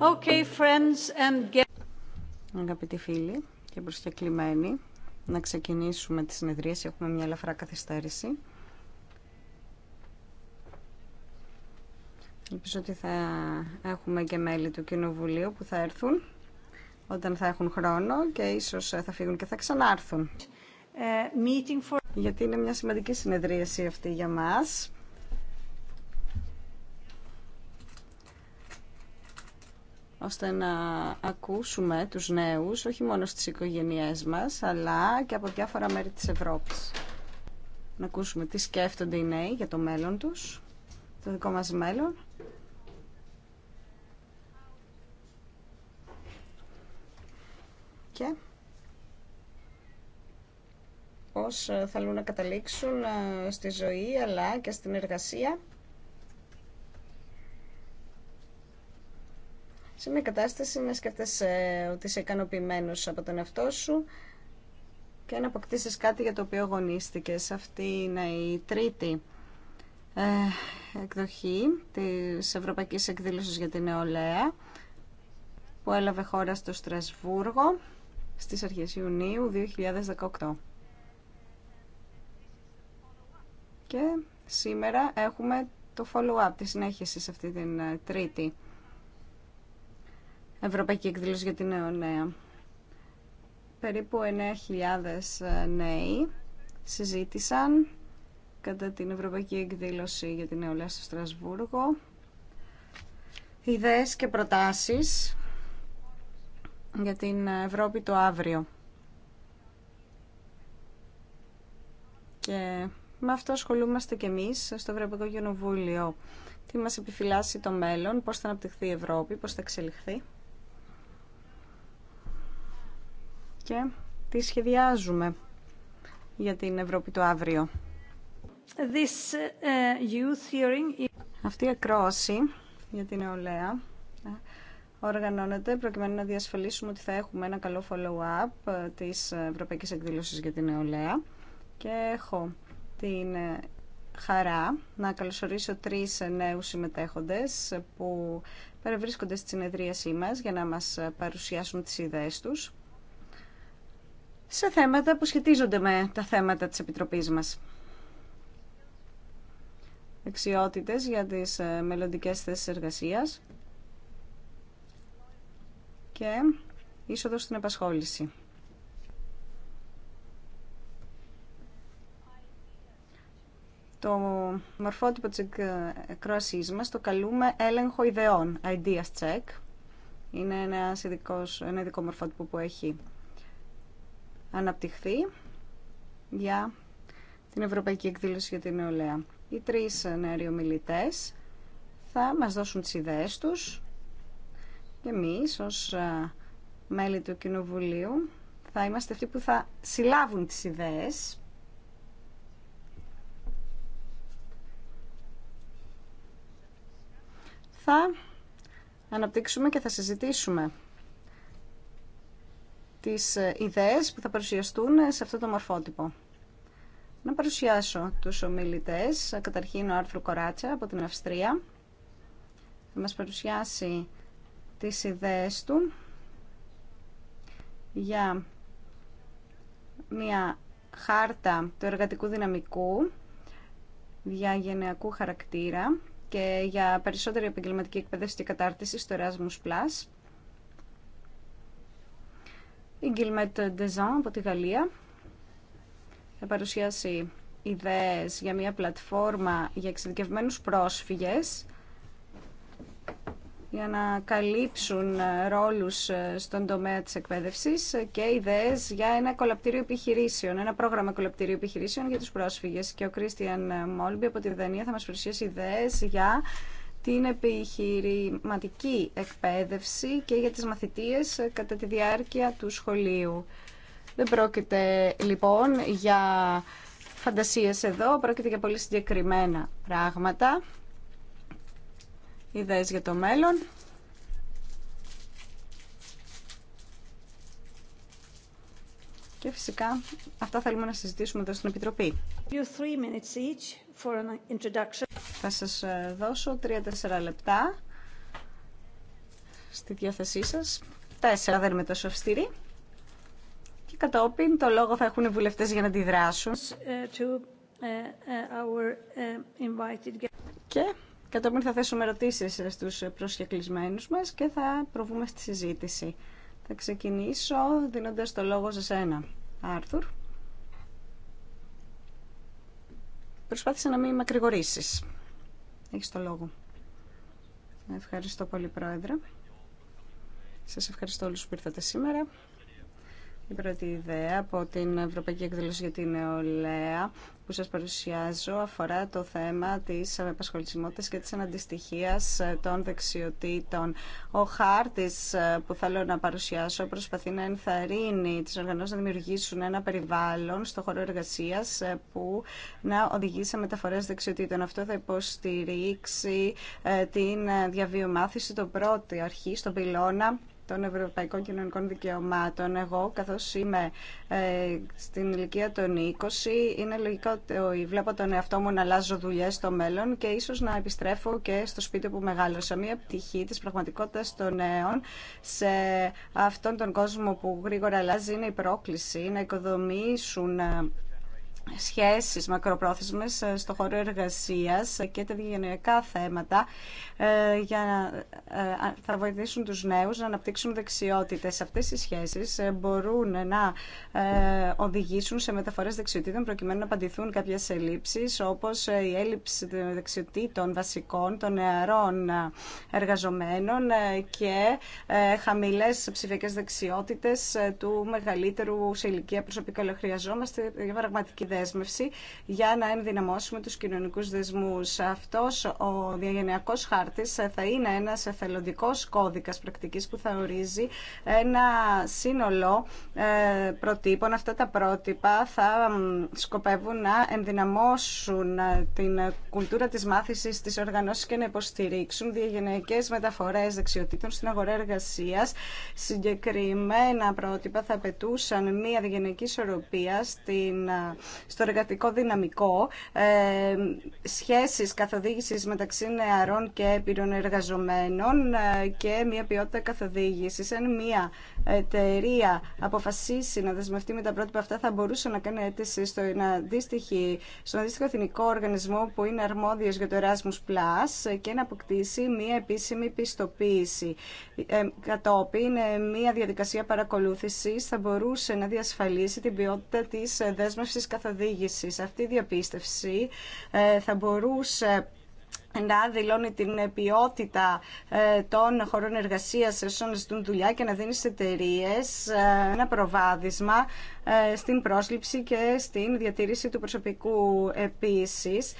Okay, friends and... Αγαπητοί φίλοι και προσκεκλημένοι, να ξεκινήσουμε τη συνεδρίαση. Έχουμε μια ελαφρά καθυστέρηση. Ελπίζω ότι θα έχουμε και μέλη του Κοινοβουλίου που θα έρθουν όταν θα έχουν χρόνο και ίσως θα φύγουν και θα ξανάρθουν. Ε, Γιατί είναι μια σημαντική συνεδρίαση αυτή για μας ώστε να ακούσουμε τους νέους, όχι μόνο στις οικογένειές μας, αλλά και από διάφορα μέρη της Ευρώπης. Να ακούσουμε τι σκέφτονται οι νέοι για το μέλλον τους, το δικό μας μέλλον. Και πώς ε, θέλουν να καταλήξουν ε, στη ζωή αλλά και στην εργασία. σε μια κατάσταση να σκέφτεσαι ε, ότι είσαι ικανοποιημένο από τον εαυτό σου και να αποκτήσει κάτι για το οποίο αγωνίστηκε. Αυτή είναι η τρίτη ε, εκδοχή της Ευρωπαϊκής Εκδήλωσης για την Νεολαία που έλαβε χώρα στο Στρασβούργο στις αρχές Ιουνίου 2018. Και σήμερα έχουμε το follow-up, τη συνέχιση σε αυτή την ε, τρίτη Ευρωπαϊκή Εκδήλωση για την Νεονέα. Περίπου 9.000 ε, νέοι συζήτησαν κατά την Ευρωπαϊκή Εκδήλωση για την Νεολαία στο Στρασβούργο ιδέες και προτάσεις για την Ευρώπη το αύριο. Και με αυτό ασχολούμαστε και εμείς στο Ευρωπαϊκό Γενοβούλιο Τι μας επιφυλάσσει το μέλλον, πώς θα αναπτυχθεί η Ευρώπη, πώς θα εξελιχθεί. και τι σχεδιάζουμε για την Ευρώπη του αύριο. This, ε, youth Αυτή η ακρόαση για την νεολαία ε, οργανώνεται προκειμένου να διασφαλίσουμε ότι θα έχουμε ένα καλό follow-up ε, της Ευρωπαϊκής Εκδήλωσης για την νεολαία και έχω την χαρά να καλωσορίσω τρεις νέους συμμετέχοντες που παρευρίσκονται στη συνεδρίασή μας για να μας παρουσιάσουν τις ιδέες τους σε θέματα που σχετίζονται με τα θέματα της Επιτροπής μας. Εξιότητες για τις ε, μελλοντικέ θέσεις εργασίας και είσοδος στην επασχόληση. Το μορφότυπο της εκκρόασής μας το καλούμε έλεγχο ιδεών, ideas check. Είναι ένα ειδικό μορφότυπο που έχει αναπτυχθεί για την Ευρωπαϊκή Εκδήλωση για την Νεολαία. Οι τρεις νεαροί θα μας δώσουν τις ιδέες τους και εμείς ως μέλη του Κοινοβουλίου θα είμαστε αυτοί που θα συλλάβουν τις ιδέες θα αναπτύξουμε και θα συζητήσουμε τις ε, ιδέες που θα παρουσιαστούν σε αυτό το μορφότυπο. Να παρουσιάσω τους ομιλητές. Καταρχήν ο Άρθρου Κοράτσα από την Αυστρία. Θα μας παρουσιάσει τις ιδέες του για μια χάρτα του εργατικού δυναμικού διαγενειακού χαρακτήρα και για περισσότερη επαγγελματική εκπαίδευση και κατάρτιση στο Erasmus η Γκίλμετ Ντεζάν από τη Γαλλία θα παρουσιάσει ιδέες για μια πλατφόρμα για εξειδικευμένους πρόσφυγες για να καλύψουν ρόλους στον τομέα της εκπαίδευσης και ιδέες για ένα κολαπτήριο επιχειρήσεων, ένα πρόγραμμα κολαπτήριου επιχειρήσεων για τους πρόσφυγες. Και ο Κρίστιαν Μόλμπι από τη Δανία θα μας παρουσιάσει ιδέες για την επιχειρηματική εκπαίδευση και για τις μαθητείες ε, κατά τη διάρκεια του σχολείου. Δεν πρόκειται λοιπόν για φαντασίες εδώ, πρόκειται για πολύ συγκεκριμένα πράγματα, ιδέες για το μέλλον. Και φυσικά αυτά θέλουμε να συζητήσουμε εδώ στην Επιτροπή. Θα σας ε, δώσω 3-4 λεπτά στη διάθεσή σας. Τέσσερα δεν είμαι τόσο αυστηρή. Και κατόπιν το λόγο θα έχουν οι βουλευτές για να αντιδράσουν. Ε, ε, και κατόπιν θα θέσουμε ερωτήσεις στους προσκεκλισμένους μας και θα προβούμε στη συζήτηση. Θα ξεκινήσω δίνοντας το λόγο σε σένα, Άρθουρ. Προσπάθησα να μην ακρηγορήσεις. Έχεις το λόγο. Ευχαριστώ πολύ, Πρόεδρε. Σας ευχαριστώ όλους που ήρθατε σήμερα. Η πρώτη ιδέα από την Ευρωπαϊκή Εκδήλωση για την Νεολαία που σας παρουσιάζω αφορά το θέμα της απασχολησιμότητας και της αναντιστοιχίας των δεξιοτήτων. Ο χάρτης ε, που θέλω να παρουσιάσω προσπαθεί να ενθαρρύνει τις οργανώσεις να δημιουργήσουν ένα περιβάλλον στο χώρο εργασίας ε, που να οδηγεί σε μεταφορές δεξιοτήτων. Αυτό θα υποστηρίξει ε, την διαβίωμάθηση, το πρώτο αρχή στον πυλώνα των Ευρωπαϊκών Κοινωνικών Δικαιωμάτων. Εγώ, καθώς είμαι ε, στην ηλικία των 20, είναι λογικό ότι βλέπω τον εαυτό μου να αλλάζω δουλειές στο μέλλον και ίσως να επιστρέφω και στο σπίτι που μεγάλωσα. Μία πτυχή της πραγματικότητας των νέων σε αυτόν τον κόσμο που γρήγορα αλλάζει είναι η πρόκληση να οικοδομήσουν ε, σχέσεις μακροπρόθεσμες ε, στο χώρο εργασίας και τα διαγενειακά θέματα ε, για να ε, θα βοηθήσουν τους νέους να αναπτύξουν δεξιότητες. Αυτές οι σχέσεις μπορούν να οδηγήσουν σε μεταφορές δεξιοτήτων προκειμένου να απαντηθούν κάποιες ελλείψεις όπως η έλλειψη δεξιοτήτων βασικών των νεαρών εργαζομένων και χαμηλές ψηφιακές δεξιότητες του μεγαλύτερου σε ηλικία προσωπικού. Χρειαζόμαστε πραγματική για να ενδυναμώσουμε τους κοινωνικούς δεσμούς. Αυτός ο διαγενειακός χάρτης θα είναι ένας εθελοντικός κώδικας πρακτικής που θα ορίζει ένα σύνολο ε, προτύπων. Αυτά τα πρότυπα θα σκοπεύουν να ενδυναμώσουν ε, την κουλτούρα της μάθησης της οργανώσεις και να υποστηρίξουν διαγενειακές μεταφορές δεξιοτήτων στην αγορά εργασίας. Συγκεκριμένα πρότυπα θα απαιτούσαν μια διαγενειακή ισορροπία στην ε, στο εργατικό δυναμικό, ε, σχέσεις καθοδήγησης μεταξύ νεαρών και έπειρων εργαζομένων ε, και μια ποιότητα καθοδήγησης. Αν μια εταιρεία αποφασίσει να δεσμευτεί με τα πρότυπα αυτά, θα μπορούσε να κάνει αίτηση στο, στον αντίστοιχο εθνικό οργανισμό που είναι αρμόδιος για το Erasmus Plus ε, και να αποκτήσει μια επίσημη πιστοποίηση. κατόπιν, μια διαδικασία παρακολούθησης θα μπορούσε να διασφαλίσει την ποιότητα της δέσμευσης καθοδήγησης αυτή η διαπίστευση ε, θα μπορούσε να δηλώνει την ποιότητα ε, των χωρών εργασίας όσων ζητούν δουλειά και να δίνει σε εταιρείε ε, ένα προβάδισμα ε, στην πρόσληψη και στην διατήρηση του προσωπικού επίσης.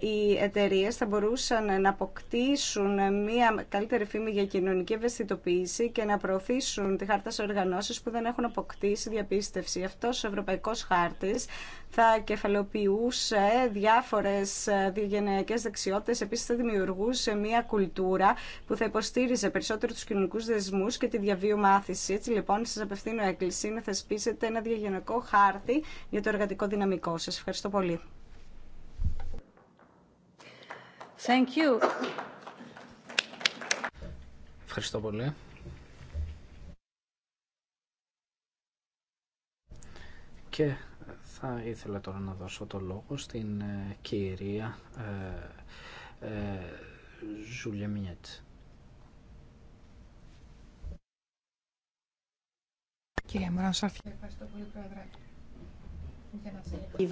Οι εταιρείε θα μπορούσαν να αποκτήσουν μια καλύτερη φήμη για κοινωνική ευαισθητοποίηση και να προωθήσουν τη χάρτα σε οργανώσει που δεν έχουν αποκτήσει διαπίστευση. Αυτός ο Ευρωπαϊκός Χάρτης θα κεφαλοποιούσε διάφορες διαγενειακέ δεξιότητε δραστηριότητε επίση θα δημιουργούσε μια κουλτούρα που θα υποστήριζε περισσότερο του κοινωνικού δεσμού και τη διαβίου μάθηση. Έτσι λοιπόν, σα απευθύνω έκκληση να θεσπίσετε ένα διαγενικό χάρτη για το εργατικό δυναμικό. Σα ευχαριστώ πολύ. Thank you. Ευχαριστώ πολύ. Και θα ήθελα τώρα να δώσω το λόγο στην ε, κυρία ε, ε, Ζούλια Μινιέτ. Κυρία Μουρανσόρφη, ευχαριστώ πολύ, Πρόεδρε.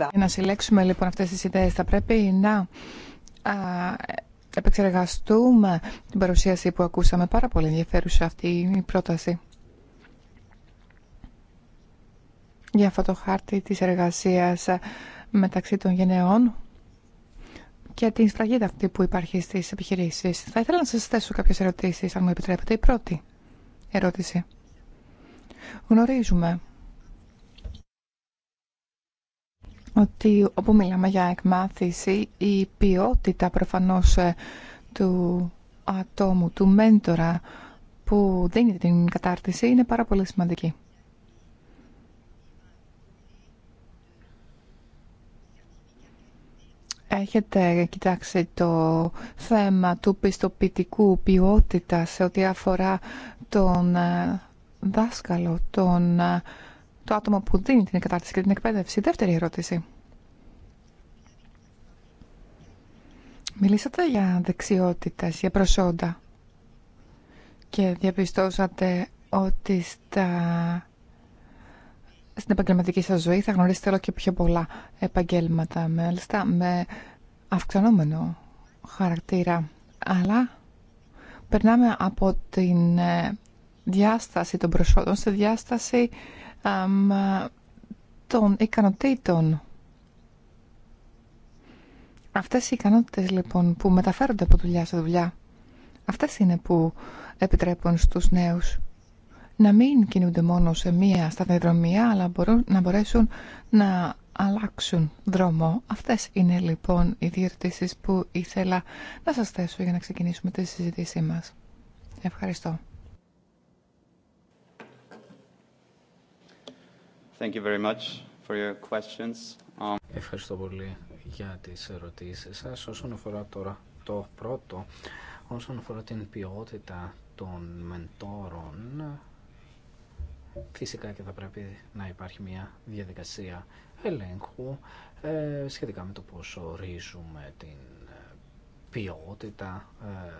Για να συλλέξουμε λοιπόν αυτές τις ιδέες θα πρέπει να επεξεργαστούμε την παρουσίαση που ακούσαμε. Πάρα πολύ ενδιαφέρουσα αυτή η πρόταση. για αυτό το χάρτη της εργασίας ε, μεταξύ των γενεών και την σφραγίδα αυτή που υπάρχει στις επιχειρήσεις. Θα ήθελα να σας θέσω κάποιες ερωτήσεις, αν μου επιτρέπετε. Η πρώτη ερώτηση. Γνωρίζουμε ότι όπου μιλάμε για εκμάθηση, η ποιότητα προφανώς ε, του ατόμου, του μέντορα που δίνει την κατάρτιση είναι πάρα πολύ σημαντική. Έχετε κοιτάξει το θέμα του πιστοποιητικού ποιότητα σε ό,τι αφορά τον ε, δάσκαλο, τον, ε, το άτομο που δίνει την κατάρτιση και την εκπαίδευση. Δεύτερη ερώτηση. Μιλήσατε για δεξιότητες, για προσόντα και διαπιστώσατε ότι στα στην επαγγελματική σας ζωή θα γνωρίσετε όλο και πιο πολλά επαγγέλματα, με αυξανόμενο χαρακτήρα. Αλλά περνάμε από την ε, διάσταση των προσόντων σε διάσταση των ικανοτήτων. Αυτές οι ικανότητες λοιπόν που μεταφέρονται από δουλειά σε δουλειά, αυτές είναι που επιτρέπουν στους νέους να μην κινούνται μόνο σε μία σταδιοδρομία, αλλά μπορούν, να μπορέσουν να αλλάξουν δρόμο. Αυτές είναι λοιπόν οι δύο που ήθελα να σας θέσω για να ξεκινήσουμε τη συζήτησή μας. Ευχαριστώ. very for your questions. Um, Ευχαριστώ πολύ για τις ερωτήσεις σας. Όσον αφορά τώρα το πρώτο, όσον αφορά την ποιότητα των μεντόρων, Φυσικά και θα πρέπει να υπάρχει μια διαδικασία ελέγχου ε, σχετικά με το πώς ορίζουμε την ε, ποιότητα ε,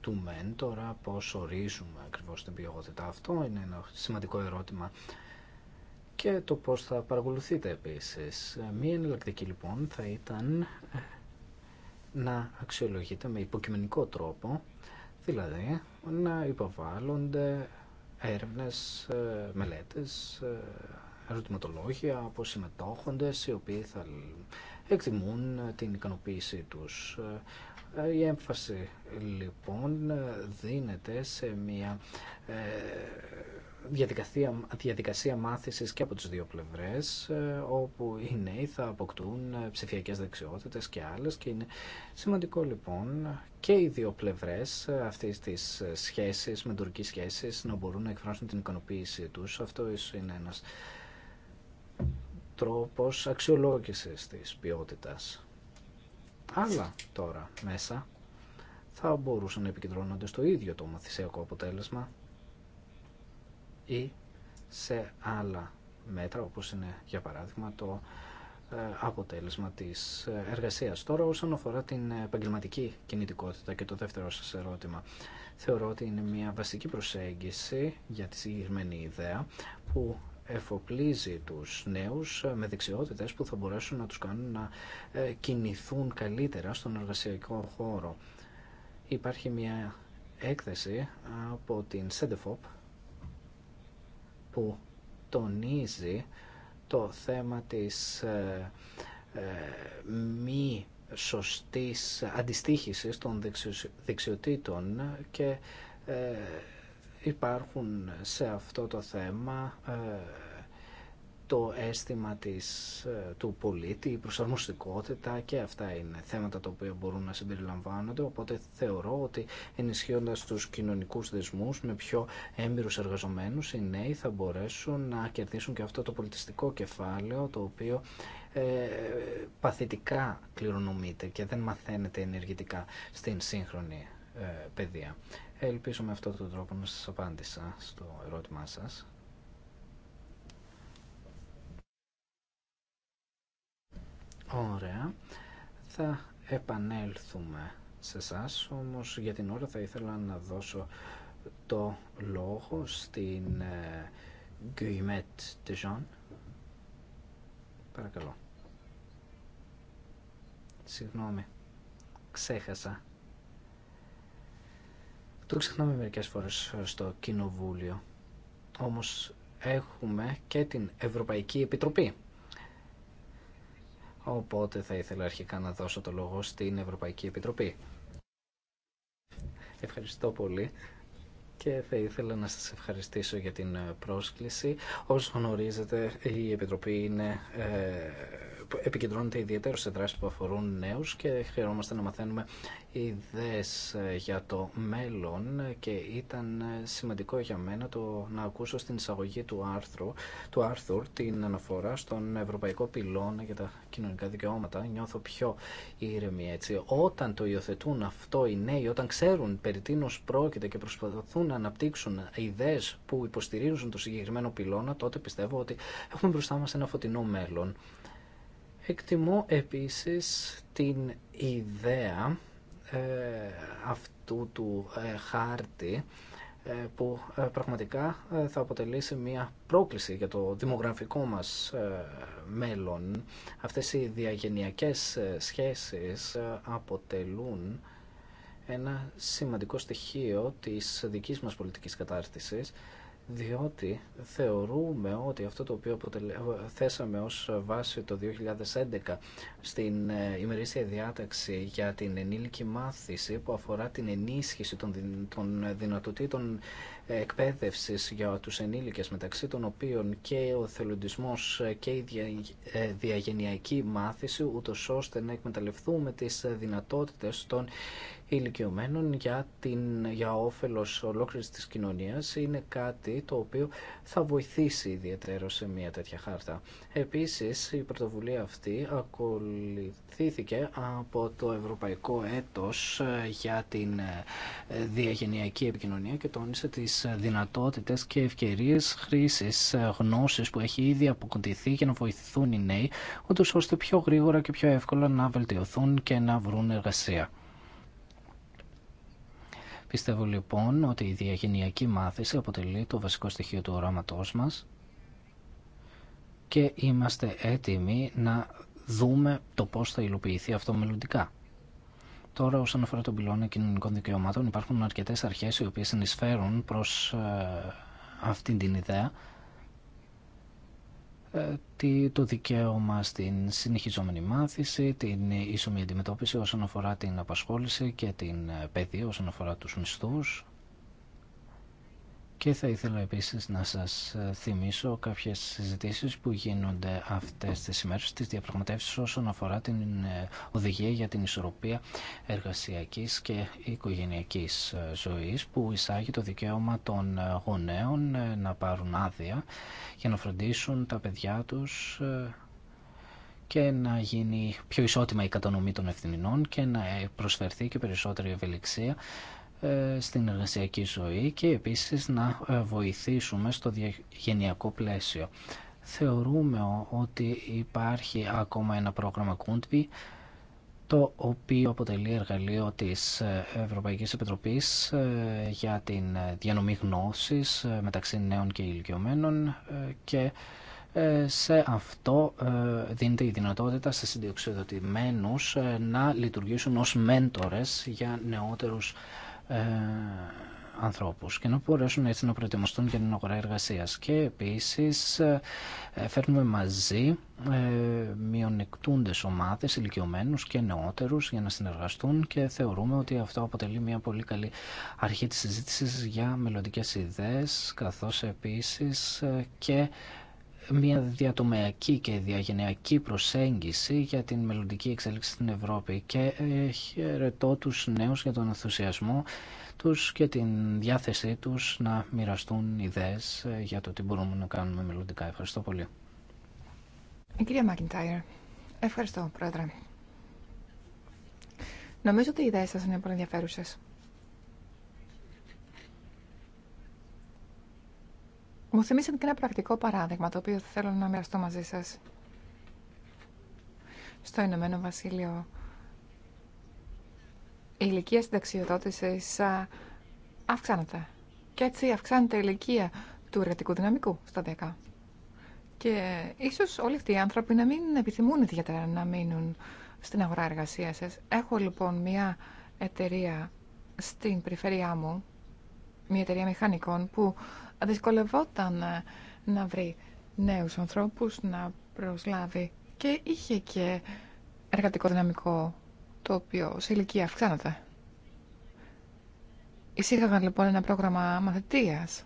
του μέντορα, πώς ορίζουμε ακριβώς την ποιότητα. Αυτό είναι ένα σημαντικό ερώτημα και το πώς θα παρακολουθείτε επίσης. Μία εναλλακτική λοιπόν θα ήταν να αξιολογείται με υποκειμενικό τρόπο, δηλαδή να υποβάλλονται έρευνες, ε, μελέτες, ε, ερωτηματολόγια από συμμετόχοντες οι οποίοι θα εκτιμούν ε, την ικανοποίησή τους. Η έμφαση λοιπόν δίνεται σε μια διαδικασία, διαδικασία μάθησης και από τις δύο πλευρές ε, όπου οι νέοι θα αποκτούν ε, ψηφιακές δεξιότητες και άλλες και είναι σημαντικό λοιπόν και οι δύο πλευρές ε, αυτής της με τουρκικές σχέσεις να μπορούν να εκφράσουν την ικανοποίησή τους. Αυτό είναι ένας τρόπος αξιολόγησης της ποιότητας. Άλλα τώρα μέσα θα μπορούσαν να επικεντρώνονται στο ίδιο το μαθησιακό αποτέλεσμα ή σε άλλα μέτρα όπως είναι για παράδειγμα το ε, αποτέλεσμα της ε, εργασίας. Τώρα όσον αφορά την επαγγελματική κινητικότητα και το δεύτερο σας ερώτημα θεωρώ ότι είναι μια βασική προσέγγιση για τη συγκεκριμένη ιδέα που εφοπλίζει τους νέους ε, με δεξιότητες που θα μπορέσουν να τους κάνουν να κινηθούν καλύτερα στον εργασιακό χώρο. Υπάρχει μια έκθεση από την ΣΕΝΤΕΦΟΠ που τονίζει το θέμα της ε, ε, μη σωστής αντιστοίχησης των δεξιοτήτων και ε, υπάρχουν σε αυτό το θέμα το αίσθημα της, ε, του πολίτη, η προσαρμοστικότητα και αυτά είναι θέματα τα οποία μπορούν να συμπεριλαμβάνονται, οπότε θεωρώ ότι ενισχύοντας τους κοινωνικούς δεσμούς με πιο έμπειρους εργαζομένους, οι νέοι θα μπορέσουν να κερδίσουν και αυτό το πολιτιστικό κεφάλαιο, το οποίο ε, παθητικά κληρονομείται και δεν μαθαίνεται ενεργητικά στην σύγχρονη ε, παιδεία. Ελπίζω με αυτόν τον τρόπο να σας απάντησα στο ερώτημά σας. Ωραία. Θα επανέλθουμε σε εσά, όμως για την ώρα θα ήθελα να δώσω το λόγο στην Γκουιμέτ ε, Τεζόν. Παρακαλώ. Συγγνώμη. Ξέχασα. Το ξεχνάμε μερικές φορές στο Κοινοβούλιο. Όμως έχουμε και την Ευρωπαϊκή Επιτροπή Οπότε θα ήθελα αρχικά να δώσω το λόγο στην Ευρωπαϊκή Επιτροπή. Ευχαριστώ πολύ και θα ήθελα να σας ευχαριστήσω για την ε, πρόσκληση. Όσο γνωρίζετε, η Επιτροπή είναι, ε, επικεντρώνεται ιδιαίτερα σε δράσεις που αφορούν νέους και χαιρόμαστε να μαθαίνουμε ιδέες ε, για το μέλλον και ήταν ε, σημαντικό για μένα το να ακούσω στην εισαγωγή του άρθρου του Άρθουρ την αναφορά στον Ευρωπαϊκό Πυλώνα για τα κοινωνικά δικαιώματα. Νιώθω πιο ήρεμη έτσι. Όταν το υιοθετούν αυτό οι νέοι, όταν ξέρουν περί τίνος πρόκειται και προσπαθούν να αναπτύξουν ιδέες που υποστηρίζουν το συγκεκριμένο πυλώνα, τότε πιστεύω ότι έχουμε μπροστά μας ένα φωτεινό μέλλον. Εκτιμώ επίσης την ιδέα ε, αυτού του ε, χάρτη ε, που πραγματικά θα αποτελήσει μια πρόκληση για το δημογραφικό μας μέλλον. Αυτές οι διαγενειακές σχέσεις αποτελούν ένα σημαντικό στοιχείο της δικής μας πολιτικής κατάρτισης διότι θεωρούμε ότι αυτό το οποίο θέσαμε ως βάση το 2011 στην ε, ημερήσια διάταξη για την ενήλικη μάθηση που αφορά την ενίσχυση των δυνατοτήτων εκπαίδευσης για τους ενήλικες μεταξύ των οποίων και ο θελοντισμός και η ε, διαγενειακή μάθηση ούτως ώστε να εκμεταλλευτούμε τις δυνατότητες των ηλικιωμένων για, την, για όφελος ολόκληρης της κοινωνίας είναι κάτι το οποίο θα βοηθήσει ιδιαίτερο σε μια τέτοια χάρτα. Επίσης η πρωτοβουλία αυτή ακολουθήθηκε από το Ευρωπαϊκό Έτος για την ε, διαγενειακή επικοινωνία και τόνισε τις δυνατότητες και ευκαιρίες χρήσης ε, γνώσης που έχει ήδη αποκοντηθεί για να βοηθηθούν οι νέοι, ούτως ώστε πιο γρήγορα και πιο εύκολα να βελτιωθούν και να βρουν εργασία. Πιστεύω λοιπόν ότι η διαγενειακή μάθηση αποτελεί το βασικό στοιχείο του οράματός μας και είμαστε έτοιμοι να δούμε το πώς θα υλοποιηθεί αυτό μελλοντικά. Τώρα, όσον αφορά τον πυλώνα κοινωνικών δικαιωμάτων, υπάρχουν αρκετές αρχές οι οποίες συνεισφέρουν προς ε, αυτή την ιδέα. Ε, το δικαίωμα στην συνεχιζόμενη μάθηση, την ίσομη αντιμετώπιση όσον αφορά την απασχόληση και την ε, παιδεία όσον αφορά τους μισθούς, και θα ήθελα επίσης να σας ε, θυμίσω κάποιες συζητήσεις που γίνονται αυτές τις ημέρες της διαπραγματεύσεις όσον αφορά την ε, οδηγία για την ισορροπία εργασιακής και οικογενειακής ε, ζωής που εισάγει το δικαίωμα των γονέων να πάρουν άδεια για να φροντίσουν τα παιδιά τους και να γίνει πιο ισότιμα η κατανομή των ευθυνών και να προσφερθεί και περισσότερη ευελιξία ε, στην εργασιακή ζωή και επίσης να ε, βοηθήσουμε στο γενιακό πλαίσιο. Θεωρούμε ότι υπάρχει ακόμα ένα πρόγραμμα Κούντβι το οποίο αποτελεί εργαλείο της ε, Ευρωπαϊκής Επιτροπής για την διανομή γνώσης μεταξύ νέων και ηλικιωμένων και σε αυτό δίνεται η δυνατότητα σε συνδιοξιδοτημένους να λειτουργήσουν ως μέντορες για νεότερους ε, ανθρώπους και να μπορέσουν έτσι να προετοιμαστούν για την αγορά εργασίας. Και επίσης ε, ε, φέρνουμε μαζί μειονεκτούντες ομάδες, ηλικιωμένους και νεότερους για να συνεργαστούν και θεωρούμε ότι αυτό αποτελεί μια πολύ καλή αρχή της συζήτησης για μελλοντικέ ιδέες καθώς επίσης και μια διατομεακή και διαγενειακή προσέγγιση για την μελλοντική εξέλιξη στην Ευρώπη και ε, χαιρετώ τους νέους για τον ενθουσιασμό τους και την διάθεσή τους να μοιραστούν ιδέες ε, για το τι μπορούμε να κάνουμε μελλοντικά. Ευχαριστώ πολύ. Η κυρία Μάκιντάιρ, ευχαριστώ πρόεδρε. Νομίζω ότι οι ιδέες σας είναι πολύ ενδιαφέρουσες. Μου θυμίσατε και ένα πρακτικό παράδειγμα το οποίο θέλω να μοιραστώ μαζί σας. Στο Ηνωμένο Βασίλειο η ηλικία συνταξιοδότησης αυξάνεται. Και έτσι αυξάνεται η ηλικία του εργατικού δυναμικού στα 10. Και ίσως όλοι αυτοί οι άνθρωποι να μην επιθυμούν ιδιαίτερα να μείνουν στην αγορά εργασία σας. Έχω λοιπόν μια εταιρεία στην περιφέρειά μου, μια εταιρεία μηχανικών που δυσκολευόταν ε, να βρει νέους ανθρώπους να προσλάβει και είχε και εργατικό δυναμικό το οποίο σε ηλικία αυξάνεται. Εισήγαγαν λοιπόν ένα πρόγραμμα μαθητείας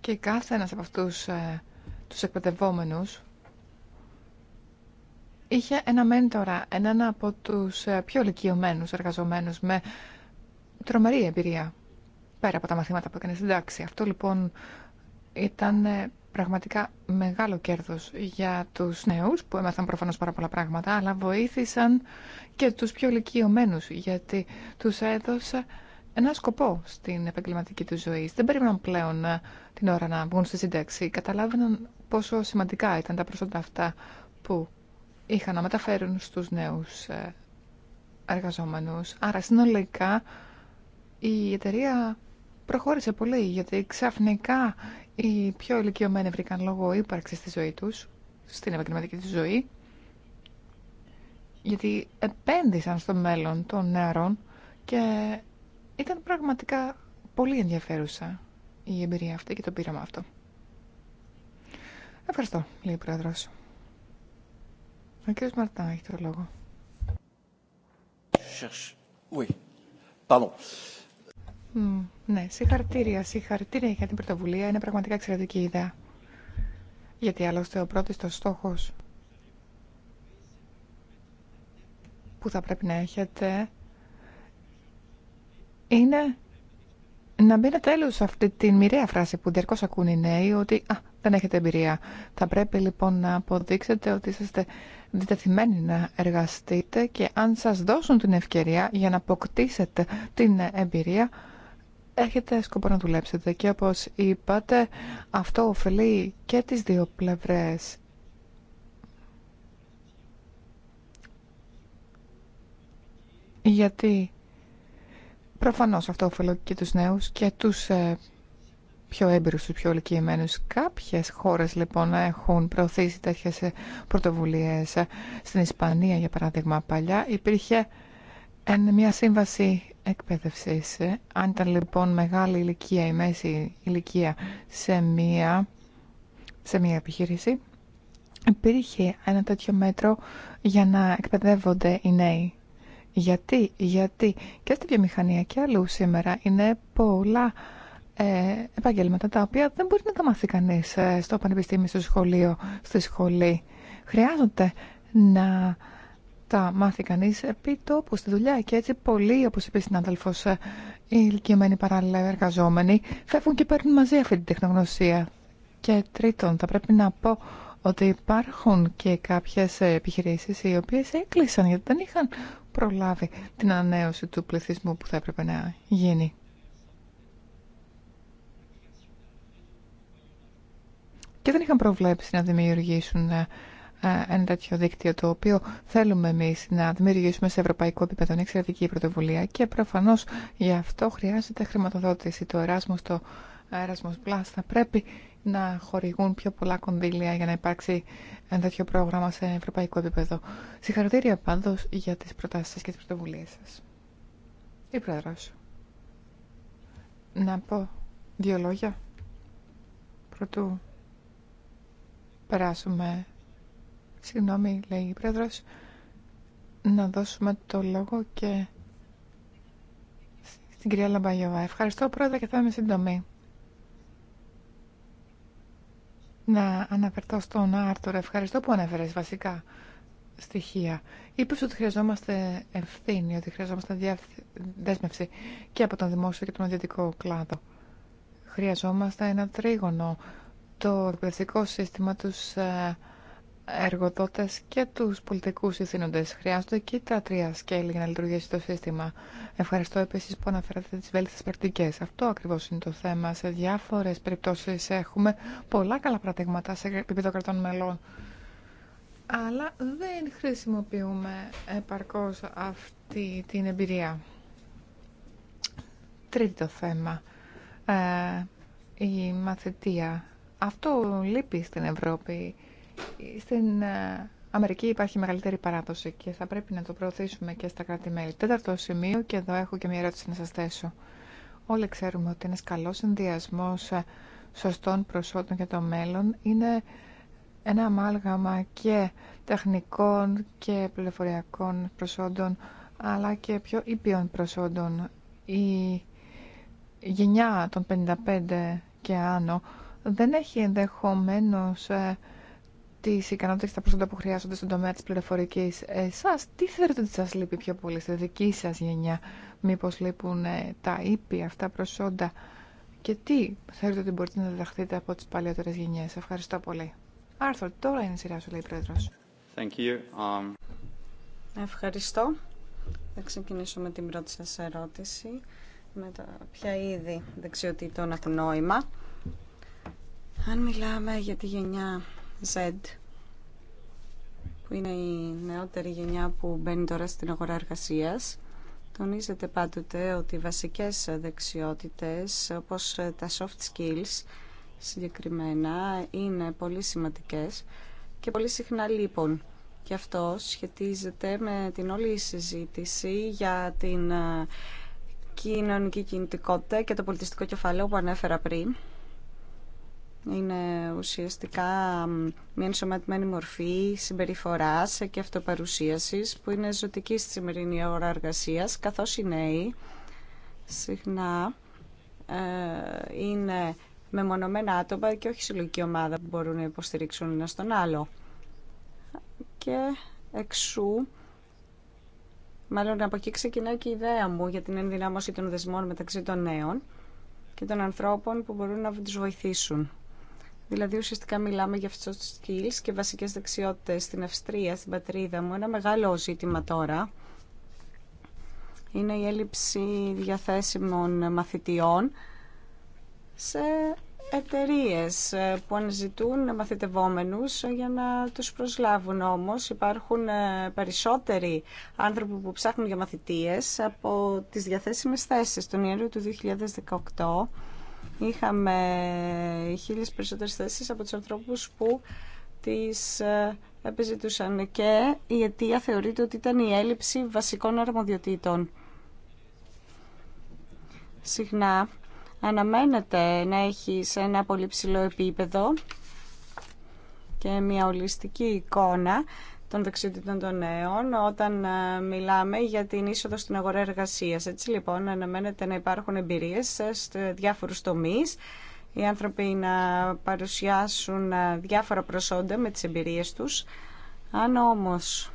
και κάθε ένας από αυτούς ε, τους εκπαιδευόμενους είχε ένα μέντορα, έναν από τους ε, πιο ηλικιωμένους εργαζομένους με τρομερή εμπειρία πέρα από τα μαθήματα που έκανε στην τάξη. Αυτό λοιπόν ήταν ε, πραγματικά μεγάλο κέρδο για του νέου που έμαθαν προφανώ πάρα πολλά πράγματα αλλά βοήθησαν και τους πιο ηλικιωμένους γιατί τους έδωσε ένα σκοπό στην επαγγελματική του ζωή. Δεν περίμεναν πλέον ε, την ώρα να βγουν στη σύνταξη. Καταλάβαιναν πόσο σημαντικά ήταν τα προσόντα αυτά που είχαν να μεταφέρουν στου νέους ε, εργαζόμενους. Άρα συνολικά η εταιρεία προχώρησε πολύ γιατί ξαφνικά οι πιο ηλικιωμένοι βρήκαν λόγο ύπαρξη στη ζωή τους, στην επαγγελματική τους ζωή, γιατί επένδυσαν στο μέλλον των νεαρών και ήταν πραγματικά πολύ ενδιαφέρουσα η εμπειρία αυτή και το πείραμα αυτό. Ευχαριστώ, λέει ο Πρόεδρος. Ο κ. Μαρτά έχει το λόγο. Oui. Pardon. Mm, ναι, συγχαρητήρια, συγχαρητήρια για την πρωτοβουλία. Είναι πραγματικά εξαιρετική ιδέα. Γιατί άλλωστε ο πρώτος το στόχος που θα πρέπει να έχετε είναι να μπει ένα αυτή τη μοιραία φράση που διαρκώς ακούν οι νέοι ότι α, δεν έχετε εμπειρία. Θα πρέπει λοιπόν να αποδείξετε ότι είστε διτεθειμένοι να εργαστείτε και αν σας δώσουν την ευκαιρία για να αποκτήσετε την εμπειρία έχετε σκοπό να δουλέψετε και όπως είπατε αυτό ωφελεί και τις δύο πλευρές. Γιατί προφανώς αυτό ωφελεί και τους νέους και τους ε, πιο έμπειρους, τους πιο ολικιεμένους Κάποιες χώρες λοιπόν έχουν προωθήσει τέτοιες ε, πρωτοβουλίες. Στην Ισπανία για παράδειγμα παλιά υπήρχε μια σύμβαση εκπαίδευσης. Αν ήταν λοιπόν μεγάλη ηλικία ή μέση ηλικία σε μία, σε μία επιχείρηση, υπήρχε ένα τέτοιο μέτρο για να εκπαιδεύονται οι νέοι. Γιατί, γιατί και στη βιομηχανία και αλλού σήμερα είναι πολλά ε, επαγγέλματα τα οποία δεν μπορεί να τα μάθει κανείς ε, στο πανεπιστήμιο, στο σχολείο, στη σχολή. Χρειάζονται να τα μάθει κανείς επί τόπου στη δουλειά και έτσι πολλοί, όπως είπε η συνάδελφος, ε, οι ηλικιωμένοι παράλληλα εργαζόμενοι φεύγουν και παίρνουν μαζί αυτή την τεχνογνωσία. Και τρίτον, θα πρέπει να πω ότι υπάρχουν και κάποιες επιχειρήσεις οι οποίες έκλεισαν γιατί δεν είχαν προλάβει την ανανέωση του πληθυσμού που θα έπρεπε να γίνει. Και δεν είχαν προβλέψει να δημιουργήσουν ε, ε, ένα τέτοιο δίκτυο το οποίο θέλουμε εμείς να δημιουργήσουμε σε ευρωπαϊκό επίπεδο. Είναι εξαιρετική πρωτοβουλία και προφανώς γι' αυτό χρειάζεται χρηματοδότηση. Το Erasmus, το Erasmus Plus θα πρέπει να χορηγούν πιο πολλά κονδύλια για να υπάρξει ένα τέτοιο πρόγραμμα σε ευρωπαϊκό επίπεδο. Συγχαρητήρια πάντως για τις προτάσεις σας και τις πρωτοβουλίες σας. Η Πρόεδρος. Να πω δύο λόγια. Πρωτού περάσουμε Συγγνώμη, λέει η πρόεδρος, να δώσουμε το λόγο και στην κυρία Λαμπαγιώβα. Ευχαριστώ πρόεδρε και θα είμαι σύντομη. Να αναφερθώ στον Άρτορ. Ευχαριστώ που αναφέρες βασικά στοιχεία. Είπε ότι χρειαζόμαστε ευθύνη, ότι χρειαζόμαστε δέσμευση και από τον δημόσιο και τον ιδιωτικό κλάδο. Χρειαζόμαστε ένα τρίγωνο, το εκπαιδευτικό σύστημα, τους ε, εργοδότες και τους πολιτικούς ηθήνοντες. Χρειάζονται και τα τρία σκέλη για να λειτουργήσει το σύστημα. Ευχαριστώ επίσης που αναφέρατε τις βέλτιστες πρακτικές. Αυτό ακριβώς είναι το θέμα. Σε διάφορες περιπτώσεις έχουμε πολλά καλά πραγματά σε επίπεδο κρατών μελών. Αλλά δεν χρησιμοποιούμε επαρκώς αυτή την εμπειρία. Τρίτο θέμα. Ε, η μαθητεία. Αυτό λείπει στην Ευρώπη. Στην ε, Αμερική υπάρχει μεγαλύτερη παράδοση και θα πρέπει να το προωθήσουμε και στα κράτη-μέλη. Τέταρτο σημείο, και εδώ έχω και μια ερώτηση να σας θέσω. Όλοι ξέρουμε ότι ένας καλός συνδυασμό ε, σωστών προσόντων για το μέλλον είναι ένα αμάλγαμα και τεχνικών και πληροφοριακών προσόντων αλλά και πιο ήπιων προσόντων. Η γενιά των 55 και άνω δεν έχει ενδεχομένως ε, τι ικανότητε και τα προσόντα που χρειάζονται στον τομέα τη πληροφορική εσά, τι θεωρείτε ότι σα λείπει πιο πολύ στη δική σα γενιά, μήπως λείπουν ε, τα ήπια αυτά προσόντα και τι θεωρείτε ότι μπορείτε να διδαχθείτε από τι παλιότερε γενιέ. Ευχαριστώ πολύ. Άρθρο, τώρα είναι η σειρά σου, λέει η um, Ευχαριστώ. Θα ξεκινήσω με την πρώτη σας ερώτηση. Με τα ποια είδη δεξιοτήτων έχουν νόημα. Αν μιλάμε για τη γενιά Z που είναι η νεότερη γενιά που μπαίνει τώρα στην αγορά εργασίας. Τονίζεται πάντοτε ότι οι βασικές δεξιότητες όπως τα soft skills συγκεκριμένα είναι πολύ σημαντικές και πολύ συχνά λείπουν. Και αυτό σχετίζεται με την όλη συζήτηση για την κοινωνική κινητικότητα και το πολιτιστικό κεφάλαιο που ανέφερα πριν είναι ουσιαστικά μια ενσωματωμένη μορφή συμπεριφοράς και αυτοπαρουσίασης που είναι ζωτική στη σημερινή ώρα εργασίας καθώς οι νέοι συχνά ε, είναι μεμονωμένα άτομα και όχι συλλογική ομάδα που μπορούν να υποστηρίξουν ένα στον άλλο. Και εξού, μάλλον από εκεί ξεκινάει και η ιδέα μου για την ενδυνάμωση των δεσμών μεταξύ των νέων και των ανθρώπων που μπορούν να τους βοηθήσουν. Δηλαδή ουσιαστικά μιλάμε για soft skills και βασικές δεξιότητες στην Αυστρία, στην πατρίδα μου. Ένα μεγάλο ζήτημα τώρα είναι η έλλειψη διαθέσιμων μαθητιών σε εταιρείε που αναζητούν μαθητευόμενους για να τους προσλάβουν όμως υπάρχουν ε, περισσότεροι άνθρωποι που ψάχνουν για μαθητείες από τις διαθέσιμες θέσεις τον Ιανουάριο του 2018 είχαμε χίλιες περισσότερες θέσεις από τους ανθρώπους που τις ε, επιζητούσαν και η αιτία θεωρείται ότι ήταν η έλλειψη βασικών αρμοδιοτήτων. Συχνά αναμένεται να έχει σε ένα πολύ ψηλό επίπεδο και μια ολιστική εικόνα των δεξιοτήτων των νέων όταν ε, μιλάμε για την είσοδο στην αγορά εργασία. Έτσι λοιπόν αναμένεται να υπάρχουν εμπειρίε ε, σε διάφορους τομεί οι άνθρωποι να παρουσιάσουν ε, διάφορα προσόντα με τις εμπειρίε τους. Αν όμως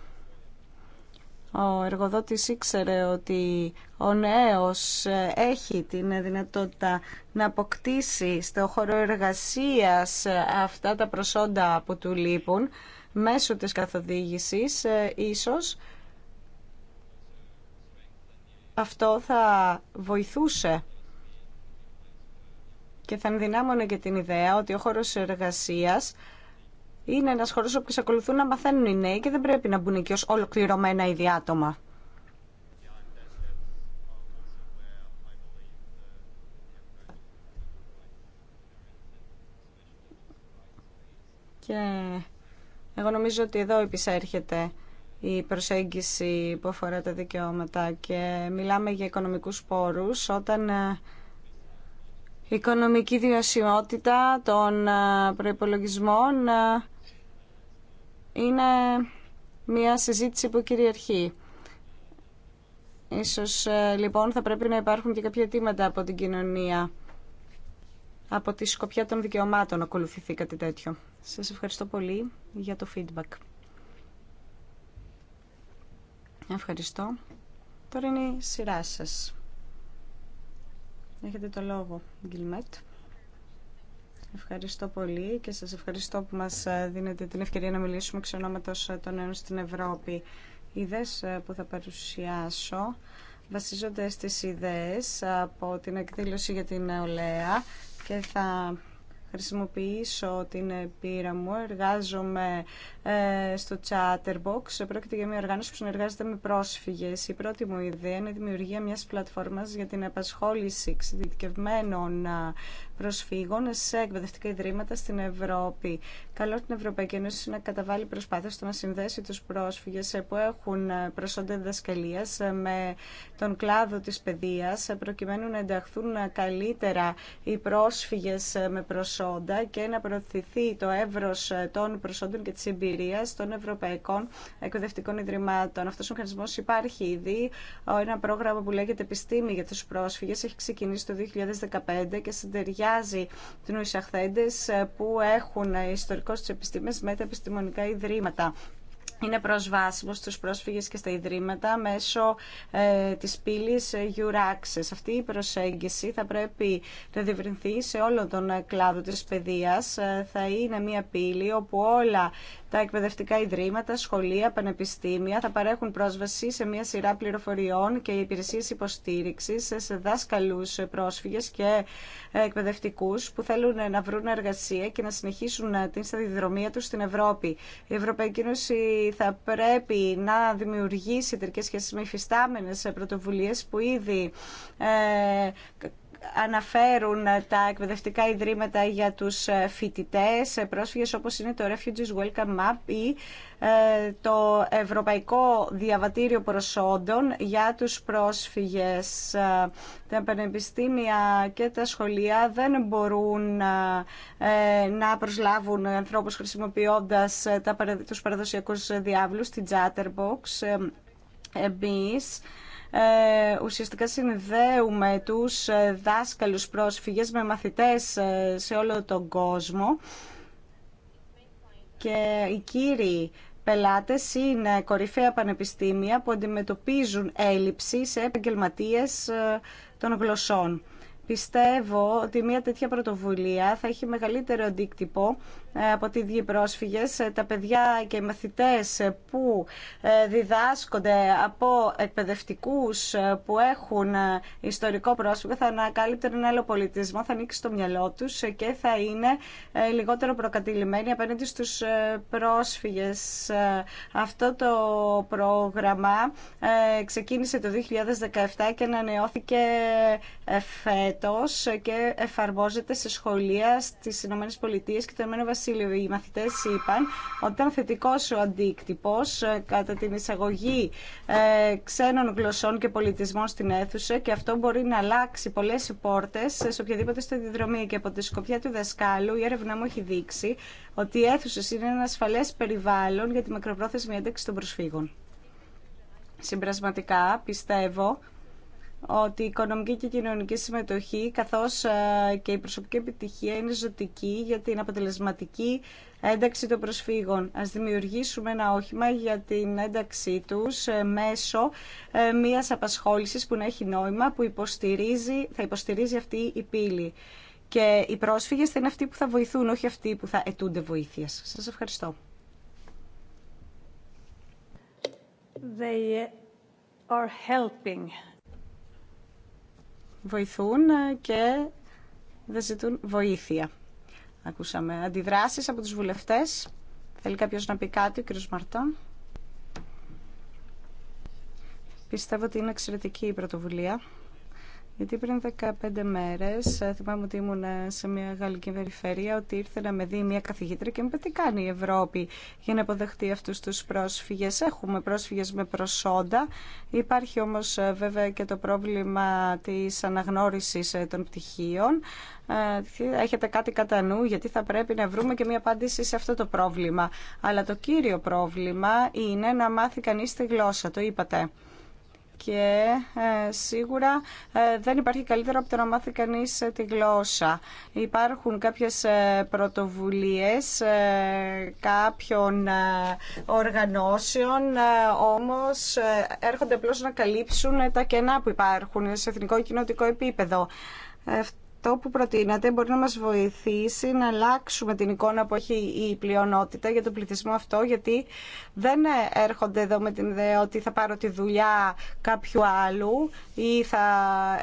ο εργοδότης ήξερε ότι ο νέος έχει την δυνατότητα να αποκτήσει στο χώρο εργασίας αυτά τα προσόντα που του λείπουν, μέσω της καθοδήγησης ε, ίσως αυτό θα βοηθούσε και θα ενδυνάμωνε και την ιδέα ότι ο χώρος εργασίας είναι ένας χώρος όπου εξακολουθούν να μαθαίνουν οι νέοι και δεν πρέπει να μπουν εκεί ως ολοκληρωμένα άτομα. Και εγώ νομίζω ότι εδώ επισέρχεται η προσέγγιση που αφορά τα δικαιώματα και μιλάμε για οικονομικούς πόρους όταν η ε, οικονομική διασημότητα των ε, προϋπολογισμών ε, είναι μια συζήτηση που κυριαρχεί. Ίσως λοιπόν θα πρέπει να υπάρχουν και κάποια αιτήματα από την κοινωνία από τη σκοπιά των δικαιωμάτων ακολουθηθεί κάτι τέτοιο. Σας ευχαριστώ πολύ για το feedback. Ευχαριστώ. Τώρα είναι η σειρά σας. Έχετε το λόγο, Γκυλμέτ. Ευχαριστώ πολύ και σας ευχαριστώ που μας ε, δίνετε την ευκαιρία να μιλήσουμε εξ ε, των νέων στην Ευρώπη. Οι ιδέες ε, που θα παρουσιάσω βασίζονται στις ιδέες από την εκδήλωση για την νεολαία και θα χρησιμοποιήσω την πείρα μου. Εργάζομαι ε, στο Chatterbox. Πρόκειται για μια οργάνωση που συνεργάζεται με πρόσφυγες. Η πρώτη μου ιδέα είναι η δημιουργία μιας πλατφόρμας για την απασχόληση εξειδικευμένων ε, προσφύγων σε εκπαιδευτικά ιδρύματα στην Ευρώπη. Καλό την Ευρωπαϊκή Ένωση να καταβάλει προσπάθειες στο να συνδέσει τους πρόσφυγες που έχουν προσόντα διδασκαλία με τον κλάδο της παιδείας προκειμένου να ενταχθούν καλύτερα οι πρόσφυγες με προσόντα και να προωθηθεί το εύρος των προσόντων και της εμπειρία των Ευρωπαϊκών Εκπαιδευτικών Ιδρυμάτων. Αυτός ο μηχανισμός υπάρχει ήδη. Ένα πρόγραμμα που λέγεται Επιστήμη για τους πρόσφυγες έχει ξεκινήσει το 2015 και συντεριά την του ε, που έχουν ιστορικό στις επιστήμες με τα επιστημονικά ιδρύματα είναι προσβάσιμο στους πρόσφυγες και στα ιδρύματα μέσω ε, της πύλης ε, Euraccess. Αυτή η προσέγγιση θα πρέπει να διευρυνθεί σε όλο τον κλάδο της παιδείας. θα είναι μια πύλη όπου όλα τα εκπαιδευτικά ιδρύματα, σχολεία, πανεπιστήμια θα παρέχουν πρόσβαση σε μια σειρά πληροφοριών και υπηρεσίε υποστήριξη σε δάσκαλου πρόσφυγε και εκπαιδευτικού που θέλουν να βρουν εργασία και να συνεχίσουν την σταδιοδρομία του στην Ευρώπη. Η Ευρωπαϊκή Ένωση θα πρέπει να δημιουργήσει εταιρικέ σχέσει με υφιστάμενε πρωτοβουλίε που ήδη ε, αναφέρουν τα εκπαιδευτικά ιδρύματα για τους ε, φοιτητές, ε, πρόσφυγες όπως είναι το Refugees Welcome Map ή ε, το Ευρωπαϊκό Διαβατήριο Προσόντων για τους πρόσφυγες. Τα πανεπιστήμια και τα σχολεία δεν μπορούν να προσλάβουν ανθρώπους χρησιμοποιώντας τους παραδοσιακούς διάβλους, την Chatterbox. Εμείς ε, ουσιαστικά συνδέουμε τους ε, δάσκαλους πρόσφυγες με μαθητές ε, σε όλο τον κόσμο και οι κύριοι πελάτες είναι κορυφαία πανεπιστήμια που αντιμετωπίζουν έλλειψη σε επαγγελματίες των γλωσσών. Πιστεύω ότι μια τέτοια πρωτοβουλία θα έχει μεγαλύτερο αντίκτυπο ε, από τη δύο πρόσφυγες, ε, τα παιδιά και οι μαθητές ε, που διδάσκονται από εκπαιδευτικούς που έχουν ιστορικό πρόσφυγα θα ανακαλύπτουν ένα άλλο πολιτισμό, θα ανοίξει το μυαλό τους και θα είναι λιγότερο προκατηλημένοι απέναντι στους πρόσφυγες. Αυτό το πρόγραμμα ξεκίνησε το 2017 και ανανεώθηκε φέτος και εφαρμόζεται σε σχολεία στις ΗΠΑ και το ΕΒΑ οι μαθητές είπαν ότι ήταν θετικός ο αντίκτυπος ε, κατά την εισαγωγή ε, ξένων γλωσσών και πολιτισμών στην αίθουσα και αυτό μπορεί να αλλάξει πολλές πόρτες σε οποιαδήποτε σταδιοδρομία και από τη σκοπιά του δασκάλου η έρευνα μου έχει δείξει ότι οι αίθουσε είναι ένα ασφαλές περιβάλλον για τη μακροπρόθεσμη ένταξη των προσφύγων. Συμπρασματικά πιστεύω ότι η οικονομική και η κοινωνική συμμετοχή καθώς ε, και η προσωπική επιτυχία είναι ζωτική για την αποτελεσματική ένταξη των προσφύγων. Ας δημιουργήσουμε ένα όχημα για την ένταξή τους ε, μέσω ε, μιας απασχόλησης που να έχει νόημα, που υποστηρίζει, θα υποστηρίζει αυτή η πύλη. Και οι πρόσφυγες θα είναι αυτοί που θα βοηθούν, όχι αυτοί που θα ετούνται βοήθειας. Σας ευχαριστώ βοηθούν ε, και δεν ζητούν βοήθεια. Ακούσαμε αντιδράσεις από τους βουλευτές. Θέλει κάποιος να πει κάτι, ο κ. Πιστεύω ότι είναι εξαιρετική η πρωτοβουλία. Γιατί πριν 15 μέρε, ε, θυμάμαι ότι ήμουν ε, σε μια γαλλική περιφέρεια, ότι ήρθε να με δει μια καθηγήτρια και μου είπε τι κάνει η Ευρώπη για να αποδεχτεί αυτού του πρόσφυγε. Έχουμε πρόσφυγε με προσόντα. Υπάρχει όμω ε, βέβαια και το πρόβλημα τη αναγνώριση των πτυχίων. Έχετε κάτι κατά νου, γιατί θα πρέπει να βρούμε και μια απάντηση σε αυτό το πρόβλημα. Αλλά το κύριο πρόβλημα είναι να μάθει κανεί τη γλώσσα, το είπατε και ε, σίγουρα ε, δεν υπάρχει καλύτερο από το να μάθει κανείς ε, τη γλώσσα. Υπάρχουν κάποιες πρωτοβουλίες κάποιων οργανώσεων, όμως έρχονται απλώ να καλύψουν τα κενά που υπάρχουν σε εθνικό και κοινωτικό επίπεδο αυτό που προτείνατε μπορεί να μας βοηθήσει να αλλάξουμε την εικόνα που έχει η πλειονότητα για τον πληθυσμό αυτό, γιατί δεν έρχονται εδώ με την ιδέα ότι θα πάρω τη δουλειά κάποιου άλλου ή θα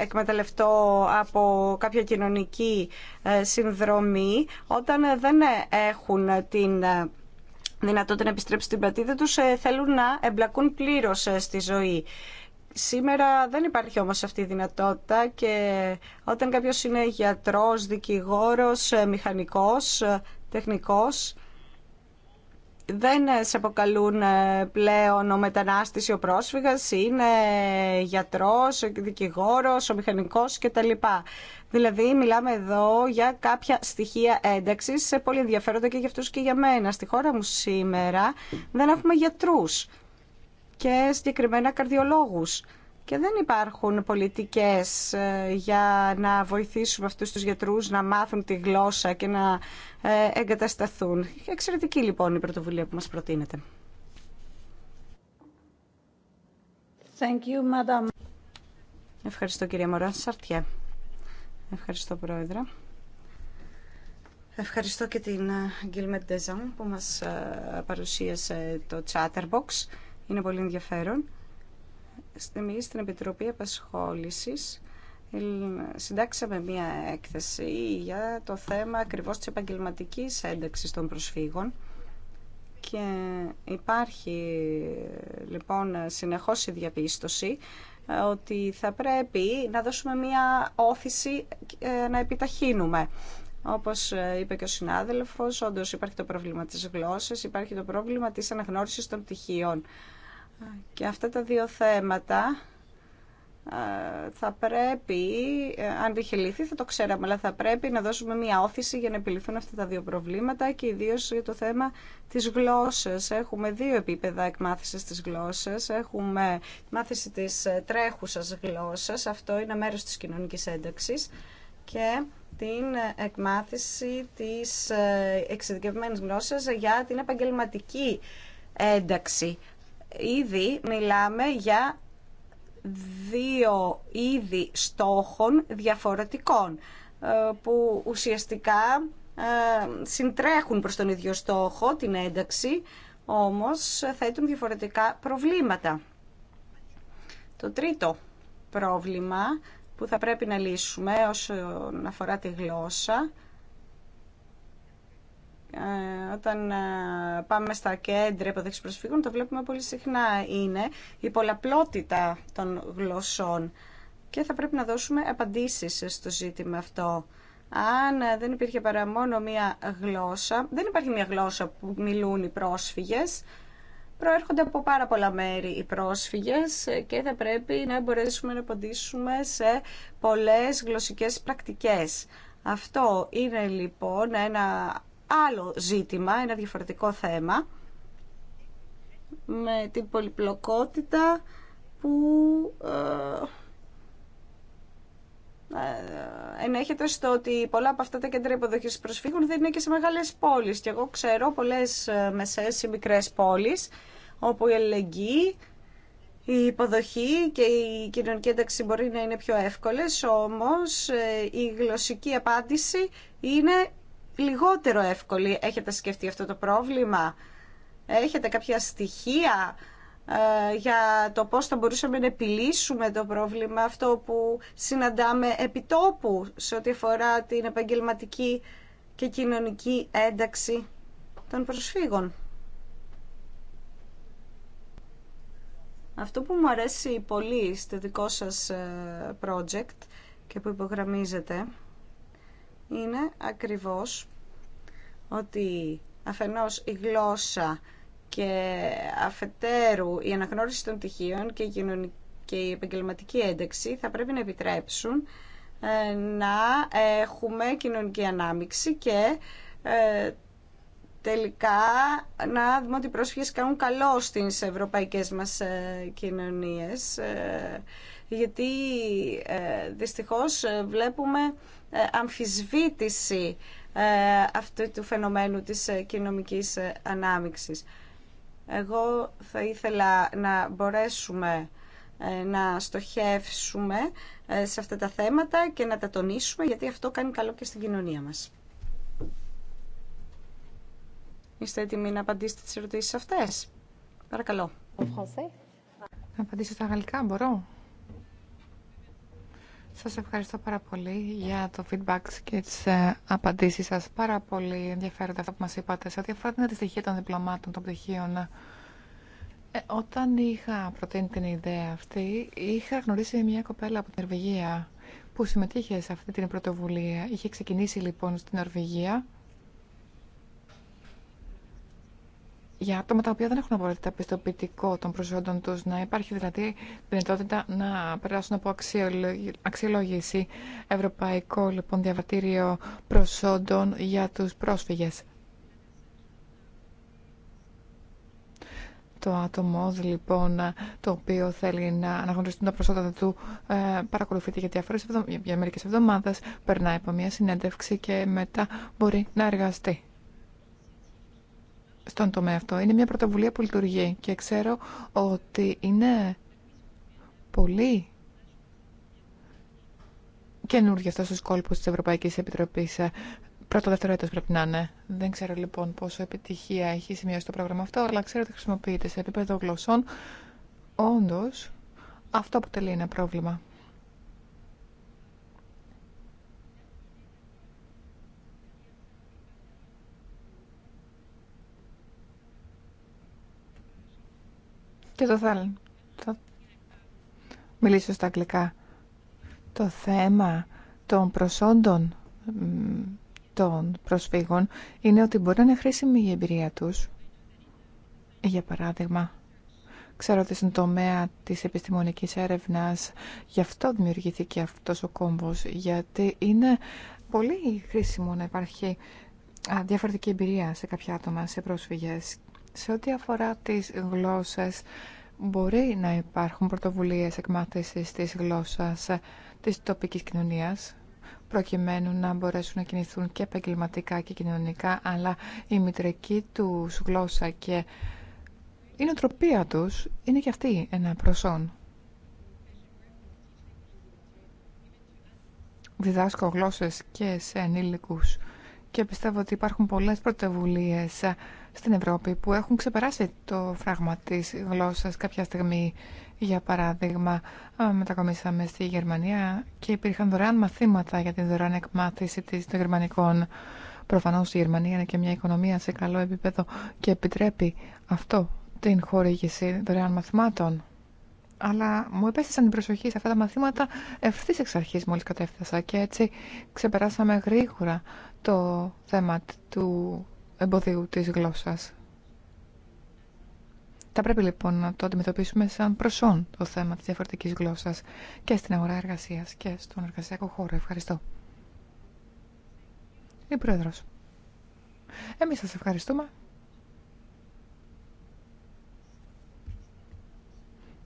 εκμεταλλευτώ από κάποια κοινωνική ε, συνδρομή, όταν δεν έχουν την ε, δυνατότητα να επιστρέψουν στην πατρίδα τους, ε, θέλουν να εμπλακούν πλήρως στη ζωή. Σήμερα δεν υπάρχει όμως αυτή η δυνατότητα και όταν κάποιος είναι γιατρός, δικηγόρος, ε, μηχανικός, ε, τεχνικός, δεν σε αποκαλούν ε, πλέον ο μετανάστης ή ο πρόσφυγας, είναι γιατρός, δικηγόρος, ο μηχανικός κτλ. Δηλαδή μιλάμε εδώ για κάποια στοιχεία ένταξης, πολύ ενδιαφέροντα και για αυτούς και για μένα. Στη χώρα μου σήμερα δεν έχουμε γιατρούς και συγκεκριμένα καρδιολόγους. Και δεν υπάρχουν πολιτικές ε, για να βοηθήσουμε αυτούς τους γιατρούς να μάθουν τη γλώσσα και να ε, εγκατασταθούν. Εξαιρετική λοιπόν η πρωτοβουλία που μας προτείνεται. Thank you, Madam. Ευχαριστώ κυρία Μωρά Σαρτιέ. Ευχαριστώ πρόεδρα. Ευχαριστώ και την ε, Γκίλμετ Ντεζάν που μας παρουσίασε το Chatterbox είναι πολύ ενδιαφέρον. Εμεί στην Επιτροπή Επασχόλησης ε, συντάξαμε μία έκθεση για το θέμα ακριβώ τη επαγγελματική ένταξη των προσφύγων και υπάρχει λοιπόν συνεχώς η διαπίστωση ε, ότι θα πρέπει να δώσουμε μία όθηση ε, να επιταχύνουμε. Όπως είπε και ο συνάδελφος, όντως υπάρχει το πρόβλημα της γλώσσας, υπάρχει το πρόβλημα της αναγνώρισης των πτυχίων. Και αυτά τα δύο θέματα ε, θα πρέπει, ε, αν είχε λυθεί θα το ξέραμε, αλλά θα πρέπει να δώσουμε μία όθηση για να επιληθούν αυτά τα δύο προβλήματα και ιδίως για το θέμα της γλώσσας. Έχουμε δύο επίπεδα εκμάθησης της γλώσσας. Έχουμε μάθηση της ε, τρέχουσας γλώσσας, αυτό είναι μέρος της κοινωνικής ένταξης και την εκμάθηση της εξειδικευμένης γλώσσας για την επαγγελματική ένταξη ήδη μιλάμε για δύο είδη στόχων διαφορετικών ε, που ουσιαστικά ε, συντρέχουν προς τον ίδιο στόχο, την ένταξη, όμως θέτουν διαφορετικά προβλήματα. Το τρίτο πρόβλημα που θα πρέπει να λύσουμε όσον αφορά τη γλώσσα ε, όταν ε, πάμε στα κέντρα υποδείξης προσφύγων το βλέπουμε πολύ συχνά είναι η πολλαπλότητα των γλωσσών και θα πρέπει να δώσουμε απαντήσεις στο ζήτημα αυτό. Αν ε, δεν υπήρχε παρά μόνο μία γλώσσα, δεν υπάρχει μία γλώσσα που μιλούν οι πρόσφυγες, προέρχονται από πάρα πολλά μέρη οι πρόσφυγες και θα πρέπει να μπορέσουμε να απαντήσουμε σε πολλές γλωσσικές πρακτικές. Αυτό είναι λοιπόν ένα άλλο ζήτημα, ένα διαφορετικό θέμα με την πολυπλοκότητα που ε, ε, ενέχεται στο ότι πολλά από αυτά τα κέντρα υποδοχής προσφύγων δεν είναι και σε μεγάλες πόλεις και εγώ ξέρω πολλές ε, μεσαίες ή μικρές πόλεις όπου η ελεγγύη, η υποδοχή και η κοινωνική ένταξη μπορεί να είναι πιο εύκολες όμως η γλωσσική απάντηση είναι λιγότερο εύκολη. Έχετε σκεφτεί αυτό το πρόβλημα, έχετε κάποια στοιχεία ε, για το πώς θα μπορούσαμε να επιλύσουμε το πρόβλημα αυτό που συναντάμε επιτόπου σε ό,τι αφορά την επαγγελματική και κοινωνική ένταξη των προσφύγων. Αυτό που μου αρέσει πολύ στο δικό σας ε, project και που υπογραμμίζετε είναι ακριβώς ότι αφενός η γλώσσα και αφετέρου η αναγνώριση των τυχείων και η, και η επαγγελματική ένταξη θα πρέπει να επιτρέψουν ε, να έχουμε κοινωνική ανάμειξη και ε, τελικά να δούμε ότι οι πρόσφυγες κάνουν καλό στις ευρωπαϊκές μας ε, κοινωνίες γιατί δυστυχώς βλέπουμε ε, αμφισβήτηση ε, αυτού του φαινομένου της ε, κοινωνικής ανάμειξης. Εγώ θα ήθελα να μπορέσουμε να στοχεύσουμε σε αυτά τα θέματα και να τα τονίσουμε γιατί αυτό κάνει καλό και στην κοινωνία μας. Είστε έτοιμοι να απαντήσετε τις ερωτήσεις αυτές. Παρακαλώ. Να απαντήσω στα γαλλικά, μπορώ. Σας ευχαριστώ πάρα πολύ για το feedback και τις ε, απαντήσεις σας. Πάρα πολύ ενδιαφέροντα αυτό που μας είπατε. Σε ό,τι αφορά την αντιστοιχεία των διπλωμάτων, των πτυχίων, ε, όταν είχα προτείνει την ιδέα αυτή, είχα γνωρίσει μια κοπέλα από την Νορβηγία που συμμετείχε σε αυτή την πρωτοβουλία. Είχε ξεκινήσει λοιπόν στην Νορβηγία για άτομα τα οποία δεν έχουν απαραίτητα πιστοποιητικό των προσόντων τους, να υπάρχει δηλαδή δυνατότητα να περάσουν από αξιολόγηση ευρωπαϊκό λοιπόν διαβατήριο προσόντων για τους πρόσφυγες. Το άτομο λοιπόν το οποίο θέλει να αναγνωριστούν τα προσόντα του ε, παρακολουθείται για, διάφορες, για μερικές εβδομάδες, περνάει από μια συνέντευξη και μετά μπορεί να εργαστεί στον τομέα αυτό. Είναι μια πρωτοβουλία που λειτουργεί και ξέρω ότι είναι πολύ καινούργια αυτό στους κόλπους της Ευρωπαϊκής Επιτροπής. Ε, πρώτο δεύτερο έτος πρέπει να είναι. Δεν ξέρω λοιπόν πόσο επιτυχία έχει σημειώσει το πρόγραμμα αυτό, αλλά ξέρω ότι χρησιμοποιείται σε επίπεδο γλωσσών. Όντως, αυτό αποτελεί ένα πρόβλημα. Και το θέλουν. Θα μιλήσω στα αγγλικά. Το θέμα των προσόντων των προσφύγων είναι ότι μπορεί να είναι χρήσιμη η εμπειρία τους. Για παράδειγμα, ξέρω ότι στον τομέα της επιστημονικής έρευνας γι' αυτό δημιουργήθηκε αυτός ο κόμβος, γιατί είναι πολύ χρήσιμο να υπάρχει διαφορετική εμπειρία σε κάποια άτομα, σε πρόσφυγες σε ό,τι αφορά τις γλώσσες, μπορεί να υπάρχουν πρωτοβουλίες εκμάθησης της γλώσσας της τοπικής κοινωνίας, προκειμένου να μπορέσουν να κινηθούν και επαγγελματικά και κοινωνικά, αλλά η μητρική τους γλώσσα και η νοοτροπία τους είναι και αυτή ένα προσόν. Διδάσκω γλώσσες και σε ανήλικους και πιστεύω ότι υπάρχουν πολλές πρωτοβουλίες στην Ευρώπη που έχουν ξεπεράσει το φράγμα της γλώσσας κάποια στιγμή. Για παράδειγμα, μετακομίσαμε στη Γερμανία και υπήρχαν δωρεάν μαθήματα για την δωρεάν εκμάθηση της των γερμανικών. Προφανώς η Γερμανία είναι και μια οικονομία σε καλό επίπεδο και επιτρέπει αυτό την χορήγηση δωρεάν μαθημάτων. Αλλά μου επέστησαν την προσοχή σε αυτά τα μαθήματα ευθύ εξ αρχή μόλι κατέφτασα και έτσι ξεπεράσαμε γρήγορα το θέμα του εμποδίου της γλώσσας. Θα πρέπει λοιπόν να το αντιμετωπίσουμε σαν προσόν το θέμα της διαφορετικής γλώσσας και στην αγορά εργασίας και στον εργασιακό χώρο. Ευχαριστώ. Η Πρόεδρος. Εμείς σας ευχαριστούμε.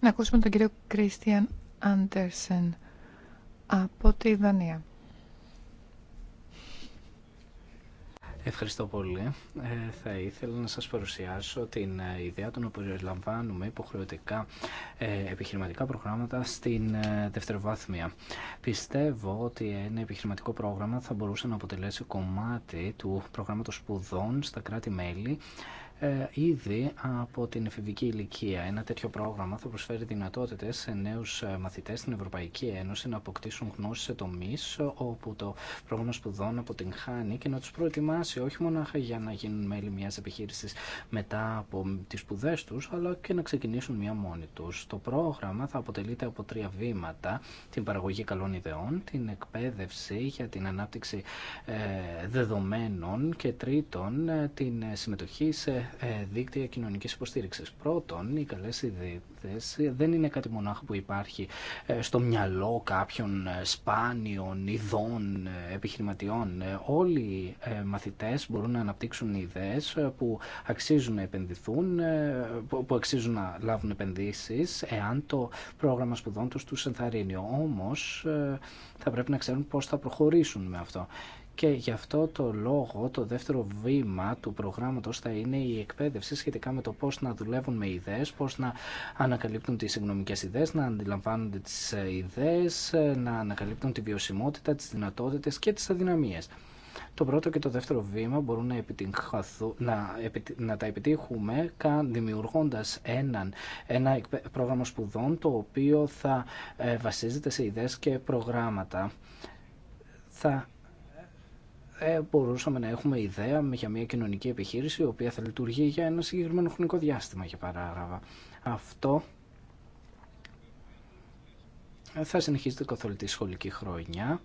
Να ακούσουμε τον κύριο Κρίστιαν Άντερσεν από τη Δανία. Ευχαριστώ πολύ. Ε, θα ήθελα να σας παρουσιάσω την ε, ιδέα των οποίων λαμβάνουμε υποχρεωτικά ε, επιχειρηματικά προγράμματα στην ε, δευτεροβάθμια. Πιστεύω ότι ένα επιχειρηματικό πρόγραμμα θα μπορούσε να αποτελέσει κομμάτι του προγράμματος σπουδών στα κράτη-μέλη ε, ήδη από την εφηβική ηλικία. Ένα τέτοιο πρόγραμμα θα προσφέρει δυνατότητες σε νέους ε, μαθητές στην Ευρωπαϊκή Ένωση να αποκτήσουν γνώσεις σε τομείς όπου το πρόγραμμα σπουδών αποτυγχάνει και να τους προετοιμάσει όχι μόνο για να γίνουν μέλη μιας επιχείρησης μετά από τις σπουδέ τους, αλλά και να ξεκινήσουν μια μόνη τους. Το πρόγραμμα θα αποτελείται από τρία βήματα, την παραγωγή καλών ιδεών, την εκπαίδευση για την ανάπτυξη ε, δεδομένων και τρίτον την συμμετοχή σε ε, δίκτυα κοινωνικής υποστήριξης. Πρώτον, οι καλέ ιδέες δεν είναι κάτι μονάχα που υπάρχει ε, στο μυαλό κάποιων ε, σπάνιων ειδών επιχειρηματιών. Όλοι οι μαθητές μπορούν να αναπτύξουν ιδέες που αξίζουν να επενδυθούν, που αξίζουν να λάβουν επενδύσεις, εάν το πρόγραμμα σπουδών τους του ενθαρρύνει. Όμως, θα πρέπει να ξέρουν πώς θα προχωρήσουν με αυτό και γι' αυτό το λόγο το δεύτερο βήμα του προγράμματος θα είναι η εκπαίδευση σχετικά με το πώς να δουλεύουν με ιδέες, πώς να ανακαλύπτουν τις συγγνωμικές ιδέες, να αντιλαμβάνονται τις ε, ιδέες, ε, να ανακαλύπτουν τη βιωσιμότητα, τις δυνατότητες και τις αδυναμίες. Το πρώτο και το δεύτερο βήμα μπορούν να, να, να τα επιτύχουμε δημιουργώντας ένα πρόγραμμα σπουδών το οποίο θα ε, βασίζεται σε ιδέες και προγράμματα. Θα ε, μπορούσαμε να έχουμε ιδέα για μια κοινωνική επιχείρηση η οποία θα λειτουργεί για ένα συγκεκριμένο χρονικό διάστημα για παράγραφα. Αυτό θα συνεχίζεται καθ' τη σχολική χρονιά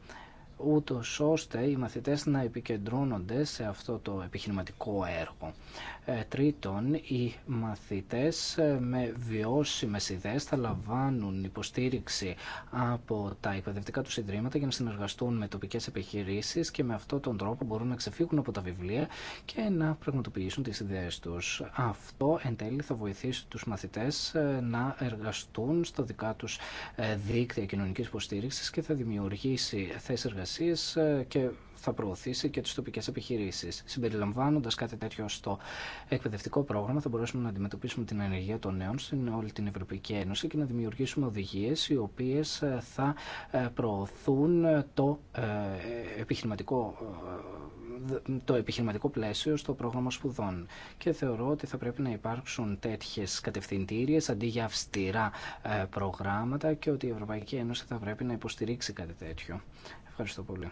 ούτω ώστε οι μαθητές να επικεντρώνονται σε αυτό το επιχειρηματικό έργο. Ε, τρίτον, οι μαθητές ε, με βιώσιμες ιδέες θα λαμβάνουν υποστήριξη από τα εκπαιδευτικά τους ιδρύματα για να συνεργαστούν με τοπικές επιχειρήσεις και με αυτόν τον τρόπο μπορούν να ξεφύγουν από τα βιβλία και να πραγματοποιήσουν τις ιδέες τους. Αυτό εν τέλει θα βοηθήσει τους μαθητές ε, να εργαστούν στα δικά τους δίκτυα κοινωνικής υποστήριξης και θα δημιουργήσει θέσεις εργασίας και θα προωθήσει και τι τοπικέ επιχειρήσει, συμπεριλαμβάνοντα κάτι τέτοιο στο εκπαιδευτικό πρόγραμμα θα μπορέσουμε να αντιμετωπίσουμε την ενεργεια των νέων στην όλη την Ευρωπαϊκή Ένωση και να δημιουργήσουμε οδηγίε οι οποίε ε, θα ε, προωθούν το ε, επιχειρηματικό το επιχειρηματικό πλαίσιο στο πρόγραμμα σπουδών. Και θεωρώ ότι θα πρέπει να υπάρξουν τέτοιε κατευθυντήριε αντί για αυστηρά προγράμματα και ότι η Ευρωπαϊκή Ένωση θα πρέπει να υποστηρίξει κάτι τέτοιο. Ευχαριστώ πολύ.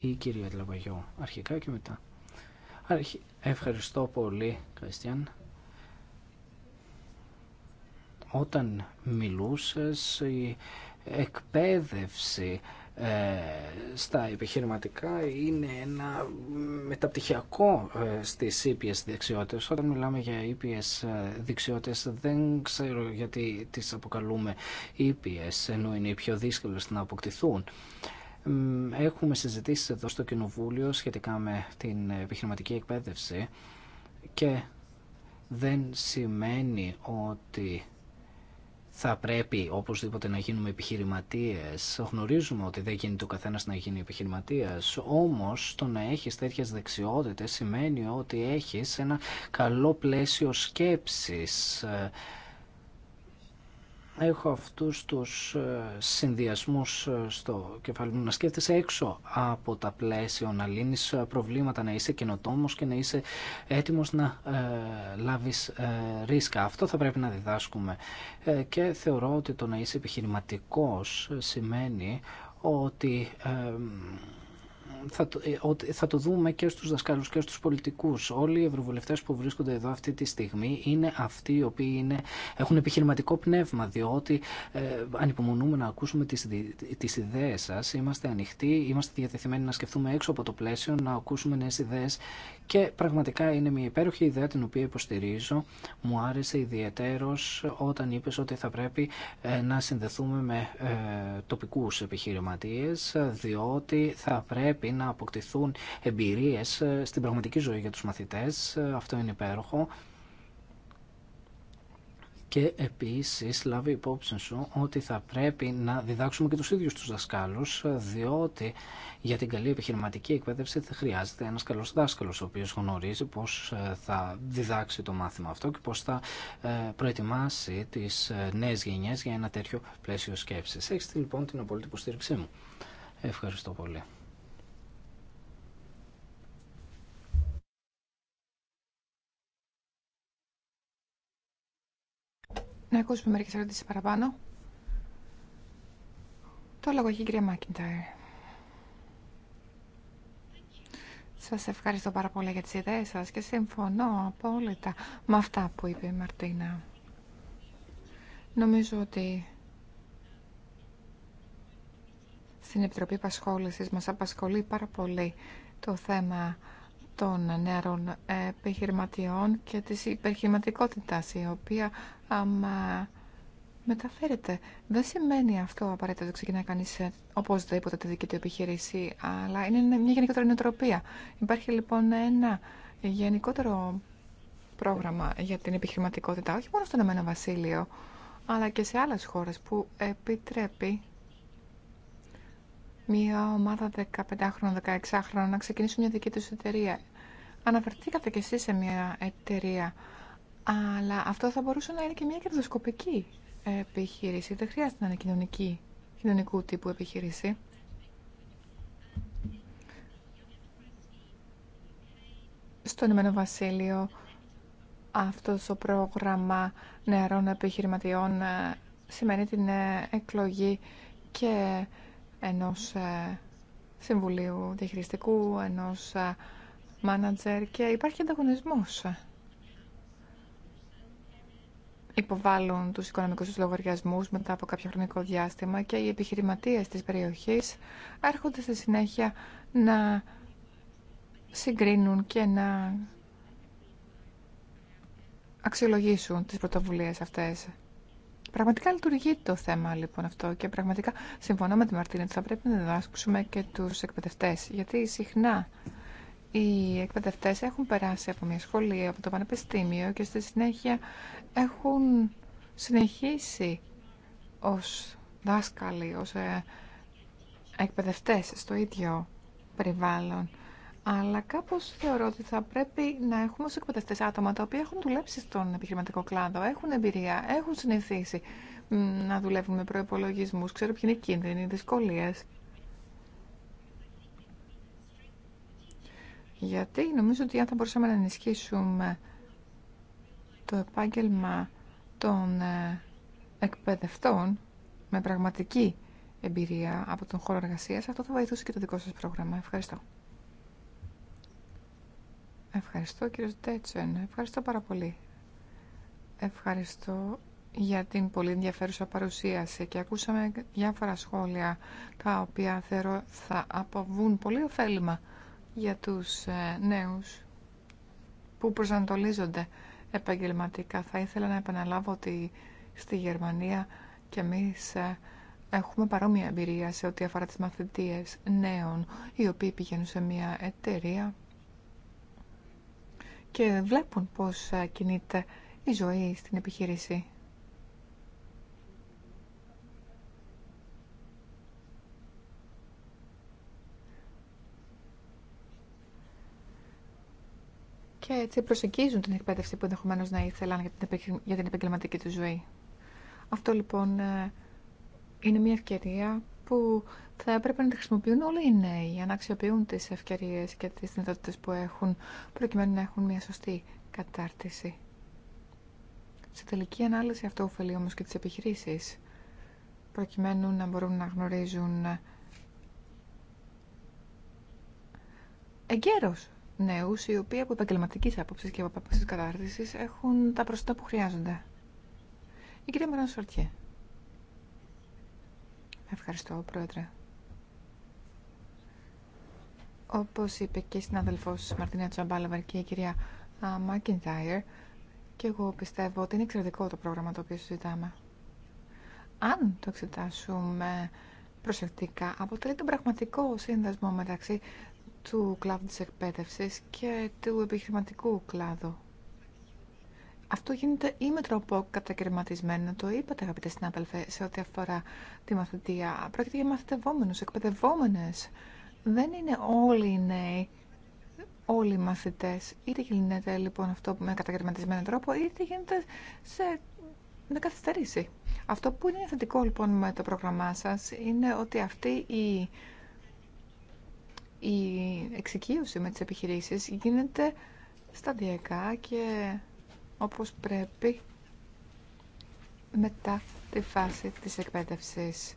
η κυρία Τλαβαγιώ αρχικά και μετά. Ευχαριστώ πολύ, Κριστιαν. Όταν μιλούσες, η εκπαίδευση ε, στα επιχειρηματικά είναι ένα μεταπτυχιακό ε, στις ήπιες δεξιότητες. Όταν μιλάμε για ήπιες ε, δεξιότητες δεν ξέρω γιατί τις αποκαλούμε ήπιες, ενώ είναι οι πιο δύσκολες να αποκτηθούν. Έχουμε συζητήσει εδώ στο Κοινοβούλιο σχετικά με την επιχειρηματική εκπαίδευση και δεν σημαίνει ότι θα πρέπει οπωσδήποτε να γίνουμε επιχειρηματίες. Γνωρίζουμε ότι δεν γίνεται ο καθένας να γίνει επιχειρηματίας, όμως το να έχεις τέτοιες δεξιότητες σημαίνει ότι έχεις ένα καλό πλαίσιο σκέψης ε, έχω αυτούς τους ε, συνδυασμούς ε, στο κεφάλι μου. Να σκέφτεσαι έξω από τα πλαίσια, να λύνεις ε, προβλήματα, να είσαι καινοτόμος και να είσαι έτοιμος να ε, λάβεις ρίσκα. Αυτό θα πρέπει να διδάσκουμε. και θεωρώ ότι το να είσαι επιχειρηματικός σημαίνει ότι θα το, ε, θα το δούμε και στους δασκάλους και στους πολιτικούς. Όλοι οι ευρωβουλευτές που βρίσκονται εδώ αυτή τη στιγμή είναι αυτοί οι οποίοι είναι, έχουν επιχειρηματικό πνεύμα, διότι ε, ανυπομονούμε να ακούσουμε τις, τις ιδέες σας, είμαστε ανοιχτοί, είμαστε διατεθειμένοι να σκεφτούμε έξω από το πλαίσιο, να ακούσουμε νέες ιδέες και πραγματικά είναι μια υπέροχη ιδέα την οποία υποστηρίζω. Μου άρεσε ιδιαίτερο όταν είπες ότι θα πρέπει ε, να συνδεθούμε με ε, τοπικούς επιχειρηματίες, διότι θα πρέπει να αποκτηθούν εμπειρίες ε, στην πραγματική ζωή για τους μαθητές. Ε, αυτό είναι υπέροχο. Και επίσης λάβει υπόψη σου ότι θα πρέπει να διδάξουμε και τους ίδιους τους δασκάλους, ε, διότι για την καλή επιχειρηματική εκπαίδευση θα χρειάζεται ένας καλός δάσκαλος, ο οποίος γνωρίζει πώς θα διδάξει το μάθημα αυτό και πώς θα προετοιμάσει τις νέες γενιές για ένα τέτοιο πλαίσιο σκέψης. Έχετε λοιπόν την απολύτη υποστήριξή μου. Ευχαριστώ πολύ. Να ακούσουμε μερικές ερωτήσεις παραπάνω. Το λόγο έχει η κυρία Μάκιντάιρ. Σας ευχαριστώ πάρα πολύ για τις ιδέες σας και συμφωνώ απόλυτα με αυτά που είπε η Μαρτίνα. Νομίζω ότι στην Επιτροπή Πασχόλησης μας απασχολεί πάρα πολύ το θέμα των νεαρών επιχειρηματιών και της υπερχηματικότητας η οποία άμα μεταφέρεται. Δεν σημαίνει αυτό απαραίτητα ότι ξεκινά κανεί ε, οπωσδήποτε τη δική του επιχείρηση, αλλά είναι μια γενικότερη νοοτροπία. Υπάρχει λοιπόν ένα γενικότερο πρόγραμμα για την επιχειρηματικότητα, όχι μόνο στον Εμένα Βασίλειο, αλλά και σε άλλες χώρες που επιτρέπει μια ομάδα 15χρονων, 16χρονων να ξεκινήσουν μια δική τους εταιρεία. Αναφερθήκατε κι εσείς σε μια εταιρεία αλλά αυτό θα μπορούσε να είναι και μια κερδοσκοπική επιχείρηση. Δεν χρειάζεται να είναι κοινωνική, κοινωνικού τύπου επιχείρηση. Στο Ηνωμένο Βασίλειο αυτό το πρόγραμμα νεαρών επιχειρηματιών ε, σημαίνει την ε, εκλογή και ενός ε, συμβουλίου διαχειριστικού, ενός μάνατζερ και υπάρχει ανταγωνισμός υποβάλλουν τους οικονομικούς του λογαριασμού μετά από κάποιο χρονικό διάστημα και οι επιχειρηματίε τη περιοχή έρχονται στη συνέχεια να συγκρίνουν και να αξιολογήσουν τις πρωτοβουλίες αυτές. Πραγματικά λειτουργεί το θέμα λοιπόν αυτό και πραγματικά συμφωνώ με τη Μαρτίνα ότι θα πρέπει να διδάσκουμε και τους εκπαιδευτές γιατί συχνά οι εκπαιδευτές έχουν περάσει από μια σχολή, από το πανεπιστήμιο και στη συνέχεια έχουν συνεχίσει ως δάσκαλοι, ως ε, εκπαιδευτές στο ίδιο περιβάλλον. Αλλά κάπως θεωρώ ότι θα πρέπει να έχουμε ως εκπαιδευτές άτομα τα οποία έχουν δουλέψει στον επιχειρηματικό κλάδο, έχουν εμπειρία, έχουν συνηθίσει να δουλεύουν με προϋπολογισμούς, ξέρω ποιοι είναι οι κίνδυνοι, οι δυσκολίες. Γιατί νομίζω ότι αν θα μπορούσαμε να ενισχύσουμε το επάγγελμα των ε, εκπαιδευτών με πραγματική εμπειρία από τον χώρο εργασίας, αυτό θα βοηθούσε και το δικό σας πρόγραμμα. Ευχαριστώ. Ευχαριστώ κύριο Τέτσεν. Ευχαριστώ πάρα πολύ. Ευχαριστώ για την πολύ ενδιαφέρουσα παρουσίαση και ακούσαμε διάφορα σχόλια τα οποία θεωρώ θα αποβούν πολύ ωφέλιμα για τους ε, νέους που προσανατολίζονται επαγγελματικά. Θα ήθελα να επαναλάβω ότι στη Γερμανία και εμείς ε, έχουμε παρόμοια εμπειρία σε ό,τι αφορά τις μαθητείες νέων, οι οποίοι πηγαίνουν σε μια εταιρεία και βλέπουν πώς ε, κινείται η ζωή στην επιχείρηση. και έτσι προσεγγίζουν την εκπαίδευση που ενδεχομένω να ήθελαν για την επαγγελματική του ζωή. Αυτό λοιπόν ε, είναι μια ευκαιρία που θα έπρεπε να τη χρησιμοποιούν όλοι οι νέοι για να αξιοποιούν τις ευκαιρίες και τις δυνατότητε που έχουν προκειμένου να έχουν μια σωστή κατάρτιση. Σε τελική ανάλυση αυτό ωφελεί όμως και τις επιχειρήσεις προκειμένου να μπορούν να γνωρίζουν ε, εγκαίρως Νέου οι οποίοι από επαγγελματική άποψη και από άποψη κατάρτιση έχουν τα προσθέτα που χρειάζονται. Η κυρία Μωράν Σορτιέ. Ευχαριστώ, Πρόεδρε. Όπω είπε και η συναδέλφο Μαρτίνα Τσαμπάλαβαρ και η κυρία Μακιντάιρ, και εγώ πιστεύω ότι είναι εξαιρετικό το πρόγραμμα το οποίο συζητάμε. Αν το εξετάσουμε προσεκτικά, αποτελεί τον πραγματικό σύνδεσμο μεταξύ του κλάδου της εκπαίδευσης και του επιχειρηματικού κλάδου. Αυτό γίνεται ή με τρόπο κατακαιρματισμένο, το είπατε αγαπητέ συνάδελφε, σε ό,τι αφορά τη μαθητεία. Πρόκειται για μαθητευόμενους, εκπαιδευόμενες. Δεν είναι όλοι οι νέοι, όλοι οι μαθητές. Είτε γίνεται λοιπόν αυτό με κατακαιρματισμένο τρόπο, είτε γίνεται σε μια καθυστερήσει. Αυτό που είναι θετικό λοιπόν με το πρόγραμμά σας είναι ότι αυτή η η εξοικείωση με τις επιχειρήσεις γίνεται σταδιακά και όπως πρέπει μετά τη φάση της εκπαίδευσης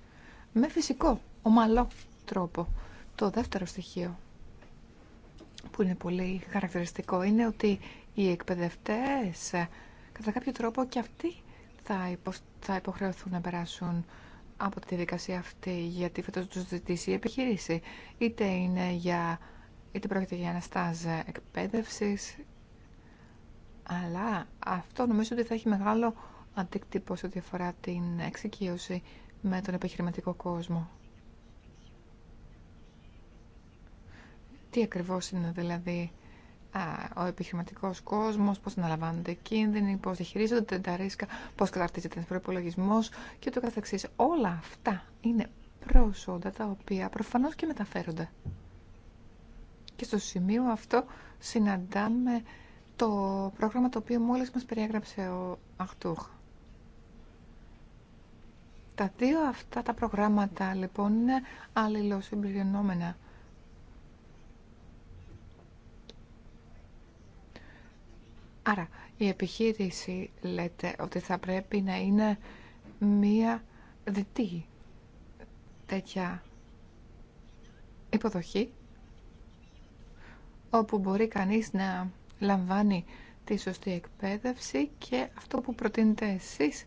με φυσικό, ομαλό τρόπο. Το δεύτερο στοιχείο που είναι πολύ χαρακτηριστικό είναι ότι οι εκπαιδευτές κατά κάποιο τρόπο και αυτοί θα, θα υποχρεωθούν να περάσουν από τη δικασία αυτή, γιατί θα το ζητήσει η επιχείρηση. Είτε, είναι για, είτε πρόκειται για αναστάζ εκπαίδευση, αλλά αυτό νομίζω ότι θα έχει μεγάλο αντίκτυπο σε ό,τι αφορά την εξοικείωση με τον επιχειρηματικό κόσμο. Τι ακριβώς είναι δηλαδή ο επιχειρηματικό κόσμος, πώ αναλαμβάνονται κίνδυνοι, πώ διαχειρίζονται τα ρίσκα, πώς καταρτίζεται ένα προπολογισμό και το καθεξής. Όλα αυτά είναι προσόντα τα οποία προφανώ και μεταφέρονται. Και στο σημείο αυτό συναντάμε το πρόγραμμα το οποίο μόλις μας περιέγραψε ο Αχτούχ. Τα δύο αυτά τα προγράμματα λοιπόν είναι αλληλοσυμπληρωνόμενα. Άρα, η επιχείρηση λέτε ότι θα πρέπει να είναι μία δυτή τέτοια υποδοχή όπου μπορεί κανείς να λαμβάνει τη σωστή εκπαίδευση και αυτό που προτείνετε εσείς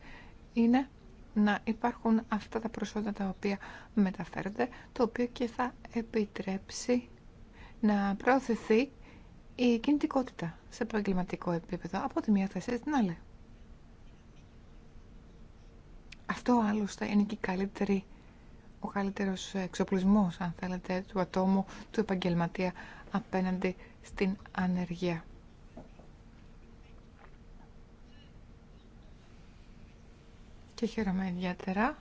είναι να υπάρχουν αυτά τα προσόντα τα οποία μεταφέρονται, το οποίο και θα επιτρέψει να προωθηθεί η κινητικότητα σε επαγγελματικό επίπεδο από τη μία θέση στην άλλη. Αυτό άλλωστε είναι και ο καλύτερος εξοπλισμός, αν θέλετε, του ατόμου, του επαγγελματία απέναντι στην ανεργία. Και χαίρομαι ιδιαίτερα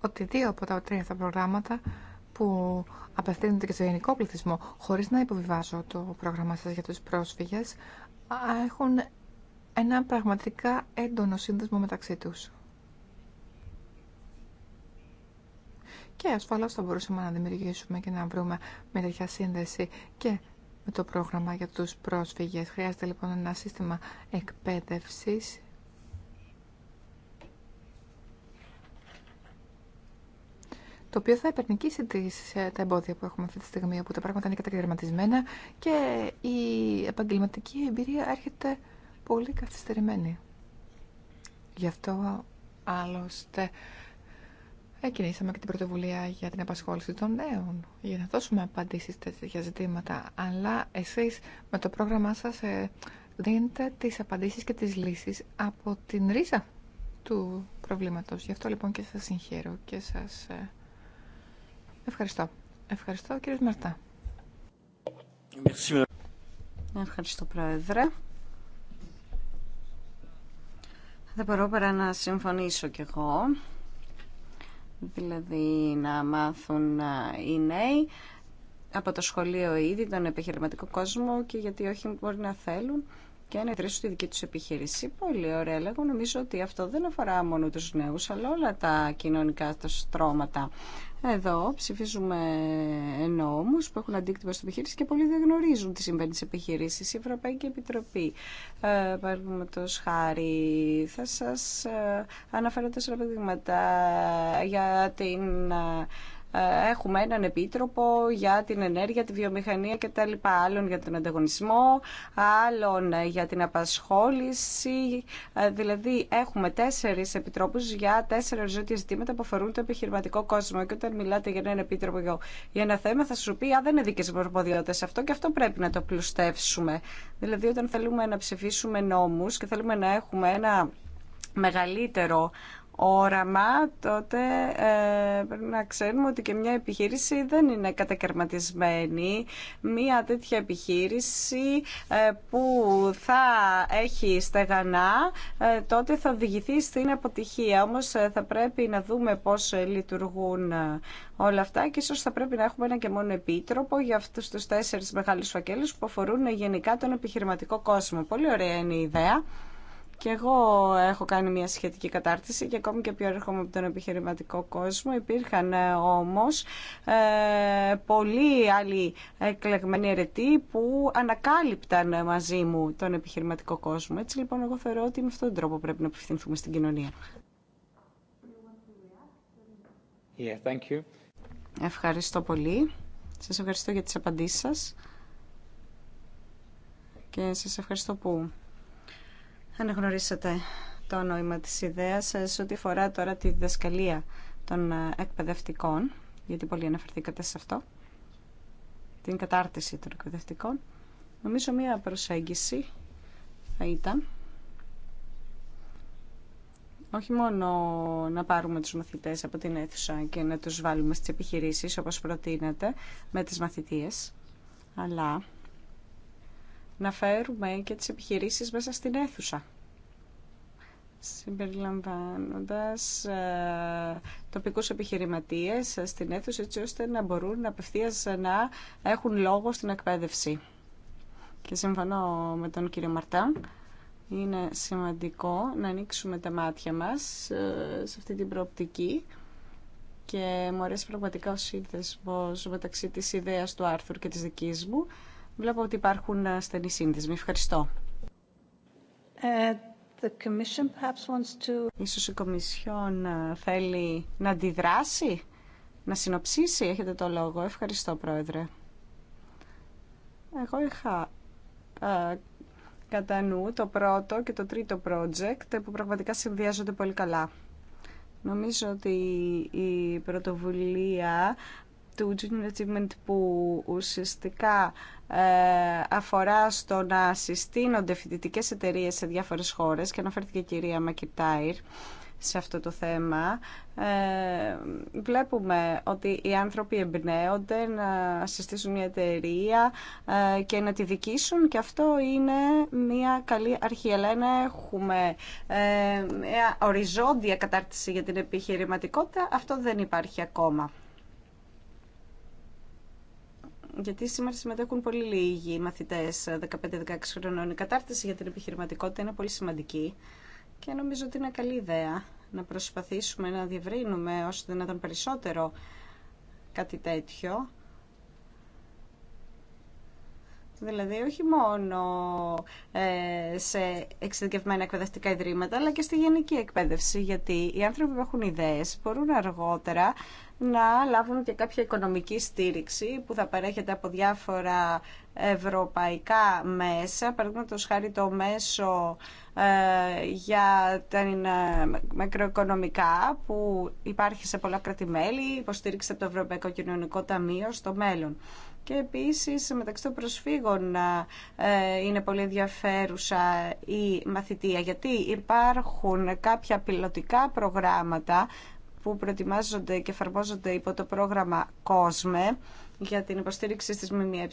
ότι δύο από τα τρία αυτά προγράμματα που απευθύνονται και στο γενικό πληθυσμό, χωρίς να υποβιβάζω το πρόγραμμα σας για τους πρόσφυγες, έχουν ένα πραγματικά έντονο σύνδεσμο μεταξύ τους. Και ασφαλώς θα μπορούσαμε να δημιουργήσουμε και να βρούμε με τέτοια σύνδεση και με το πρόγραμμα για τους πρόσφυγες. Χρειάζεται λοιπόν ένα σύστημα εκπαίδευσης το οποίο θα υπερνικήσει τις, ε, τα εμπόδια που έχουμε αυτή τη στιγμή, όπου τα πράγματα είναι κατακαιρματισμένα και η επαγγελματική εμπειρία έρχεται πολύ καθυστερημένη. Γι' αυτό άλλωστε εκκινήσαμε και την πρωτοβουλία για την απασχόληση των νέων, για να δώσουμε απαντήσεις σε τέτοια ζητήματα. Αλλά εσείς με το πρόγραμμά σας ε, δίνετε τις απαντήσεις και τις λύσεις από την ρίζα του προβλήματος. Γι' αυτό λοιπόν και σας συγχαίρω και σας ε, Ευχαριστώ. Ευχαριστώ, κύριε Μαρτά. Ευχαριστώ, Πρόεδρε. Δεν μπορώ παρά να συμφωνήσω κι εγώ. Δηλαδή να μάθουν οι νέοι από το σχολείο ήδη τον επιχειρηματικό κόσμο και γιατί όχι μπορεί να θέλουν και να ιδρύσουν τη δική τους επιχείρηση. Πολύ ωραία λέγω. Νομίζω ότι αυτό δεν αφορά μόνο τους νέους, αλλά όλα τα κοινωνικά τα στρώματα. Εδώ ψηφίζουμε νόμου που έχουν αντίκτυπο στην επιχείρηση και πολλοί δεν γνωρίζουν τι συμβαίνει στι επιχειρήσει. Η Ευρωπαϊκή Επιτροπή, ε, παραδείγματο χάρη, θα σα ε, αναφέρω τέσσερα παραδείγματα για την ε, ε, έχουμε έναν επίτροπο για την ενέργεια, τη βιομηχανία και τα λοιπά Άλλον για τον ανταγωνισμό, άλλον ε, για την απασχόληση. Ε, δηλαδή έχουμε τέσσερις επιτρόπους για τέσσερα οριζόντια ζητήματα που αφορούν το επιχειρηματικό κόσμο. Και όταν μιλάτε για έναν επίτροπο για ένα θέμα θα σου πει «Α, δεν είναι δίκες προποδιότητες αυτό και αυτό πρέπει να το πλουστεύσουμε». Δηλαδή όταν θέλουμε να ψηφίσουμε νόμους και θέλουμε να έχουμε ένα μεγαλύτερο όραμα, τότε ε, πρέπει να ξέρουμε ότι και μια επιχείρηση δεν είναι κατακαιρματισμένη. Μια τέτοια επιχείρηση ε, που θα έχει στεγανά, ε, τότε θα οδηγηθεί στην αποτυχία. Όμως ε, θα πρέπει να δούμε πώς λειτουργούν όλα αυτά και ίσως θα πρέπει να έχουμε ένα και μόνο επίτροπο για αυτούς τους τέσσερις μεγάλους φακέλους που αφορούν γενικά τον επιχειρηματικό κόσμο. Πολύ ωραία είναι η ιδέα. Και εγώ έχω κάνει μια σχετική κατάρτιση και ακόμη και πιο έρχομαι από τον επιχειρηματικό κόσμο. Υπήρχαν ε, όμως ε, πολλοί άλλοι εκλεγμένοι αιρετοί που ανακάλυπταν μαζί μου τον επιχειρηματικό κόσμο. Έτσι λοιπόν εγώ θεωρώ ότι με αυτόν τον τρόπο πρέπει να απευθυνθούμε στην κοινωνία. Yeah, thank you. Ευχαριστώ πολύ. Σας ευχαριστώ για τις απαντήσεις σας και σας ευχαριστώ που Αναγνωρίσατε το νόημα της ιδέας σε ό,τι φορά τώρα τη διδασκαλία των εκπαιδευτικών, γιατί πολύ αναφερθήκατε σε αυτό, την κατάρτιση των εκπαιδευτικών. Νομίζω μία προσέγγιση θα ήταν όχι μόνο να πάρουμε τους μαθητές από την αίθουσα και να τους βάλουμε στις επιχειρήσεις όπως προτείνεται με τις μαθητείες, αλλά να φέρουμε και τις επιχειρήσεις μέσα στην αίθουσα συμπεριλαμβάνοντας ε, τοπικούς επιχειρηματίες ε, στην αίθουσα έτσι ώστε να μπορούν απευθείας να έχουν λόγο στην εκπαίδευση. Και συμφωνώ με τον κύριο Μαρτά. Είναι σημαντικό να ανοίξουμε τα μάτια μας ε, σε αυτή την προοπτική και μου αρέσει πραγματικά ο σύνδεσμος μεταξύ της ιδέας του Άρθουρ και της δικής μου Βλέπω ότι υπάρχουν στενοί σύνδεσμοι. Ευχαριστώ. Ε, the Ίσως η Κομισιόν ε, θέλει να αντιδράσει, να συνοψίσει. Έχετε το λόγο. Ευχαριστώ, Πρόεδρε. Εγώ είχα ε, κατά νου το πρώτο και το τρίτο project που πραγματικά συνδυάζονται πολύ καλά. Νομίζω ότι η πρωτοβουλία του Junior Achievement που ουσιαστικά ε, αφορά στο να συστήνονται φοιτητικέ εταιρείε σε διάφορε χώρε και αναφέρθηκε η κυρία Μακιτάιρ σε αυτό το θέμα. Ε, βλέπουμε ότι οι άνθρωποι εμπνέονται να συστήσουν μια εταιρεία ε, και να τη δικήσουν και αυτό είναι μια καλή αρχή. Αλλά να έχουμε μια οριζόντια κατάρτιση για την επιχειρηματικότητα, αυτό δεν υπάρχει ακόμα γιατί σήμερα συμμετέχουν πολύ λίγοι μαθητές 15-16 χρονών. Η κατάρτιση για την επιχειρηματικότητα είναι πολύ σημαντική και νομίζω ότι είναι καλή ιδέα να προσπαθήσουμε να διευρύνουμε όσο δυνατόν περισσότερο κάτι τέτοιο Δηλαδή όχι μόνο ε, σε εξειδικευμένα εκπαιδευτικά ιδρύματα, αλλά και στη γενική εκπαίδευση, γιατί οι άνθρωποι που έχουν ιδέες μπορούν αργότερα να λάβουν και κάποια οικονομική στήριξη που θα παρέχεται από διάφορα ευρωπαϊκά μέσα, παραδείγματος χάρη το μέσο ε, για τα ε, μακροοικονομικά που υπάρχει σε πολλά κρατημέλη, υποστήριξη από το Ευρωπαϊκό Κοινωνικό Ταμείο στο μέλλον. Και επίσης μεταξύ των προσφύγων ε, είναι πολύ ενδιαφέρουσα η μαθητεία γιατί υπάρχουν κάποια πιλωτικά προγράμματα που προετοιμάζονται και εφαρμόζονται υπό το πρόγραμμα COSME για την υποστήριξη στις ΜΜΕ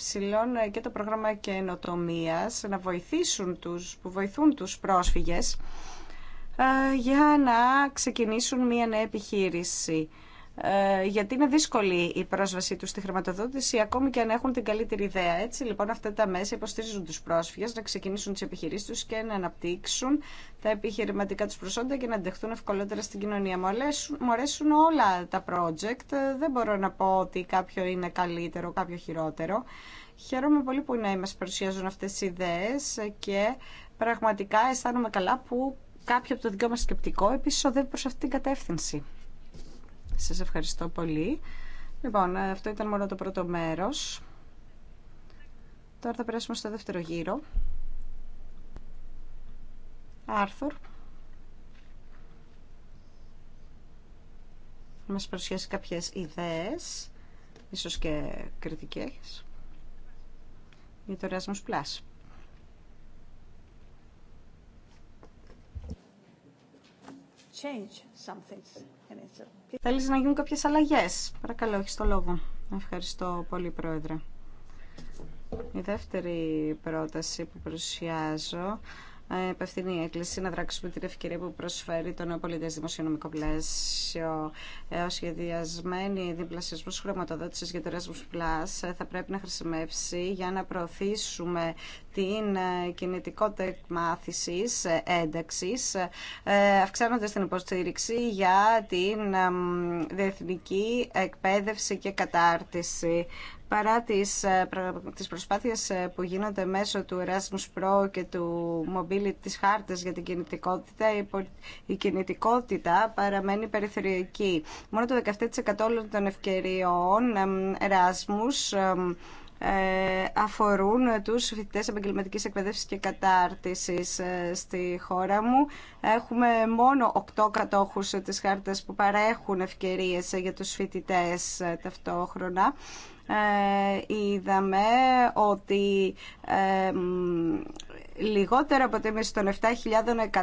και το πρόγραμμα καινοτομία να βοηθήσουν τους, που βοηθούν τους πρόσφυγες ε, για να ξεκινήσουν μία νέα επιχείρηση. Ε, γιατί είναι δύσκολη η πρόσβασή του στη χρηματοδότηση, ακόμη και αν έχουν την καλύτερη ιδέα. Έτσι, λοιπόν, αυτά τα μέσα υποστηρίζουν του πρόσφυγε να ξεκινήσουν τι επιχειρήσει του και να αναπτύξουν τα επιχειρηματικά του προσόντα και να αντεχθούν ευκολότερα στην κοινωνία. Μου αρέσουν, όλα τα project. Δεν μπορώ να πω ότι κάποιο είναι καλύτερο, κάποιο χειρότερο. Χαίρομαι πολύ που να μα παρουσιάζουν αυτέ τι ιδέε και πραγματικά αισθάνομαι καλά που κάποιο από το δικό μα σκεπτικό επίση οδεύει προ αυτήν την κατεύθυνση. Σας ευχαριστώ πολύ. Λοιπόν, αυτό ήταν μόνο το πρώτο μέρος. Τώρα θα περάσουμε στο δεύτερο γύρο. Άρθουρ. Μας παρουσιάσει κάποιες ιδέες, ίσως και κριτικές, για το Erasmus Change some Θέλεις να γίνουν κάποιες αλλαγές. Παρακαλώ, έχεις το λόγο. Ευχαριστώ πολύ, Πρόεδρε. Η δεύτερη πρόταση που παρουσιάζω ε, η έκκληση να δράξουμε την ευκαιρία που προσφέρει το νέο πολιτέ δημοσιονομικό πλαίσιο. Ε, ο σχεδιασμένη διπλασιασμό χρηματοδότηση για το Erasmus Plus ε, θα πρέπει να χρησιμεύσει για να προωθήσουμε την κινητικότητα εκμάθηση ένταξη, αυξάνοντα την υποστήριξη για την διεθνική εκπαίδευση και κατάρτιση παρά τις, ε, τις προσπάθειες ε, που γίνονται μέσω του Erasmus Pro και του Mobility της χάρτες για την κινητικότητα, η, κινητικότητα παραμένει περιθωριακή. Μόνο το 17% των ευκαιριών Erasmus ε, αφορούν τους φοιτητές επαγγελματική εκπαίδευσης και κατάρτισης στη χώρα μου. Έχουμε μόνο 8 κατόχους της χάρτας που παρέχουν ευκαιρίες για τους φοιτητές ταυτόχρονα. Ε, είδαμε ότι ε, Λιγότερο από το ίμιση των 7.100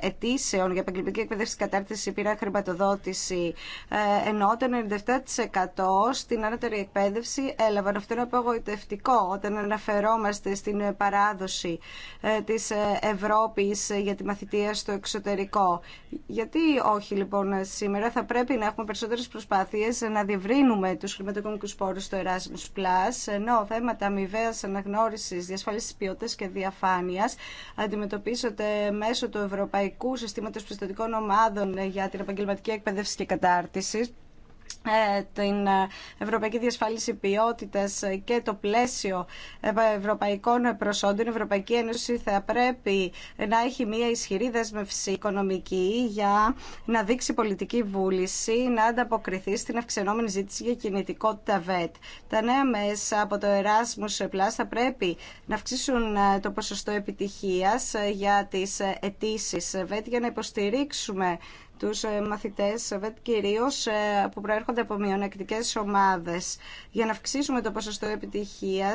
αιτήσεων για επαγγελματική και κατάρτιση πήραν χρηματοδότηση, ε, ενώ το 97% στην άνωτερη εκπαίδευση έλαβαν. Αυτό είναι απογοητευτικό όταν αναφερόμαστε στην παράδοση ε, της ε, Ευρώπης για τη μαθητεία στο εξωτερικό. Γιατί όχι λοιπόν σήμερα θα πρέπει να έχουμε περισσότερες προσπάθειες να διευρύνουμε τους χρηματοοικονομικούς πόρους στο Erasmus+, ενώ θέματα αμοιβαίας αναγνώρισης, διασφάλισης ποιότητα και διαφάνεια. Πολωνίας μέσω του Ευρωπαϊκού Συστήματος Πιστοτικών Ομάδων για την Επαγγελματική Εκπαίδευση και Κατάρτιση ε, την ε, Ευρωπαϊκή Διασφάλιση Ποιότητας και το πλαίσιο ε, ευρωπαϊκών προσόντων, η Ευρωπαϊκή Ένωση θα πρέπει να έχει μια ισχυρή δέσμευση οικονομική για να δείξει πολιτική βούληση, να ανταποκριθεί στην αυξανόμενη ζήτηση για κινητικότητα ΒΕΤ. Τα νέα μέσα από το Erasmus Plus θα πρέπει να αυξήσουν το ποσοστό επιτυχίας για τις αιτήσει ΒΕΤ για να υποστηρίξουμε του ε, μαθητέ ε, κυρίω ε, που προέρχονται από μειονεκτικέ ομάδε. για να αυξήσουμε το ποσοστό επιτυχία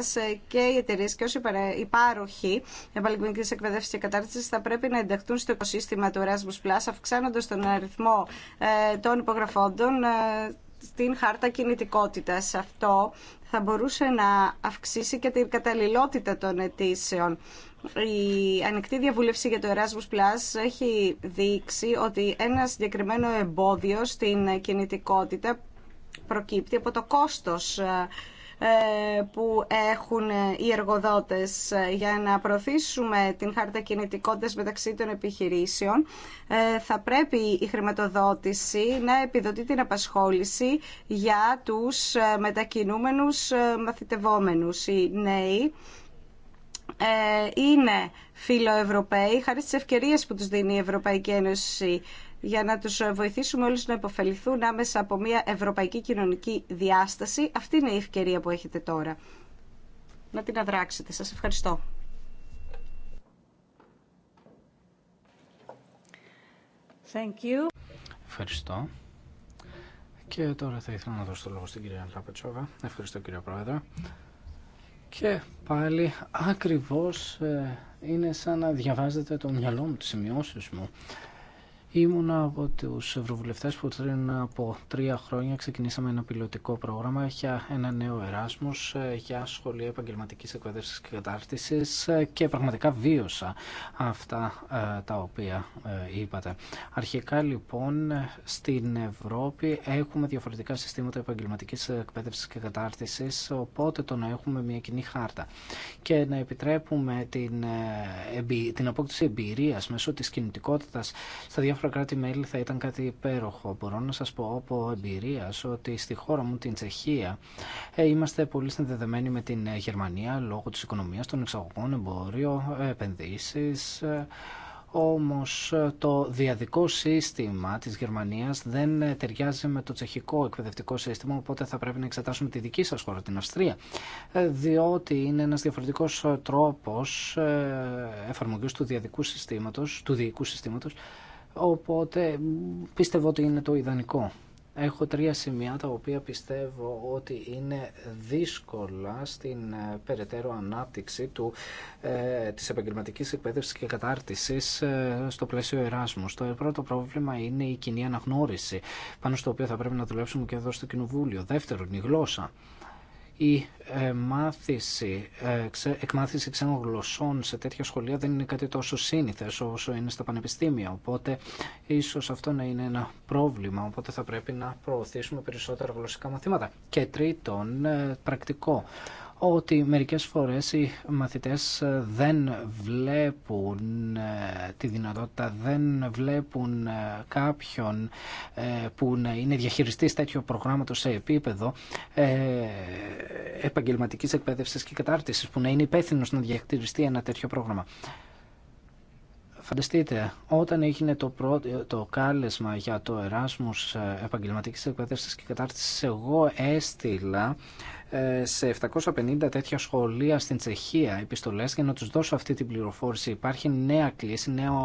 και οι εταιρείε και όσοι υπάροχοι επαγγελματική εκπαίδευση και κατάρτιση θα πρέπει να ενταχθούν στο οικοσύστημα του Erasmus Plus αυξάνοντας τον αριθμό των υπογραφώντων στην χάρτα κινητικότητας. Αυτό θα μπορούσε να αυξήσει και την καταλληλότητα των αιτήσεων η ανοιχτή διαβούλευση για το Erasmus Plus έχει δείξει ότι ένα συγκεκριμένο εμπόδιο στην κινητικότητα προκύπτει από το κόστος ε, που έχουν οι εργοδότες για να προωθήσουμε την χάρτα κινητικότητας μεταξύ των επιχειρήσεων ε, θα πρέπει η χρηματοδότηση να επιδοτεί την απασχόληση για τους ε, μετακινούμενους μαθητευόμενους. Οι νέοι ε, είναι φιλοευρωπαίοι χάρη στις ευκαιρίες που τους δίνει η Ευρωπαϊκή Ένωση για να τους βοηθήσουμε όλους να υποφεληθούν άμεσα από μια ευρωπαϊκή κοινωνική διάσταση. Αυτή είναι η ευκαιρία που έχετε τώρα. Να την αδράξετε. Σας ευχαριστώ. Thank you. Ευχαριστώ. Και τώρα θα ήθελα να δώσω το λόγο στην κυρία Λαπετσόβα. Ευχαριστώ κύριε Πρόεδρε. Και πάλι ακριβώς ε, είναι σαν να διαβάζετε το μυαλό μου, τις σημειώσεις μου. Ήμουνα από του ευρωβουλευτέ που πριν από τρία χρόνια ξεκινήσαμε ένα πιλωτικό πρόγραμμα για ένα νέο εράσμο για σχολεία επαγγελματική εκπαίδευση και κατάρτιση και πραγματικά βίωσα αυτά ε, τα οποία ε, είπατε. Αρχικά λοιπόν στην Ευρώπη έχουμε διαφορετικά συστήματα επαγγελματική εκπαίδευση και κατάρτιση, οπότε το να έχουμε μια κοινή χάρτα και να επιτρέπουμε την, ε, την απόκτηση εμπειρίας μέσω τη κινητικότητα. στα διάφορα διάφορα κράτη-μέλη θα ήταν κάτι υπέροχο. Μπορώ να σας πω από εμπειρία ότι στη χώρα μου, την Τσεχία, ε, είμαστε πολύ συνδεδεμένοι με την ε, Γερμανία λόγω της οικονομίας, των εξαγωγών, εμπόριο, επενδύσεις. Ε, όμως το διαδικό σύστημα της Γερμανίας δεν ταιριάζει με το τσεχικό εκπαιδευτικό σύστημα, οπότε θα πρέπει να εξετάσουμε τη δική σας χώρα, την Αυστρία, διότι είναι ένας διαφορετικός τρόπος εφαρμογής του διαδικού συστήματος, του διοικού συστήματος, Οπότε πιστεύω ότι είναι το ιδανικό. Έχω τρία σημεία τα οποία πιστεύω ότι είναι δύσκολα στην ε, περαιτέρω ανάπτυξη του, ε, της επαγγελματικής εκπαίδευσης και κατάρτισης ε, στο πλαίσιο Εράσμου. Το πρώτο πρόβλημα είναι η κοινή αναγνώριση, πάνω στο οποίο θα πρέπει να δουλέψουμε και εδώ στο Κοινοβούλιο. Δεύτερον, η γλώσσα η ε, μάθηση, ε, εκμάθηση ξένων γλωσσών σε τέτοια σχολεία δεν είναι κάτι τόσο σύνηθες όσο είναι στα πανεπιστήμια. Οπότε ίσως αυτό να είναι ένα πρόβλημα, οπότε θα πρέπει να προωθήσουμε περισσότερα γλωσσικά μαθήματα. Και τρίτον, ε, πρακτικό ότι μερικές φορές οι μαθητές δεν βλέπουν ε, τη δυνατότητα, δεν βλέπουν ε, κάποιον ε, που να είναι διαχειριστής τέτοιου προγράμματος σε επίπεδο επαγγελματικής εκπαίδευσης και κατάρτισης, που να είναι υπεύθυνο να διαχειριστεί ένα τέτοιο πρόγραμμα. Φανταστείτε, όταν έγινε το, το κάλεσμα για το Εράσμους ε, επαγγελματικής εκπαίδευσης και κατάρτισης, εγώ έστειλα ε, σε 750 τέτοια σχολεία στην Τσεχία επιστολές για να τους δώσω αυτή την πληροφόρηση. Υπάρχει νέα κλίση, νέο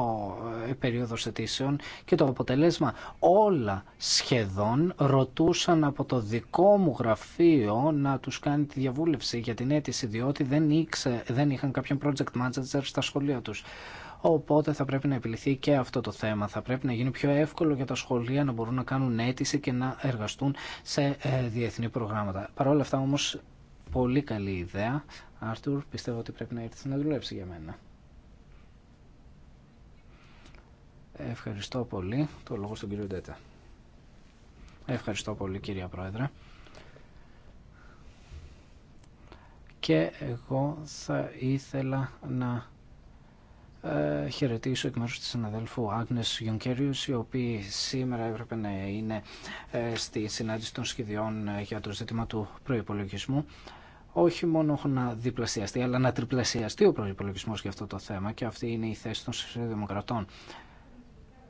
ε, περίοδος αιτήσεων και το αποτελέσμα όλα σχεδόν ρωτούσαν από το δικό μου γραφείο να τους κάνει τη διαβούλευση για την αίτηση διότι δεν, ήξε, δεν είχαν κάποιον project manager στα σχολεία τους. Οπότε θα πρέπει να επιληθεί και αυτό το θέμα. Θα πρέπει να γίνει πιο εύκολο για τα σχολεία να μπορούν να κάνουν αίτηση και να εργαστούν σε ε, διεθνή προγράμματα. Παρ' όλα αυτά όμως πολύ καλή ιδέα. Άρτουρ, πιστεύω ότι πρέπει να έρθει να δουλέψει για μένα. Ευχαριστώ πολύ. Το λόγο στον κύριο Ντέτα. Ευχαριστώ πολύ κυρία Πρόεδρε. Και εγώ θα ήθελα να ε, χαιρετήσω εκ μέρους της συναδέλφου Άγνες Γιονκέριους η οποία σήμερα έπρεπε να είναι ε, στη συνάντηση των σχεδιών ε, για το ζήτημα του προϋπολογισμού όχι μόνο να διπλασιαστεί αλλά να τριπλασιαστεί ο προϋπολογισμός για αυτό το θέμα και αυτή είναι η θέση των δημοκρατών.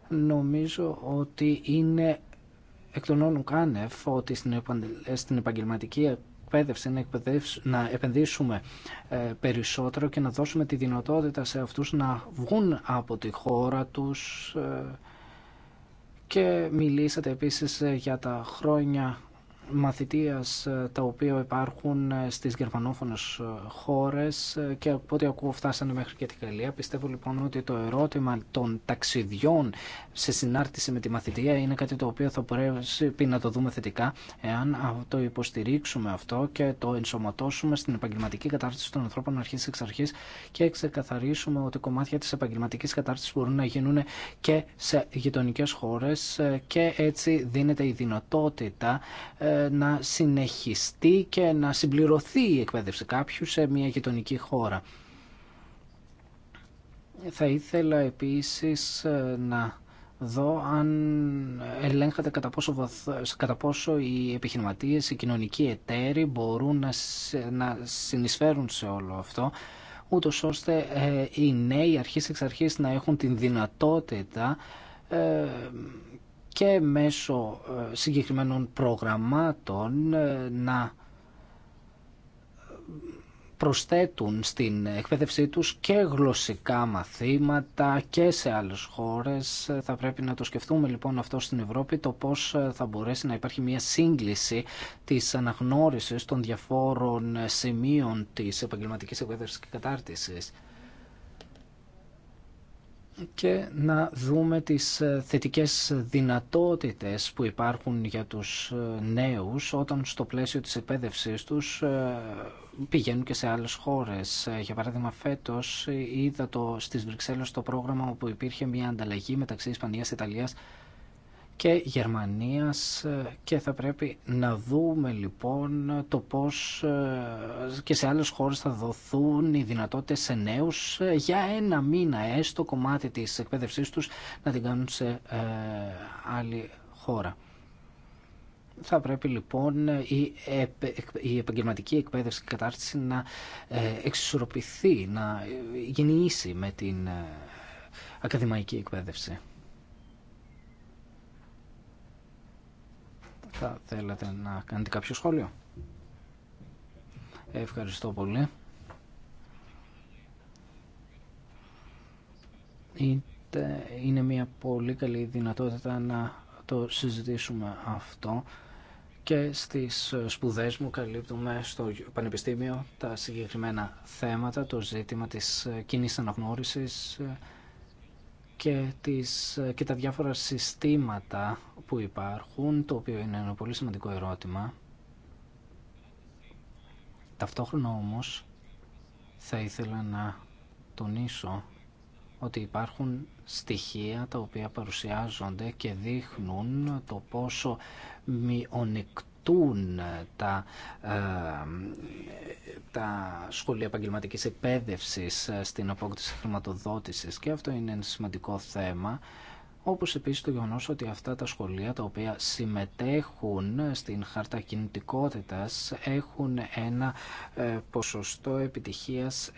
Νομίζω ότι είναι εκ των όνων κάνευ ότι στην επαγγελματική εκπαίδευση, να επενδύσουμε ε, περισσότερο και να δώσουμε τη δυνατότητα σε αυτούς να βγουν από τη χώρα τους ε. και μιλήσατε επίσης ε, για τα χρόνια μαθητείας ε, τα οποία υπάρχουν ε, στις γερμανόφωνες ε, χώρες και από ό,τι ακούω φτάσανε μέχρι και τη Γαλλία. Πιστεύω λοιπόν ότι το ερώτημα των ταξιδιών σε συνάρτηση με τη μαθητεία είναι κάτι το οποίο θα πρέπει να το δούμε θετικά εάν το υποστηρίξουμε αυτό και το ενσωματώσουμε στην επαγγελματική κατάρτιση των ανθρώπων αρχής εξ αρχής και ξεκαθαρίσουμε ότι κομμάτια της επαγγελματικής κατάρτισης μπορούν να γίνουν και σε γειτονικέ χώρες και έτσι δίνεται η δυνατότητα να συνεχιστεί και να συμπληρωθεί η εκπαίδευση κάποιου σε μια γειτονική χώρα. Θα ήθελα επίσης ε, να δω αν ελέγχατε κατά πόσο, κατά πόσο οι επιχειρηματίες, οι κοινωνικοί εταίροι μπορούν να, να συνεισφέρουν σε όλο αυτό, ούτως ώστε ε, οι νέοι αρχής εξ αρχής να έχουν την δυνατότητα ε, και μέσω ε, συγκεκριμένων προγραμμάτων ε, να προσθέτουν στην εκπαίδευσή τους και γλωσσικά μαθήματα και σε άλλες χώρες. Θα πρέπει να το σκεφτούμε λοιπόν αυτό στην Ευρώπη, το πώς ε, θα μπορέσει να υπάρχει μια σύγκληση της αναγνώρισης των διαφόρων σημείων της επαγγελματικής εκπαίδευσης και κατάρτισης και να δούμε τις ε, θετικές δυνατότητες που υπάρχουν για τους ε, νέους όταν στο πλαίσιο της εκπαίδευσή τους ε, πηγαίνουν και σε άλλες χώρες. Για παράδειγμα φέτος είδα το, στις Βρυξέλλες το πρόγραμμα όπου υπήρχε μια ανταλλαγή μεταξύ Ισπανίας, Ιταλίας, και Γερμανίας ε, και θα πρέπει να δούμε λοιπόν το πώς ε, και σε άλλες χώρες θα δοθούν οι δυνατότητες σε νέους ε, για ένα μήνα έστω κομμάτι της εκπαίδευσής τους να την κάνουν σε άλλη χώρα. Θα πρέπει λοιπόν η επαγγελματική εκπαίδευση και κατάρτιση να εξισορροπηθεί, να γεννήσει με την ακαδημαϊκή εκπαίδευση. Θα θέλατε να κάνετε κάποιο σχόλιο. Ευχαριστώ πολύ. Είναι μια πολύ καλή δυνατότητα να το συζητήσουμε αυτό και στις σπουδές μου καλύπτουμε στο Πανεπιστήμιο τα συγκεκριμένα θέματα, το ζήτημα της κοινή αναγνώρισης, και, τις, και τα διάφορα συστήματα που υπάρχουν, το οποίο είναι ένα πολύ σημαντικό ερώτημα. Ταυτόχρονα όμως θα ήθελα να τονίσω ότι υπάρχουν στοιχεία τα οποία παρουσιάζονται και δείχνουν το πόσο μειονεκτό τα, ε, τα σχολεία επαγγελματική εκπαίδευση ε, στην απόκτηση χρηματοδότηση και αυτό είναι ένα σημαντικό θέμα. Όπως επίσης το γεγονό ότι αυτά τα σχολεία τα οποία συμμετέχουν στην χάρτα κινητικότητα έχουν ένα ε, ποσοστό επιτυχίας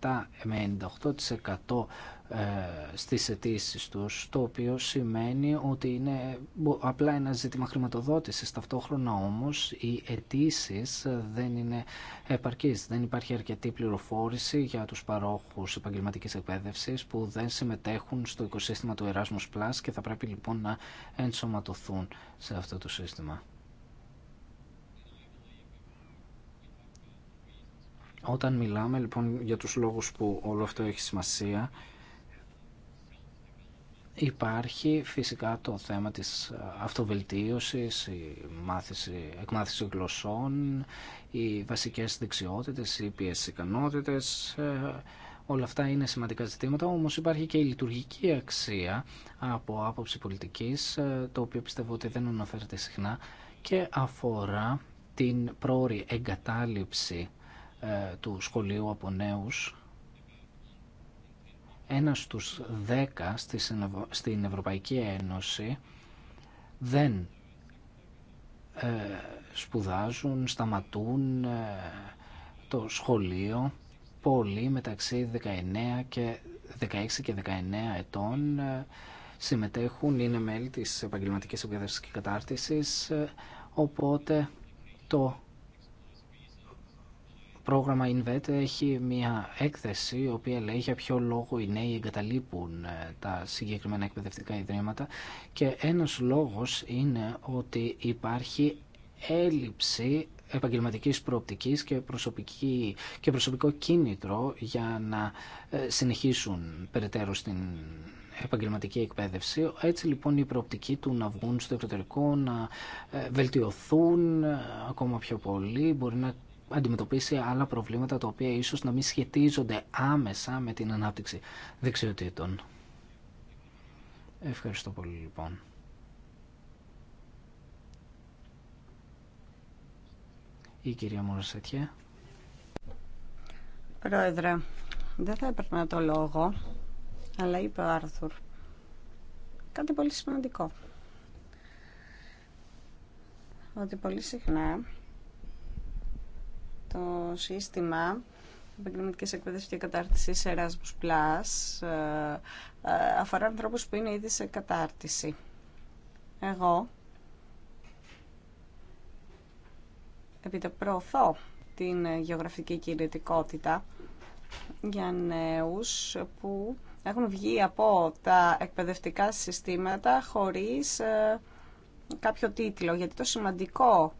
97 με 98% ε, στις αιτήσει τους, το οποίο σημαίνει ότι είναι απλά ένα ζήτημα χρηματοδότησης. Ταυτόχρονα όμως οι αιτήσει ε, δεν είναι επαρκείς. Δεν υπάρχει αρκετή πληροφόρηση για τους παρόχους επαγγελματικής εκπαίδευσης που δεν συμμετέχουν στο οικοσύστημα του Erasmus Plus και θα πρέπει λοιπόν να ενσωματωθούν σε αυτό το σύστημα. Όταν μιλάμε λοιπόν για τους λόγους που όλο αυτό έχει σημασία, Υπάρχει φυσικά το θέμα της ε, αυτοβελτίωσης, η μάθηση, εκμάθηση γλωσσών, οι βασικές δεξιότητες, οι ποιες ικανότητες, ε, όλα αυτά είναι σημαντικά ζητήματα, όμως υπάρχει και η λειτουργική αξία από άποψη πολιτικής, ε, το οποίο πιστεύω ότι δεν αναφέρεται συχνά και αφορά την πρόορη εγκατάλειψη του σχολείου από νέους ένας στους δέκα στην Ευρωπαϊκή Ένωση δεν ε, σπουδάζουν, σταματούν ε, το σχολείο. Πολλοί μεταξύ 19 και 16 και 19 ετών ε, συμμετέχουν, είναι μέλη της επαγγελματικής εκπαίδευσης και κατάρτισης, οπότε το πρόγραμμα INVET έχει μια έκθεση η οποία λέει για ποιο λόγο οι νέοι εγκαταλείπουν ε, τα συγκεκριμένα εκπαιδευτικά ιδρύματα και ένας λόγος είναι ότι υπάρχει έλλειψη επαγγελματικής προοπτικής και, προσωπική, και προσωπικό κίνητρο για να ε, συνεχίσουν περαιτέρω στην επαγγελματική εκπαίδευση. Έτσι λοιπόν η προοπτική του να βγουν στο εξωτερικό, να ε, βελτιωθούν ακόμα πιο πολύ, μπορεί να αντιμετωπίσει άλλα προβλήματα τα οποία ίσως να μην σχετίζονται άμεσα με την ανάπτυξη δεξιοτήτων. Ευχαριστώ πολύ λοιπόν. Η κυρία Μωρασέτια. Πρόεδρε, δεν θα έπαιρνα το λόγο, αλλά είπε ο Άρθουρ κάτι πολύ σημαντικό. Ότι πολύ συχνά το σύστημα επαγγελματικής εκπαίδευσης και κατάρτισης Erasmus Plus ε, ε, αφορά ανθρώπους που είναι ήδη σε κατάρτιση. Εγώ προωθώ την γεωγραφική κινητικότητα για νέους που έχουν βγει από τα εκπαιδευτικά συστήματα χωρίς ε, κάποιο τίτλο. Γιατί το σημαντικό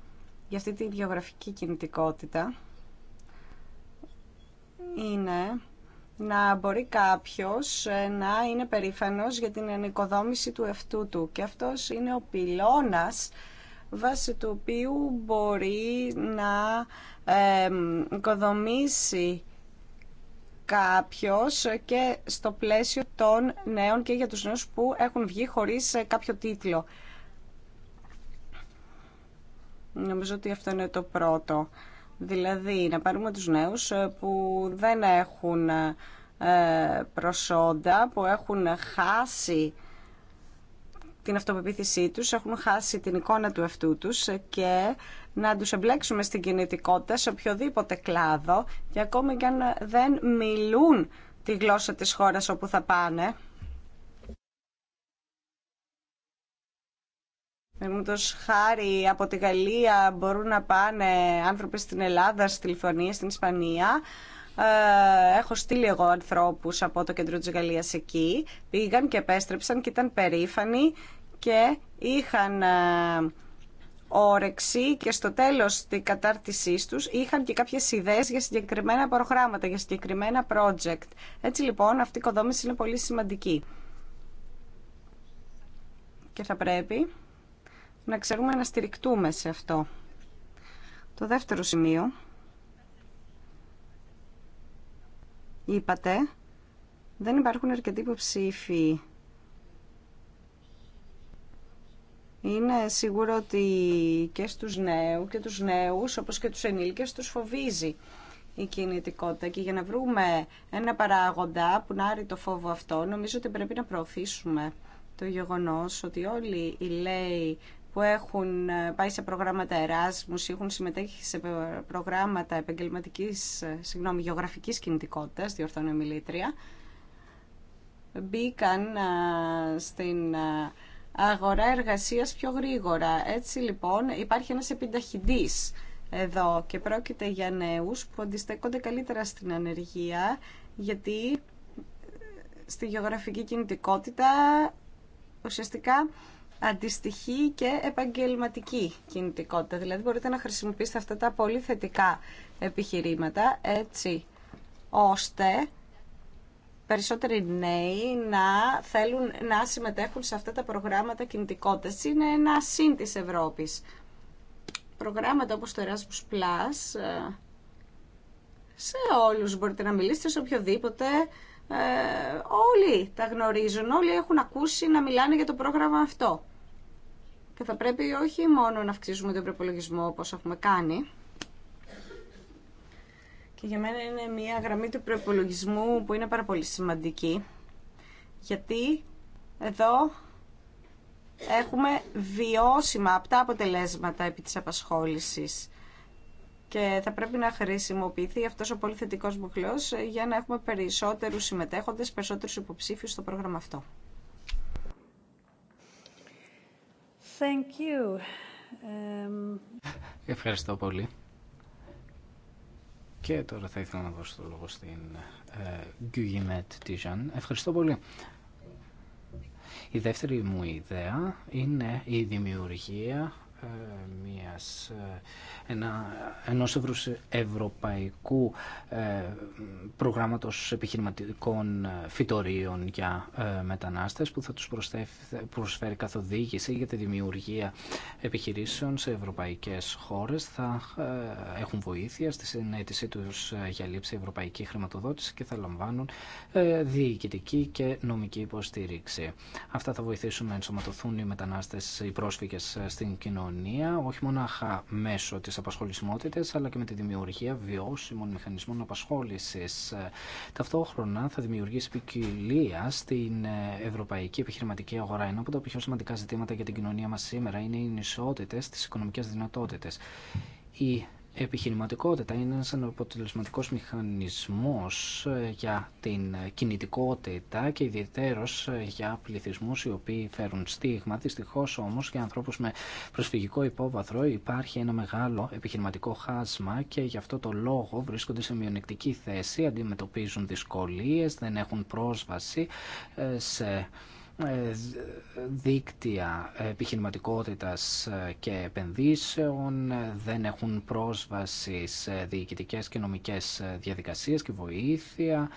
για αυτή τη γεωγραφική κινητικότητα είναι να μπορεί κάποιος ε, να είναι περήφανος για την ενοικοδόμηση του εαυτού του και αυτός είναι ο πυλώνας βάσει του οποίου μπορεί να οικοδομήσει κάποιος και στο πλαίσιο των νέων και για τους νέους που έχουν βγει χωρίς ε, κάποιο τίτλο. Νομίζω ότι αυτό είναι το πρώτο. Δηλαδή να πάρουμε τους νέους ε, που δεν έχουν ε, προσόντα, που έχουν χάσει την αυτοπεποίθησή τους, έχουν χάσει την εικόνα του εαυτού τους και να τους εμπλέξουμε στην κινητικότητα σε οποιοδήποτε κλάδο και ακόμη και αν δεν μιλούν τη γλώσσα της χώρας όπου θα πάνε, Παραδείγματο χάρη από τη Γαλλία μπορούν να πάνε άνθρωποι στην Ελλάδα, στη Λιθουανία, στην Ισπανία. Ε, έχω στείλει εγώ ανθρώπου από το κέντρο τη Γαλλία εκεί. Πήγαν και επέστρεψαν και ήταν περήφανοι και είχαν ε, όρεξη και στο τέλος τη κατάρτισής τους είχαν και κάποιες ιδέες για συγκεκριμένα προγράμματα, για συγκεκριμένα project. Έτσι λοιπόν αυτή η οικοδόμηση είναι πολύ σημαντική. Και θα πρέπει να ξέρουμε να στηριχτούμε σε αυτό. Το δεύτερο σημείο, είπατε, δεν υπάρχουν αρκετοί υποψήφοι. Είναι σίγουρο ότι και στους νέους και τους νέους, όπως και τους ενήλικες, τους φοβίζει η κινητικότητα και για να βρούμε ένα παράγοντα που να άρει το φόβο αυτό νομίζω ότι πρέπει να προωθήσουμε το γεγονός ότι όλοι οι λέει που έχουν ε, πάει σε προγράμματα ή έχουν συμμετέχει σε προγράμματα επαγγελματική, ε, συγγνώμη, γεωγραφικής κινητικότητας, διορθώνω μιλήτρια, μπήκαν ε, στην αγορά εργασίας πιο γρήγορα. Έτσι λοιπόν υπάρχει ένας επιταχυντής εδώ και πρόκειται για νέους που αντιστέκονται καλύτερα στην ανεργία γιατί στη γεωγραφική κινητικότητα ουσιαστικά αντιστοιχεί και επαγγελματική κινητικότητα. Δηλαδή μπορείτε να χρησιμοποιήσετε αυτά τα πολύ θετικά επιχειρήματα έτσι ώστε περισσότεροι νέοι να θέλουν να συμμετέχουν σε αυτά τα προγράμματα κινητικότητας. Είναι ένα συν της Ευρώπης. Προγράμματα όπως το Erasmus Plus, ε, σε όλους μπορείτε να μιλήσετε, σε οποιοδήποτε ε, όλοι τα γνωρίζουν, όλοι έχουν ακούσει να μιλάνε για το πρόγραμμα αυτό. Και θα πρέπει όχι μόνο να αυξήσουμε τον προπολογισμό όπως έχουμε κάνει, και για μένα είναι μια γραμμή του προπολογισμού που είναι πάρα πολύ σημαντική, γιατί εδώ έχουμε βιώσιμα αυτά αποτελέσματα επί της απασχόλησης και θα πρέπει να χρησιμοποιηθεί αυτός ο πολύ θετικός για να έχουμε περισσότερους συμμετέχοντες, περισσότερους υποψήφιους στο πρόγραμμα αυτό. Thank you. Um... Ευχαριστώ πολύ. Και τώρα θα ήθελα να δώσω το λόγο στην ε, Γκουγιμέτ uh, Tijan. Ευχαριστώ πολύ. Η δεύτερη μου ιδέα είναι η δημιουργία ε, μιας, ε, ένα, ενός ευρωπαϊκού ε, προγράμματος επιχειρηματικών φυτορίων για μετανάστες που θα τους προσφέρει καθοδήγηση για τη δημιουργία επιχειρήσεων σε ευρωπαϊκές χώρες θα έχουν βοήθεια στη συνέτησή τους για λήψη ευρωπαϊκή χρηματοδότηση και θα λαμβάνουν διοικητική και νομική υποστήριξη. Αυτά θα βοηθήσουν να ενσωματωθούν οι μετανάστες, οι πρόσφυγες στην κοινωνία κοινωνία, όχι μονάχα μέσω της απασχολησιμότητας, αλλά και με τη δημιουργία βιώσιμων μηχανισμών απασχόλησης. Ταυτόχρονα θα δημιουργήσει ποικιλία στην ε, ευρωπαϊκή επιχειρηματική αγορά. ενώ από τα πιο σημαντικά ζητήματα για την κοινωνία μας σήμερα είναι οι νησότητες, στις οικονομικές δυνατότητες. Η επιχειρηματικότητα είναι ένας αποτελεσματικό μηχανισμός ε, για την κινητικότητα και ιδιαίτερος ε, για πληθυσμούς οι οποίοι φέρουν στίγμα. Δυστυχώ όμως για ανθρώπους με προσφυγικό υπόβαθρο υπάρχει ένα μεγάλο επιχειρηματικό χάσμα και γι' αυτό το λόγο βρίσκονται σε μειονεκτική θέση, αντιμετωπίζουν δυσκολίες, δεν έχουν πρόσβαση ε, σε ε, δίκτυα επιχειρηματικότητας ε, και επενδύσεων, ε, δεν έχουν πρόσβαση σε διοικητικές και νομικές διαδικασίες και βοήθεια,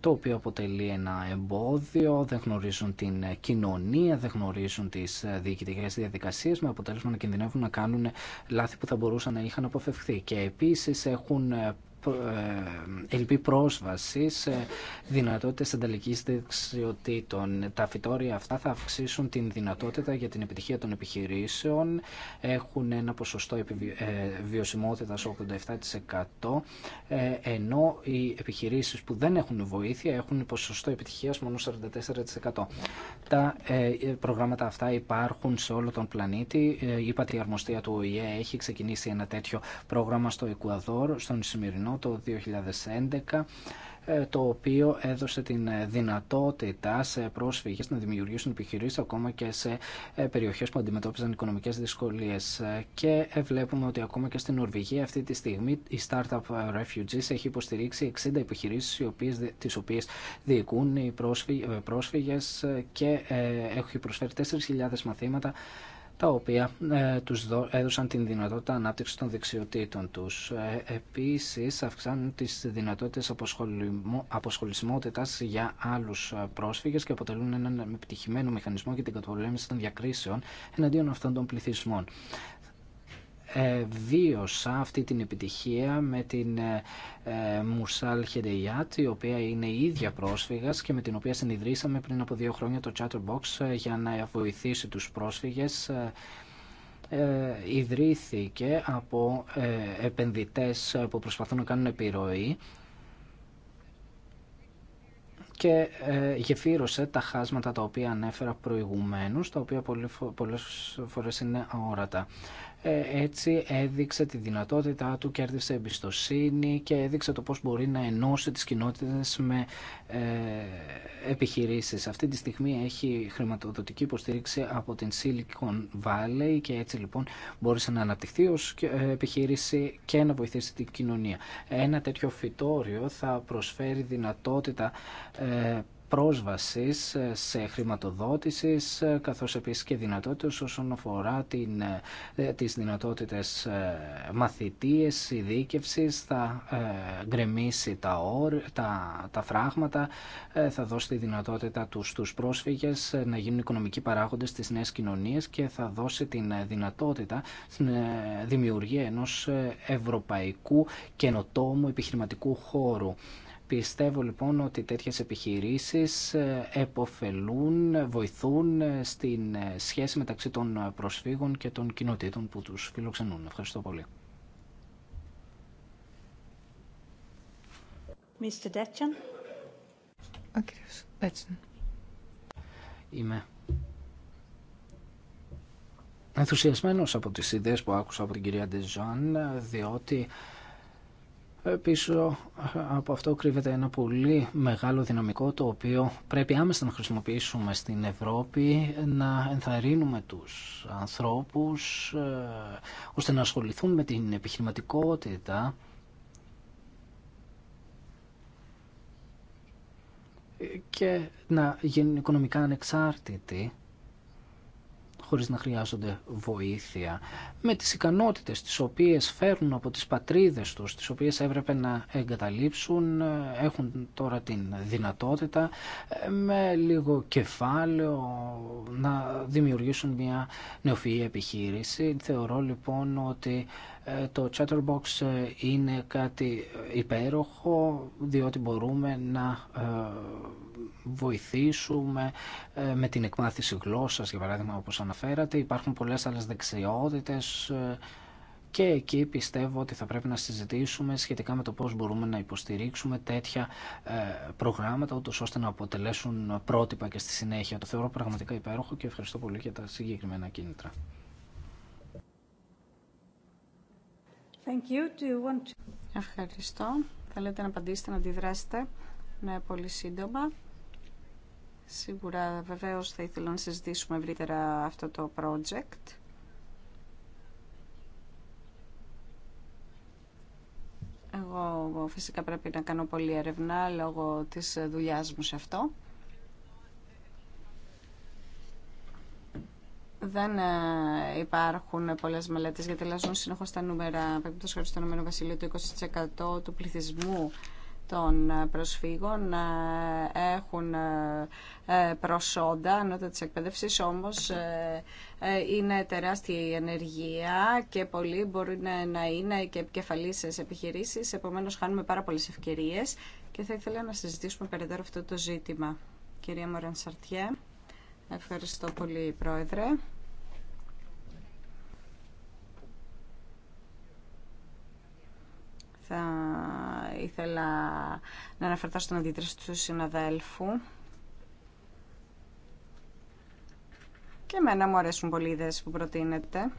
το οποίο αποτελεί ένα εμπόδιο, δεν γνωρίζουν την κοινωνία, δεν γνωρίζουν τις διοικητικές διαδικασίες με αποτέλεσμα να κινδυνεύουν να κάνουν λάθη που θα μπορούσαν να είχαν αποφευχθεί. Και επίσης έχουν ε, ελπί πρόσβαση σε δυνατότητες ανταλλαγή δεξιοτήτων. Τα φυτώρια αυτά θα αυξήσουν την δυνατότητα για την επιτυχία των επιχειρήσεων, έχουν ένα ποσοστό ε, βιωσιμότητα 87%, ε, ενώ οι επιχειρήσεις που δεν έχουν βοήθεια έχουν ποσοστό επιτυχίας μόνο 44%. Τα προγράμματα αυτά υπάρχουν σε όλο τον πλανήτη. Η Πατριαρμοστία του ΟΗΕ έχει ξεκινήσει ένα τέτοιο πρόγραμμα στο Εκουαδόρ, στον Ισημερινό το 2011 ε, το οποίο έδωσε την δυνατότητα σε πρόσφυγες να δημιουργήσουν επιχειρήσεις ακόμα και σε ε, περιοχές που αντιμετώπιζαν οικονομικές δυσκολίες. Ε, και βλέπουμε ότι ακόμα και στην Νορβηγία αυτή τη στιγμή η Startup Refugees έχει υποστηρίξει 60 επιχειρήσεις τις οποίες διοικούν οι πρόσφυγες και έχει προσφέρει 4.000 μαθήματα τα οποία ε, τους έδωσαν την δυνατότητα ανάπτυξη των δεξιοτήτων τους. Ε, επίσης, αυξάνουν τις δυνατότητες αποσχολησιμότητας για άλλους ε, πρόσφυγες και αποτελούν έναν επιτυχημένο μηχανισμό για την καταπολέμηση των διακρίσεων εναντίον αυτών των πληθυσμών. Ε, βίωσα αυτή την επιτυχία με την ε, ε, Μουσάλ Χεντεγιάτ, η οποία είναι η ίδια πρόσφυγας και με την οποία συνειδρήσαμε πριν από δύο χρόνια το Chatterbox για να βοηθήσει τους πρόσφυγες ιδρύθηκε από επενδυτές που προσπαθούν να κάνουν επιρροή και γεφύρωσε τα χάσματα τα οποία ανέφερα προηγουμένως, τα οποία πολλές φορές είναι αόρατα. Ε, έτσι έδειξε τη δυνατότητά του, κέρδισε εμπιστοσύνη και έδειξε το πώς μπορεί να ενώσει τις κοινότητες με ε, επιχειρήσεις. Αυτή τη στιγμή έχει χρηματοδοτική υποστήριξη από την Silicon Valley και έτσι λοιπόν μπόρεσε να αναπτυχθεί ως ε, επιχείρηση και να βοηθήσει την κοινωνία. Ένα τέτοιο φυτόριο θα προσφέρει δυνατότητα πρόσβασης ε, σε χρηματοδότησης ε, καθώς επίσης και δυνατότητες όσον αφορά την, ε, τις δυνατότητες μαθητείες, ειδίκευσης, θα γκρεμίσει τα, όρ, τα, τα φράγματα, θα δώσει τη δυνατότητα τους, τους πρόσφυγες να γίνουν οικονομικοί παράγοντες της νέες κοινωνίες και θα δώσει την δυνατότητα στην δημιουργία ενός ευρωπαϊκού καινοτόμου επιχειρηματικού χώρου. Πιστεύω λοιπόν ότι τέτοιες επιχειρήσεις ε, εποφελούν, βοηθούν ε, στην ε, σχέση μεταξύ των προσφύγων και των κοινοτήτων που τους φιλοξενούν. Ευχαριστώ πολύ. Mr. Detchen. Ο κύριος Είμαι ενθουσιασμένος από τις ιδέες που άκουσα από την κυρία Ντεζάν, διότι Πίσω από αυτό κρύβεται ένα πολύ μεγάλο δυναμικό το οποίο πρέπει άμεσα να χρησιμοποιήσουμε στην Ευρώπη να ενθαρρύνουμε τους ανθρώπους ε, ώστε να ασχοληθούν με την επιχειρηματικότητα και να γίνουν οικονομικά ανεξάρτητοι χωρίς να χρειάζονται βοήθεια, με τις ικανότητες τις οποίες φέρνουν από τις πατρίδες τους, τις οποίες έπρεπε να εγκαταλείψουν, έχουν τώρα την δυνατότητα ε, με λίγο κεφάλαιο να δημιουργήσουν μια νεοφυή επιχείρηση. Θεωρώ λοιπόν ότι ε, το Chatterbox ε, είναι κάτι ε, υπέροχο διότι μπορούμε να βοηθήσουμε με την εκμάθηση γλώσσας για παράδειγμα όπως αναφέρατε. Υπάρχουν πολλές άλλες δεξιότητες και εκεί πιστεύω ότι θα πρέπει να συζητήσουμε σχετικά με το πώς μπορούμε να υποστηρίξουμε τέτοια προγράμματα ούτως ώστε να αποτελέσουν πρότυπα και στη συνέχεια. Το θεωρώ πραγματικά υπέροχο και ευχαριστώ πολύ για τα συγκεκριμένα κίνητρα. Thank you. Do Ευχαριστώ. Θέλετε να απαντήσετε, να αντιδράσετε. Ναι, πολύ σύντομα. Σίγουρα, βεβαίως, θα ήθελα να συζητήσουμε ευρύτερα αυτό το project. Εγώ φυσικά πρέπει να κάνω πολλή έρευνα λόγω της δουλειάς μου σε αυτό. δεν ε, υπάρχουν πολλές μελέτες γιατί αλλάζουν συνεχώς τα νούμερα. Παραδείγματος χάρη στο Ηνωμένο Βασίλειο το 20% του πληθυσμού των ε, προσφύγων ε, έχουν προσόντα ενώτα της εκπαίδευσης, όμως είναι τεράστια η ενεργεία και πολλοί μπορεί να είναι και επικεφαλής σε επιχειρήσεις, επομένως χάνουμε πάρα πολλές ευκαιρίες και θα ήθελα να συζητήσουμε περαιτέρω αυτό το ζήτημα. Κυρία Μωρανσαρτιέ. Ευχαριστώ πολύ, Πρόεδρε. Θα ήθελα να αναφερθώ στον αντίδραση του συναδέλφου. Και εμένα μου αρέσουν πολύ οι που προτείνετε.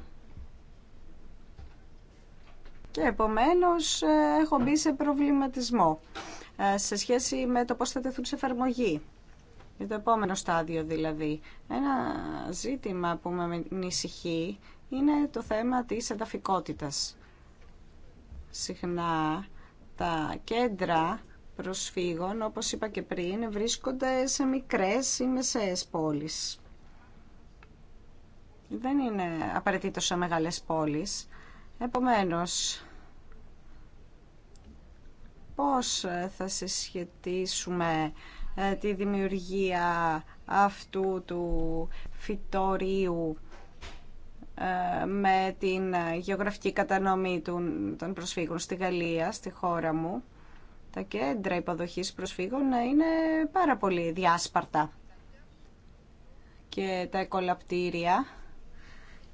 Και επομένως ε, έχω μπει σε προβληματισμό ε, σε σχέση με το πώς θα τεθούν σε εφαρμογή για το επόμενο στάδιο δηλαδή. Ένα ζήτημα που με ανησυχεί είναι το θέμα της εδαφικότητας. Συχνά τα κέντρα προσφύγων, όπως είπα και πριν, βρίσκονται σε μικρές ή μεσαίες πόλεις. Δεν είναι απαραίτητο σε μεγάλες πόλεις. Επομένως, πώς θα συσχετίσουμε ε, τη δημιουργία αυτού του φυτορίου ε, με την γεωγραφική κατανομή των προσφύγων στη Γαλλία, στη χώρα μου. Τα κέντρα υποδοχής προσφύγων ε, είναι πάρα πολύ διάσπαρτα και τα εκολαπτήρια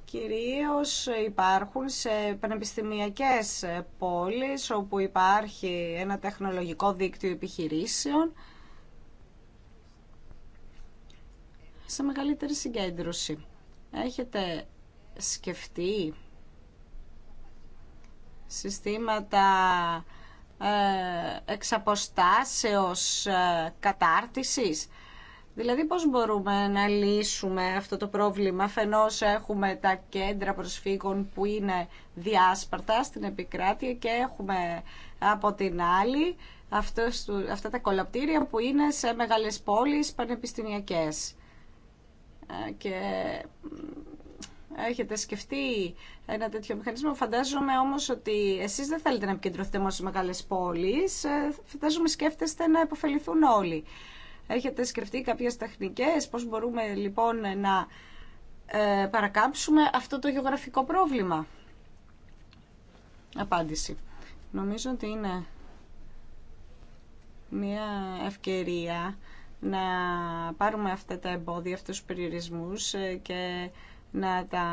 κυρίως υπάρχουν σε πανεπιστημιακές πόλεις όπου υπάρχει ένα τεχνολογικό δίκτυο επιχειρήσεων σε μεγαλύτερη συγκέντρωση. Έχετε σκεφτεί συστήματα ε, εξαποστάσεως ε, κατάρτισης. Δηλαδή πώς μπορούμε να λύσουμε αυτό το πρόβλημα. Αφενός έχουμε τα κέντρα προσφύγων που είναι διάσπαρτα στην επικράτεια και έχουμε από την άλλη αυτά τα κολαπτήρια που είναι σε μεγάλες πόλεις πανεπιστημιακές. Ε, και έχετε σκεφτεί ένα τέτοιο μηχανισμό. Φαντάζομαι όμως ότι εσείς δεν θέλετε να επικεντρωθείτε μόνο σε μεγάλες πόλεις. Ε, φαντάζομαι σκέφτεστε να υποφεληθούν όλοι. Έχετε σκεφτεί κάποιες τεχνικές, πώς μπορούμε λοιπόν να ε, παρακάμψουμε αυτό το γεωγραφικό πρόβλημα. Απάντηση. Νομίζω ότι είναι μια ευκαιρία να πάρουμε αυτά τα εμπόδια, αυτούς τους περιορισμούς ε, και να τα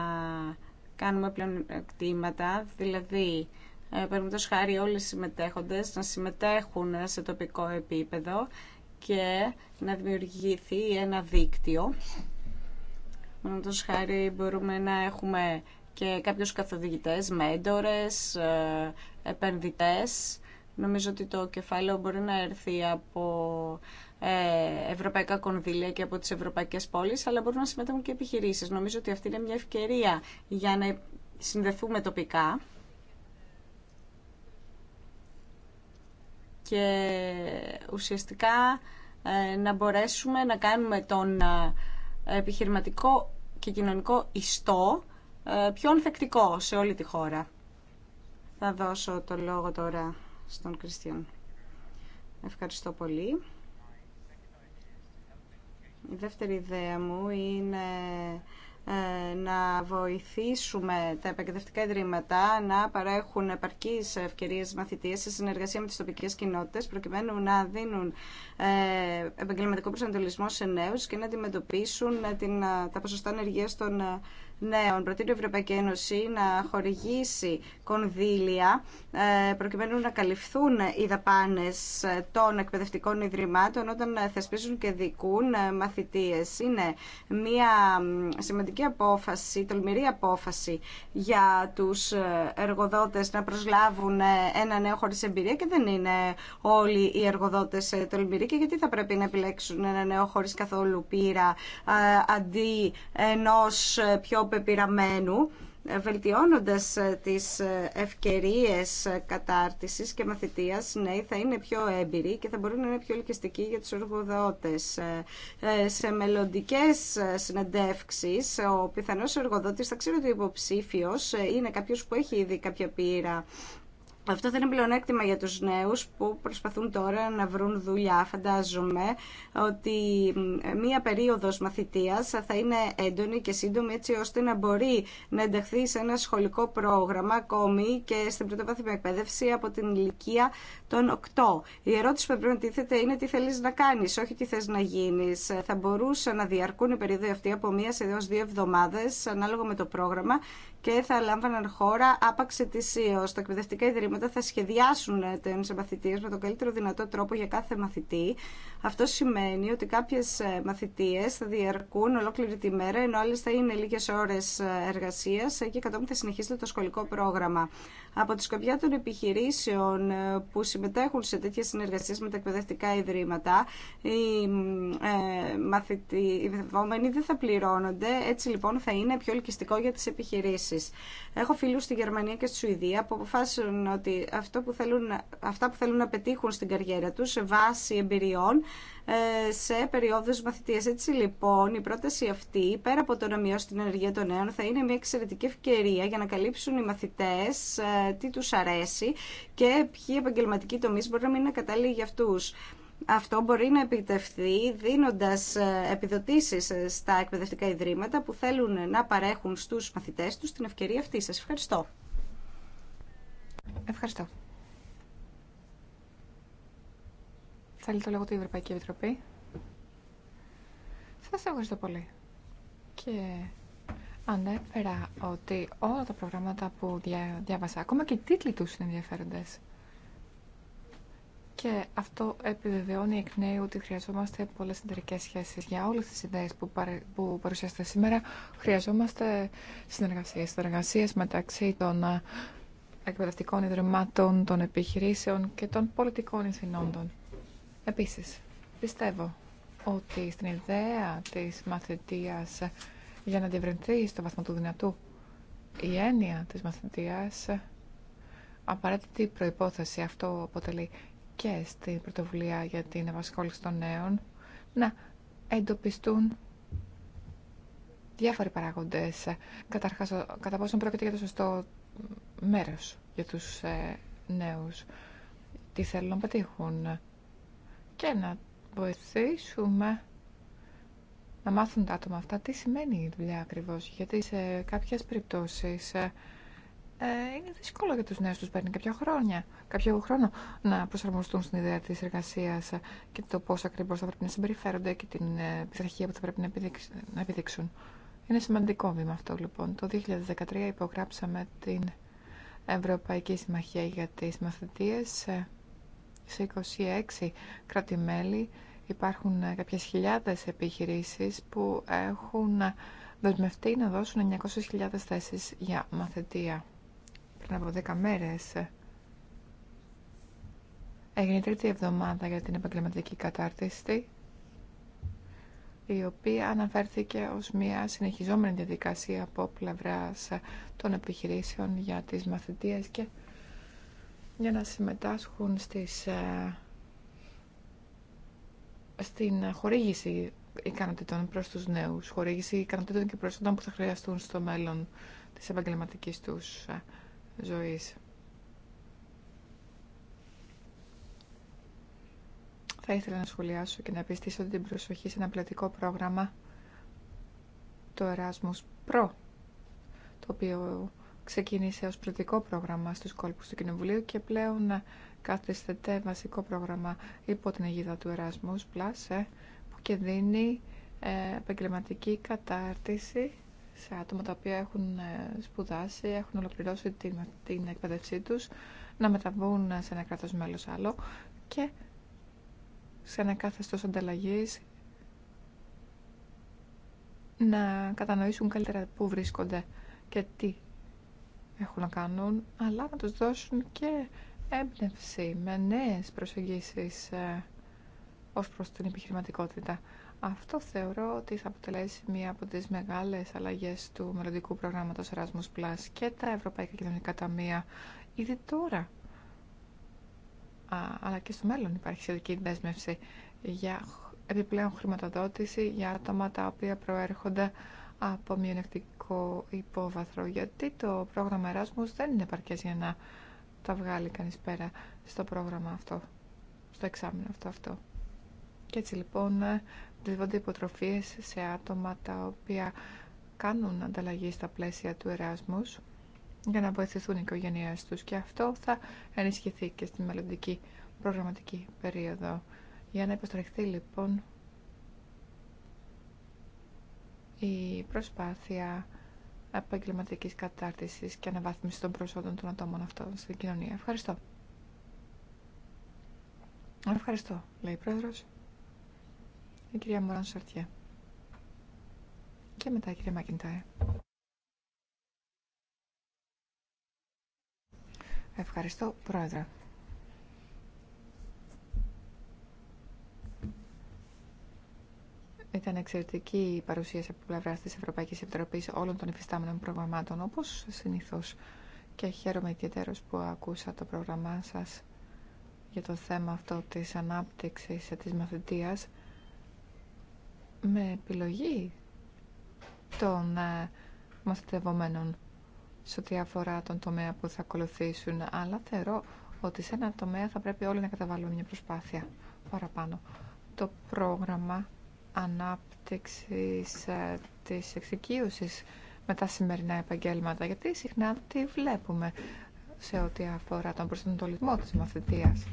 κάνουμε πλέον κτήματα, δηλαδή ε, τους χάρη όλοι οι συμμετέχοντες να συμμετέχουν σε τοπικό επίπεδο και να δημιουργηθεί ένα δίκτυο. τους χάρη μπορούμε να έχουμε και κάποιους καθοδηγητές, μέντορες, ε, επενδυτές. Νομίζω ότι το κεφάλαιο μπορεί να έρθει από ε, ευρωπαϊκά κονδύλια και από τις ευρωπαϊκές πόλεις, αλλά μπορούν να συμμετέχουν και επιχειρήσεις. Νομίζω ότι αυτή είναι μια ευκαιρία για να συνδεθούμε τοπικά και ουσιαστικά ε, να μπορέσουμε να κάνουμε τον ε, επιχειρηματικό και κοινωνικό ιστό πιο ανθεκτικό σε όλη τη χώρα. Θα δώσω το λόγο τώρα στον Κριστιαν. Ευχαριστώ πολύ. Η δεύτερη ιδέα μου είναι ε, να βοηθήσουμε τα επαγγελματικά ιδρύματα να παρέχουν επαρκείς ευκαιρίες μαθητείας σε συνεργασία με τις τοπικές κοινότητες προκειμένου να δίνουν ε, επαγγελματικό προσανατολισμό σε νέους και να αντιμετωπίσουν ε, τα ποσοστά ενεργείας των νέων. Προτείνει η Ευρωπαϊκή Ένωση να χορηγήσει κονδύλια ε, προκειμένου να καλυφθούν οι δαπάνε ε, των εκπαιδευτικών ιδρυμάτων όταν ε, θεσπίζουν και δικούν μαθητείε. Είναι μια σημαντική απόφαση, τολμηρή απόφαση για του εργοδότε να προσλάβουν ένα νέο χωρί εμπειρία και δεν είναι όλοι οι εργοδότε τολμηροί και γιατί θα πρέπει να επιλέξουν ένα νέο χωρί καθόλου πείρα αντί πιο πεπειραμένου, ε, βελτιώνοντας ε, τις ε, ευκαιρίες κατάρτισης και μαθητείας, ναι, θα είναι πιο έμπειροι και θα μπορούν να είναι πιο ελκυστικοί για τους εργοδότες. Σε μελλοντικέ συνεντεύξεις, ο πιθανός εργοδότης θα ξέρει ότι ο υποψήφιος είναι κάποιος που έχει ήδη κάποια πείρα αυτό θα είναι πλεονέκτημα για τους νέους που προσπαθούν τώρα να βρουν δουλειά. Φαντάζομαι ότι μία περίοδος μαθητείας θα είναι έντονη και σύντομη έτσι ώστε να μπορεί να ενταχθεί σε ένα σχολικό πρόγραμμα ακόμη και στην πρωτοβάθμια εκπαίδευση από την ηλικία των 8. Η ερώτηση που πρέπει να τίθεται είναι τι θέλεις να κάνεις, όχι τι θες να γίνεις. Θα μπορούσαν να διαρκούν οι περίοδοι αυτοί από μία σε δύο εβδομάδες ανάλογα με το πρόγραμμα και θα λάμβαναν χώρα άπαξ ετησίω. Τα εκπαιδευτικά ιδρύματα θα σχεδιάσουν ε, του μαθητείε με τον καλύτερο δυνατό τρόπο για κάθε μαθητή. Αυτό σημαίνει ότι κάποιε μαθητείε θα διαρκούν ολόκληρη τη μέρα, ενώ άλλε θα είναι λίγε ώρε εργασία ε, και κατόπιν θα συνεχίσετε το σχολικό πρόγραμμα. Από τη σκοπιά των επιχειρήσεων ε, που συμμετέχουν σε τέτοιες συνεργασίες με τα εκπαιδευτικά ιδρύματα, οι, ε, οι δεν θα πληρώνονται, έτσι λοιπόν θα είναι πιο ελκυστικό για τις επιχειρήσεις. Έχω φίλους στη Γερμανία και στη Σουηδία που αποφάσισαν ότι αυτό που θέλουν, αυτά που θέλουν να πετύχουν στην καριέρα τους σε βάση εμπειριών ε, σε περιόδους μαθητείας. Έτσι λοιπόν η πρόταση αυτή, πέρα από το να μειώσει την ενεργεία των νέων, θα είναι μια εξαιρετική ευκαιρία για να καλύψουν οι μαθητές ε, τι τους αρέσει και ποιοι επαγγελματικοί τομείς μπορεί να μην είναι κατάλληλοι για αυτούς. Αυτό μπορεί να επιτευχθεί δίνοντας ε, επιδοτήσεις ε, στα εκπαιδευτικά ιδρύματα που θέλουν να παρέχουν στους μαθητές τους την ευκαιρία αυτή. Σας ευχαριστώ. Ευχαριστώ. Θέλει το λόγο του Ευρωπαϊκή Επιτροπή. Σας ευχαριστώ πολύ. Και ανέφερα ότι όλα τα προγράμματα που διάβασα, ακόμα και οι τίτλοι τους είναι ενδιαφέροντες. Και αυτό επιβεβαιώνει εκ νέου ότι χρειαζόμαστε πολλές εταιρικέ σχέσεις. Για όλες τις ιδέες που, παρε... παρουσιάσετε σήμερα, χρειαζόμαστε συνεργασίες. Συνεργασίες μεταξύ των εκπαιδευτικών ιδρυμάτων, των επιχειρήσεων και των πολιτικών ηθινόντων. Επίσης, πιστεύω ότι στην ιδέα της μαθητείας για να διευρυνθεί στο βαθμό του δυνατού η έννοια της μαθητείας απαραίτητη προϋπόθεση. Αυτό αποτελεί και στην πρωτοβουλία για την απασχόληση των νέων να εντοπιστούν διάφοροι παράγοντες. Καταρχάς, κατά πόσο πρόκειται για το σωστό μέρος για τους ε, νέους. Τι θέλουν να πετύχουν και να βοηθήσουμε να μάθουν τα άτομα αυτά τι σημαίνει η δουλειά ακριβώς, γιατί σε κάποιες περιπτώσεις ε, ε, είναι δύσκολο για τους νέους τους παίρνει κάποια χρόνια, κάποιο χρόνο να προσαρμοστούν στην ιδέα της εργασία και το πώς ακριβώς θα πρέπει να συμπεριφέρονται και την ε, πειθαρχία που θα πρέπει να επιδείξουν. Είναι σημαντικό βήμα αυτό λοιπόν. Το 2013 υπογράψαμε την Ευρωπαϊκή Συμμαχία για τις Μαθητείες ε, σε 26 κράτη-μέλη υπάρχουν ε, κάποιες χιλιάδες επιχειρήσεις που έχουν ε, δεσμευτεί να δώσουν 900.000 θέσεις για μαθητεία. Πριν από 10 μέρες ε, έγινε τρίτη εβδομάδα για την επαγγελματική κατάρτιση η οποία αναφέρθηκε ως μια συνεχιζόμενη διαδικασία από πλευρά των επιχειρήσεων για τις μαθητείες και για να συμμετάσχουν στις στην χορήγηση ικανότητων προς τους νέους, χορήγηση ικανότητων και προς που θα χρειαστούν στο μέλλον της επαγγελματική τους ε, ζωής. Θα ήθελα να σχολιάσω και να πιστήσω την προσοχή σε ένα πλατικό πρόγραμμα, το Erasmus Pro, το οποίο ξεκίνησε ως πλατικό πρόγραμμα στους κόλπους του Κοινοβουλίου και πλέον καθιστεται βασικό πρόγραμμα υπό την αιγίδα του Erasmus Plus ε, που και δίνει ε, επαγγελματική κατάρτιση σε άτομα τα οποία έχουν ε, σπουδάσει, έχουν ολοκληρώσει την, την εκπαίδευσή τους, να μεταβούν σε ένα κράτος μέλος άλλο και σε ένα καθεστώς ανταλλαγής να κατανοήσουν καλύτερα πού βρίσκονται και τι έχουν να κάνουν, αλλά να τους δώσουν και έμπνευση, με νέες προσεγγίσεις ε, ως προς την επιχειρηματικότητα. Αυτό θεωρώ ότι θα αποτελέσει μία από τις μεγάλες αλλαγές του μελλοντικού προγράμματος Erasmus Plus και τα Ευρωπαϊκά Κοινωνικά Ταμεία ήδη τώρα. Α, αλλά και στο μέλλον υπάρχει σχετική δέσμευση για επιπλέον χρηματοδότηση για άτομα τα οποία προέρχονται από μειονεκτικό υπόβαθρο γιατί το πρόγραμμα Erasmus δεν είναι επαρκές για να τα βγάλει κανείς πέρα στο πρόγραμμα αυτό, στο εξάμεινο αυτό αυτό. Και έτσι λοιπόν ε, δίδονται υποτροφίες σε άτομα τα οποία κάνουν ανταλλαγή στα πλαίσια του Εράσμους για να βοηθηθούν οι οικογένειές τους και αυτό θα ενισχυθεί και στη μελλοντική προγραμματική περίοδο. Για να υποστρεχθεί λοιπόν η προσπάθεια επαγγελματική κατάρτιση και αναβάθμιση των προσόντων των ατόμων αυτών στην κοινωνία. Ευχαριστώ. Ευχαριστώ, λέει η πρόεδρο. Η κυρία Μωράν Σαρτιέ. Και μετά η κυρία Μακιντάε. Ευχαριστώ, πρόεδρε. Ήταν εξαιρετική η παρουσίαση από πλευρά τη Ευρωπαϊκή Επιτροπή όλων των υφιστάμενων προγραμμάτων, όπω συνήθω. Και χαίρομαι ιδιαίτερω που ακούσα το πρόγραμμά σα για το θέμα αυτό τη ανάπτυξη τη μαθητεία με επιλογή των ε, μαθητευομένων σε ό,τι αφορά τον τομέα που θα ακολουθήσουν. Αλλά θεωρώ ότι σε ένα τομέα θα πρέπει όλοι να καταβάλουμε μια προσπάθεια παραπάνω. Το πρόγραμμα ανάπτυξης ε, της εξοικείωσης με τα σημερινά επαγγέλματα, γιατί συχνά τη βλέπουμε σε ό,τι αφορά τον προσανατολισμό της μαθητείας.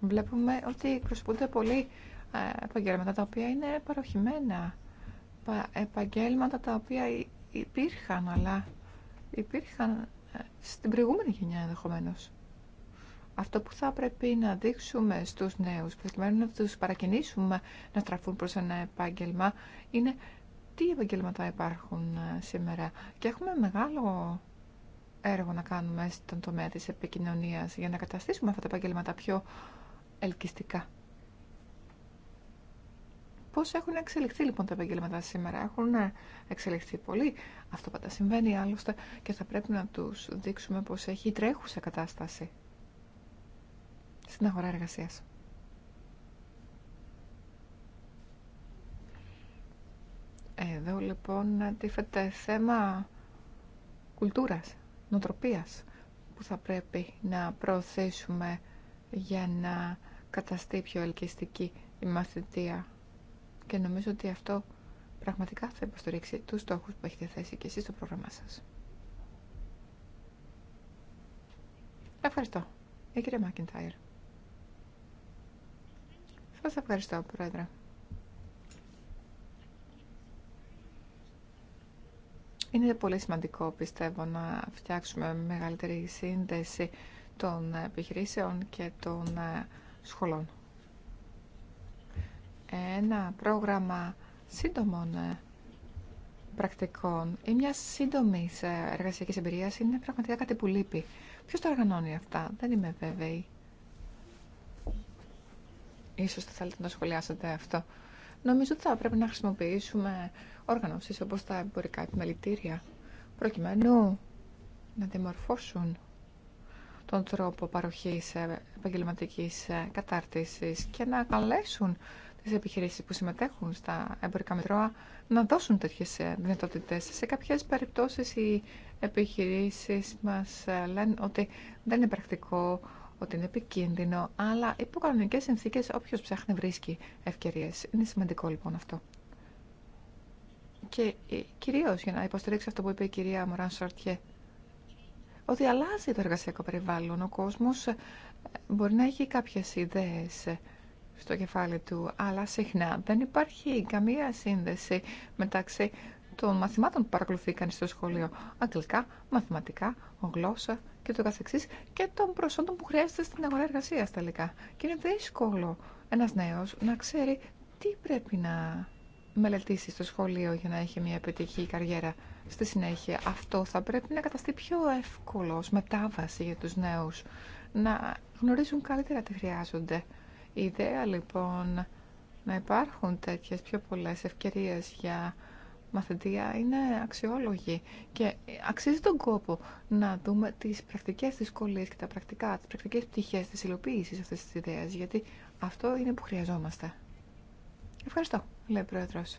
Βλέπουμε ότι προσπούνται πολλοί ε, επαγγέλματα τα οποία είναι παροχημένα, επαγγέλματα τα οποία υπήρχαν, αλλά υπήρχαν ε, στην προηγούμενη γενιά ενδεχομένως. Αυτό που θα πρέπει να δείξουμε στους νέους, προκειμένου να τους παρακινήσουμε να στραφούν προς ένα επάγγελμα, είναι τι επαγγέλματα υπάρχουν ε, σήμερα. Και έχουμε μεγάλο έργο να κάνουμε στον τομέα της επικοινωνίας για να καταστήσουμε αυτά τα επαγγέλματα πιο ελκυστικά. Πώς έχουν εξελιχθεί λοιπόν τα επαγγέλματα σήμερα. Έχουν ε, εξελιχθεί πολύ. Αυτό πάντα συμβαίνει άλλωστε και θα πρέπει να τους δείξουμε πως έχει τρέχουσα κατάσταση στην αγορά εργασία. Εδώ λοιπόν αντίθεται θέμα κουλτούρας, νοτροπίας που θα πρέπει να προωθήσουμε για να καταστεί πιο ελκυστική η μαθητεία. Και νομίζω ότι αυτό πραγματικά θα υποστηρίξει τους στόχους που έχετε θέσει και εσείς στο πρόγραμμά σας. Ευχαριστώ. Η κυρία Μάκιντάιρ. Σας ευχαριστώ, Πρόεδρε. Είναι πολύ σημαντικό, πιστεύω, να φτιάξουμε μεγαλύτερη σύνδεση των επιχειρήσεων και των ε, σχολών. Ένα πρόγραμμα σύντομων ε, πρακτικών ή μια σύντομη ε, εργασιακή εμπειρία είναι πραγματικά κάτι που λείπει. Ποιο το οργανώνει αυτά, δεν είμαι βέβαιη. Ίσως θα θέλετε να σχολιάσετε αυτό. Νομίζω ότι θα πρέπει να χρησιμοποιήσουμε οργανώσεις όπως τα εμπορικά επιμελητήρια προκειμένου να διαμορφώσουν τον τρόπο παροχής ε, επαγγελματικής ε, κατάρτισης και να καλέσουν τις επιχειρήσεις που συμμετέχουν στα εμπορικά μετρώα να δώσουν τέτοιες ε, δυνατότητες. Σε κάποιες περιπτώσεις οι επιχειρήσεις μας λένε ότι δεν είναι πρακτικό ότι είναι επικίνδυνο, αλλά υπό κανονικέ συνθήκε όποιο ψάχνει βρίσκει ευκαιρίες. Είναι σημαντικό λοιπόν αυτό. Και ε, κυρίω για να υποστηρίξω αυτό που είπε η κυρία Μωράν Σορτιέ, ότι αλλάζει το εργασιακό περιβάλλον. Ο κόσμο ε, μπορεί να έχει κάποιε ιδέε ε, στο κεφάλι του, αλλά συχνά δεν υπάρχει καμία σύνδεση μεταξύ των μαθημάτων που παρακολουθεί κανεί στο σχολείο. Αγγλικά, μαθηματικά, γλώσσα και το καθεξής και των προσόντων που χρειάζεται στην αγορά εργασία τελικά. Και είναι δύσκολο ένας νέος να ξέρει τι πρέπει να μελετήσει στο σχολείο για να έχει μια επιτυχή καριέρα στη συνέχεια. Αυτό θα πρέπει να καταστεί πιο εύκολο ως μετάβαση για τους νέους, να γνωρίζουν καλύτερα τι χρειάζονται. Η ιδέα λοιπόν να υπάρχουν τέτοιες πιο πολλές ευκαιρίες για μαθητεία είναι αξιόλογη και αξίζει τον κόπο να δούμε τις πρακτικές δυσκολίες και τα πρακτικά, τις πρακτικές πτυχές της υλοποίησης αυτής της ιδέας, γιατί αυτό είναι που χρειαζόμαστε. Ευχαριστώ, λέει ο Πρόεδρος.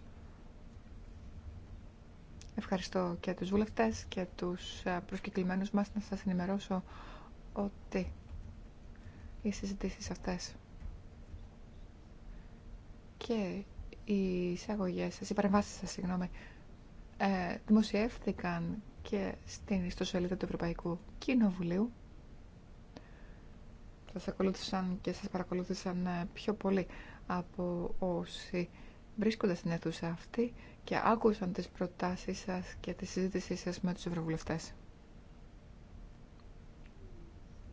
Ευχαριστώ και τους βουλευτές και τους ε, προσκεκλημένους μας να σας ενημερώσω ότι οι συζητήσεις αυτές και οι εισαγωγέ, σα, οι παρεμβάσεις σας, συγγνώμη, ε, δημοσιεύθηκαν και στην ιστοσελίδα του Ευρωπαϊκού Κοινοβουλίου. Σας ακολούθησαν και σας παρακολούθησαν ε, πιο πολύ από όσοι βρίσκονται στην αίθουσα αυτή και άκουσαν τις προτάσεις σας και τη συζήτησή σας με τους ευρωβουλευτές.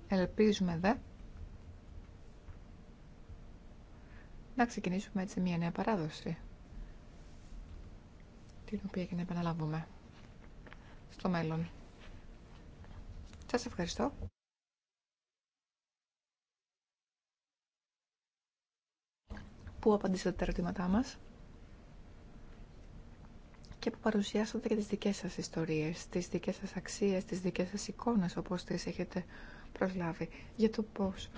Ελπίζουμε δε να ξεκινήσουμε έτσι μια νέα παράδοση, την οποία και να επαναλάβουμε στο μέλλον. Σας ευχαριστώ. που απαντήσατε τα ερωτήματά μας και που παρουσιάσατε και τις δικές σας ιστορίες, τις δικές σας αξίες, τις δικές σας εικόνες όπως τις έχετε προσλάβει για το πώς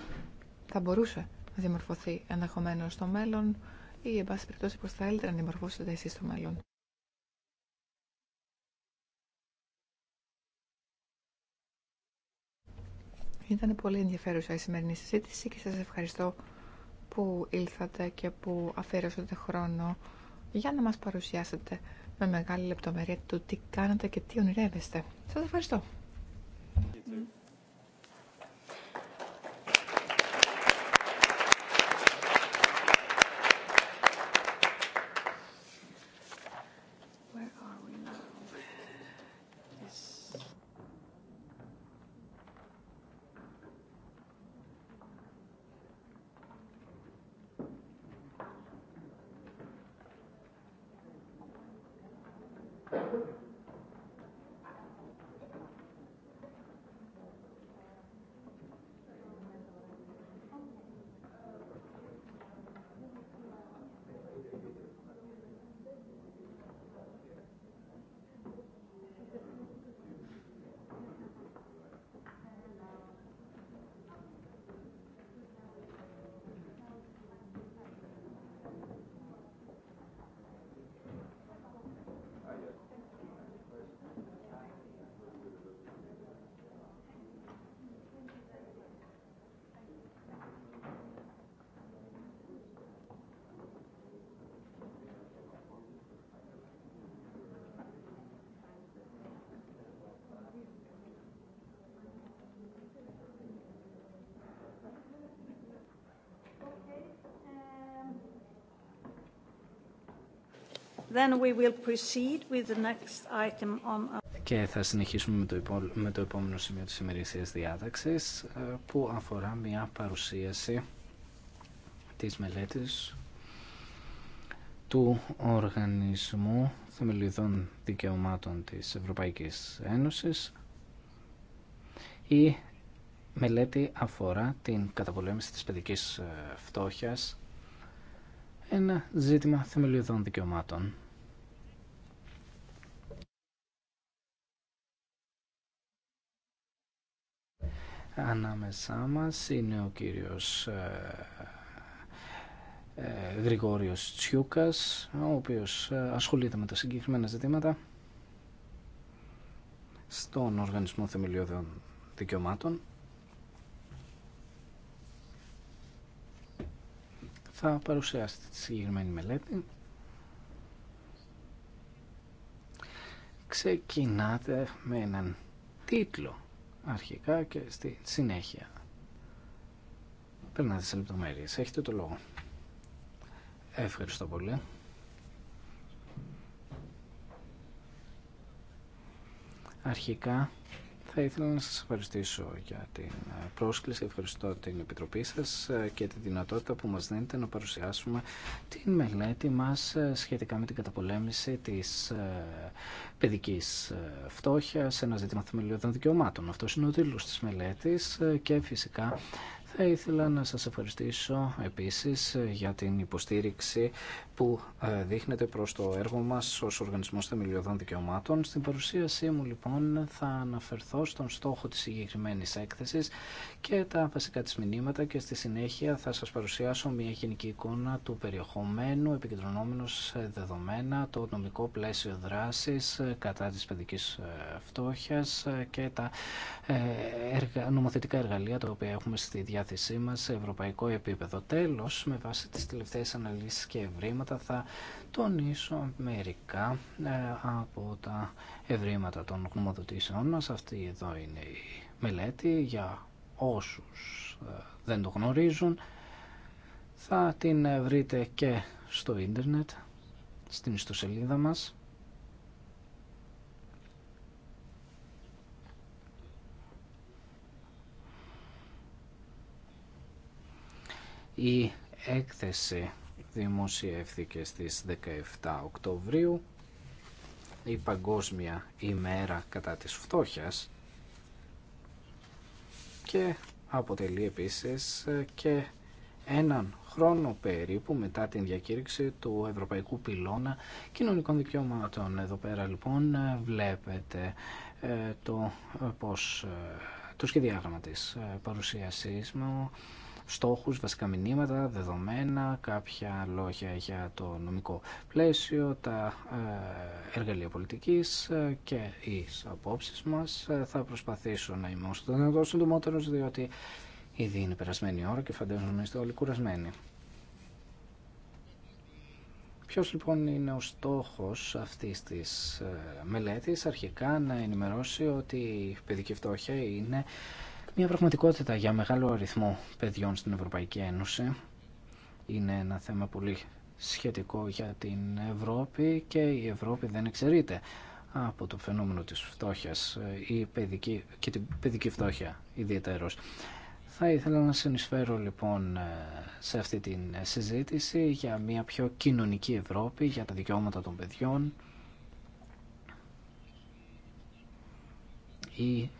θα μπορούσε δημορφωθεί ενδεχομένως στο μέλλον ή, εν πάση περιπτώσει, πώς θέλετε να διαμορφώσετε εσείς στο μέλλον. Ήταν πολύ ενδιαφέρουσα η εν παση περιπτωσει πως θελετε να δημορφώσετε εσεις συζήτηση και σας ευχαριστώ που ήλθατε και που αφιέρωσατε χρόνο για να μας παρουσιάσετε με μεγάλη λεπτομέρεια το τι κάνατε και τι ονειρεύεστε. Σας ευχαριστώ. Και θα συνεχίσουμε με το, υπό... με το επόμενο σημείο της ημερησίας διάταξης ε, που αφορά μια παρουσίαση της μελέτης του Οργανισμού Θεμελιδών Δικαιωμάτων της Ευρωπαϊκής Ένωσης. Η μελέτη αφορά την καταπολέμηση της παιδικής ε, φτώχειας ένα ζήτημα θεμελιωδών δικαιωμάτων. ανάμεσά μας είναι ο κύριος ε, ε, Γρηγόριος Τσιούκας, ο οποίος ε, ασχολείται με τα συγκεκριμένα ζητήματα στον Οργανισμό Θεμελιώδων Δικαιωμάτων. Θα παρουσιάσετε τη συγκεκριμένη μελέτη. Ξεκινάτε με έναν τίτλο αρχικά και στη συνέχεια. Περνάτε σε λεπτομέρειες. Έχετε το λόγο. Ευχαριστώ πολύ. Αρχικά θα ήθελα να σας ευχαριστήσω για την ε, πρόσκληση, ευχαριστώ την Επιτροπή σας ε, και τη δυνατότητα που μας δίνετε να παρουσιάσουμε την μελέτη μας ε, σχετικά με την καταπολέμηση της παιδικής φτώχειας, ένα ζήτημα θεμελιωδών δικαιωμάτων. Αυτός είναι ο τίτλος της μελέτης και φυσικά θα ήθελα να σας ευχαριστήσω επίσης για την υποστήριξη που ε, δείχνετε προς το έργο μας ως Οργανισμός Θεμελιωδών Δικαιωμάτων. Στην παρουσίασή μου λοιπόν θα αναφερθώ στον στόχο της συγκεκριμένη έκθεσης και τα βασικά της μηνύματα και στη συνέχεια θα σας παρουσιάσω μια γενική εικόνα του περιεχομένου επικεντρωνόμενο σε δεδομένα, το νομικό πλαίσιο δράσης ε, κατά της παιδικής ε, φτώχειας και τα νομοθετικά εργαλεία τα οποία έχουμε στη διάρκεια διάθεσή σε ευρωπαϊκό επίπεδο. Τέλος, με βάση τις τελευταίες αναλύσεις και ευρήματα θα τονίσω μερικά ε, από τα ευρήματα των γνωμοδοτήσεών μας. Αυτή εδώ είναι η μελέτη για όσους ε, δεν το γνωρίζουν. Θα την ε, βρείτε και στο ίντερνετ, στην ιστοσελίδα μας. Η έκθεση δημοσιεύθηκε στις 17 Οκτωβρίου, η Παγκόσμια ημέρα κατά της φτώχειας και αποτελεί επίσης και έναν χρόνο περίπου μετά την διακήρυξη του Ευρωπαϊκού Πυλώνα Κοινωνικών Δικαιωμάτων. Εδώ πέρα λοιπόν βλέπετε ε, το, ε, πώς, ε, το σχεδιάγραμμα της παρουσίασής μου στόχους, βασικά μηνύματα, δεδομένα, κάποια λόγια για το νομικό πλαίσιο, τα ε, εργαλεία πολιτικής ε, και οι απόψεις μας. Ε, θα προσπαθήσω να είμαι όσο το δυνατόν διότι ήδη είναι περασμένη ώρα και φαντάζομαι είστε όλοι κουρασμένοι. Ποιο λοιπόν είναι ο στόχος αυτής της μελέτης αρχικά να ενημερώσει ότι η παιδική φτώχεια είναι μια πραγματικότητα για μεγάλο αριθμό παιδιών στην Ευρωπαϊκή Ένωση. Είναι ένα θέμα πολύ σχετικό για την Ευρώπη και η Ευρώπη δεν εξαιρείται από το φαινόμενο της φτώχειας ε, η παιδική, και την παιδική φτώχεια ιδιαίτερος. Θα ήθελα να συνεισφέρω λοιπόν ε, σε αυτή την συζήτηση για μια πιο κοινωνική Ευρώπη, για τα δικαιώματα των παιδιών. Η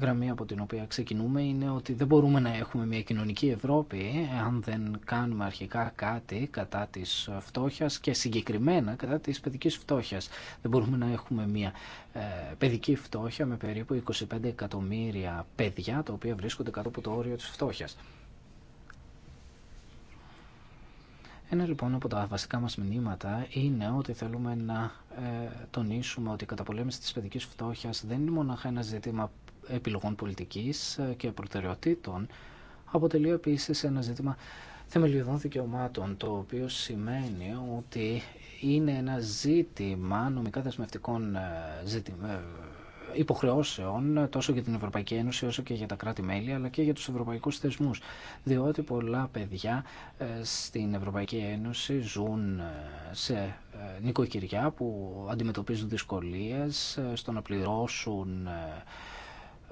γραμμή από την οποία ξεκινούμε είναι ότι δεν μπορούμε να έχουμε μια κοινωνική Ευρώπη αν δεν κάνουμε αρχικά κάτι κατά της φτώχειας και συγκεκριμένα κατά της παιδικής φτώχειας. Δεν μπορούμε να έχουμε μια ε, παιδική φτώχεια με περίπου 25 εκατομμύρια παιδιά τα οποία βρίσκονται κάτω από το όριο της φτώχειας. Ένα λοιπόν από τα βασικά μας μηνύματα είναι ότι θέλουμε να ε, τονίσουμε ότι η καταπολέμηση της παιδικής φτώχειας δεν είναι μονάχα ένα ζήτημα επιλογών πολιτικής ε, και προτεραιοτήτων αποτελεί επίσης ένα ζήτημα θεμελιωδών δικαιωμάτων, το οποίο σημαίνει ότι είναι ένα ζήτημα νομικά δεσμευτικών ε, ε, υποχρεώσεων τόσο για την Ευρωπαϊκή Ένωση όσο και για τα κράτη-μέλη αλλά και για τους ευρωπαϊκούς θεσμούς διότι πολλά παιδιά στην Ευρωπαϊκή Ένωση ζουν σε νοικοκυριά που αντιμετωπίζουν δυσκολίες στο να πληρώσουν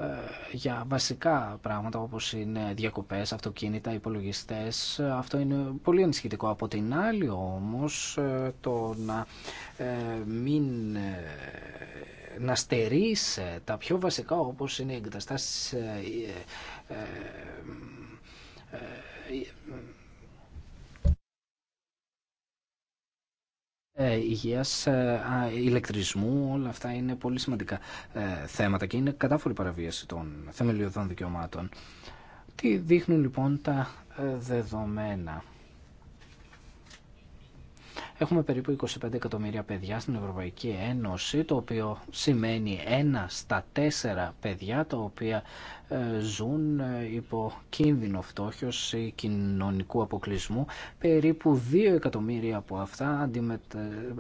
ε, για βασικά πράγματα όπως είναι διακοπές, αυτοκίνητα, υπολογιστές. Αυτό είναι πολύ ενισχυτικό. Από την άλλη όμως ε, το να ε, μην να στερείς τα πιο βασικά όπως είναι οι εγκαταστάσεις Ε, Υγεία ε, ηλεκτρισμού, όλα αυτά είναι πολύ σημαντικά ε, θέματα και είναι κατάφορη παραβίαση των θεμελιωδών δικαιωμάτων. Τι δείχνουν λοιπόν τα δεδομένα. Έχουμε περίπου 25 εκατομμύρια παιδιά στην Ευρωπαϊκή Ένωση, το οποίο σημαίνει ένα στα τέσσερα παιδιά τα οποία ε, ζουν ε, υπό κίνδυνο φτώχειος ή κοινωνικού αποκλεισμού. Περίπου 2 εκατομμύρια από αυτά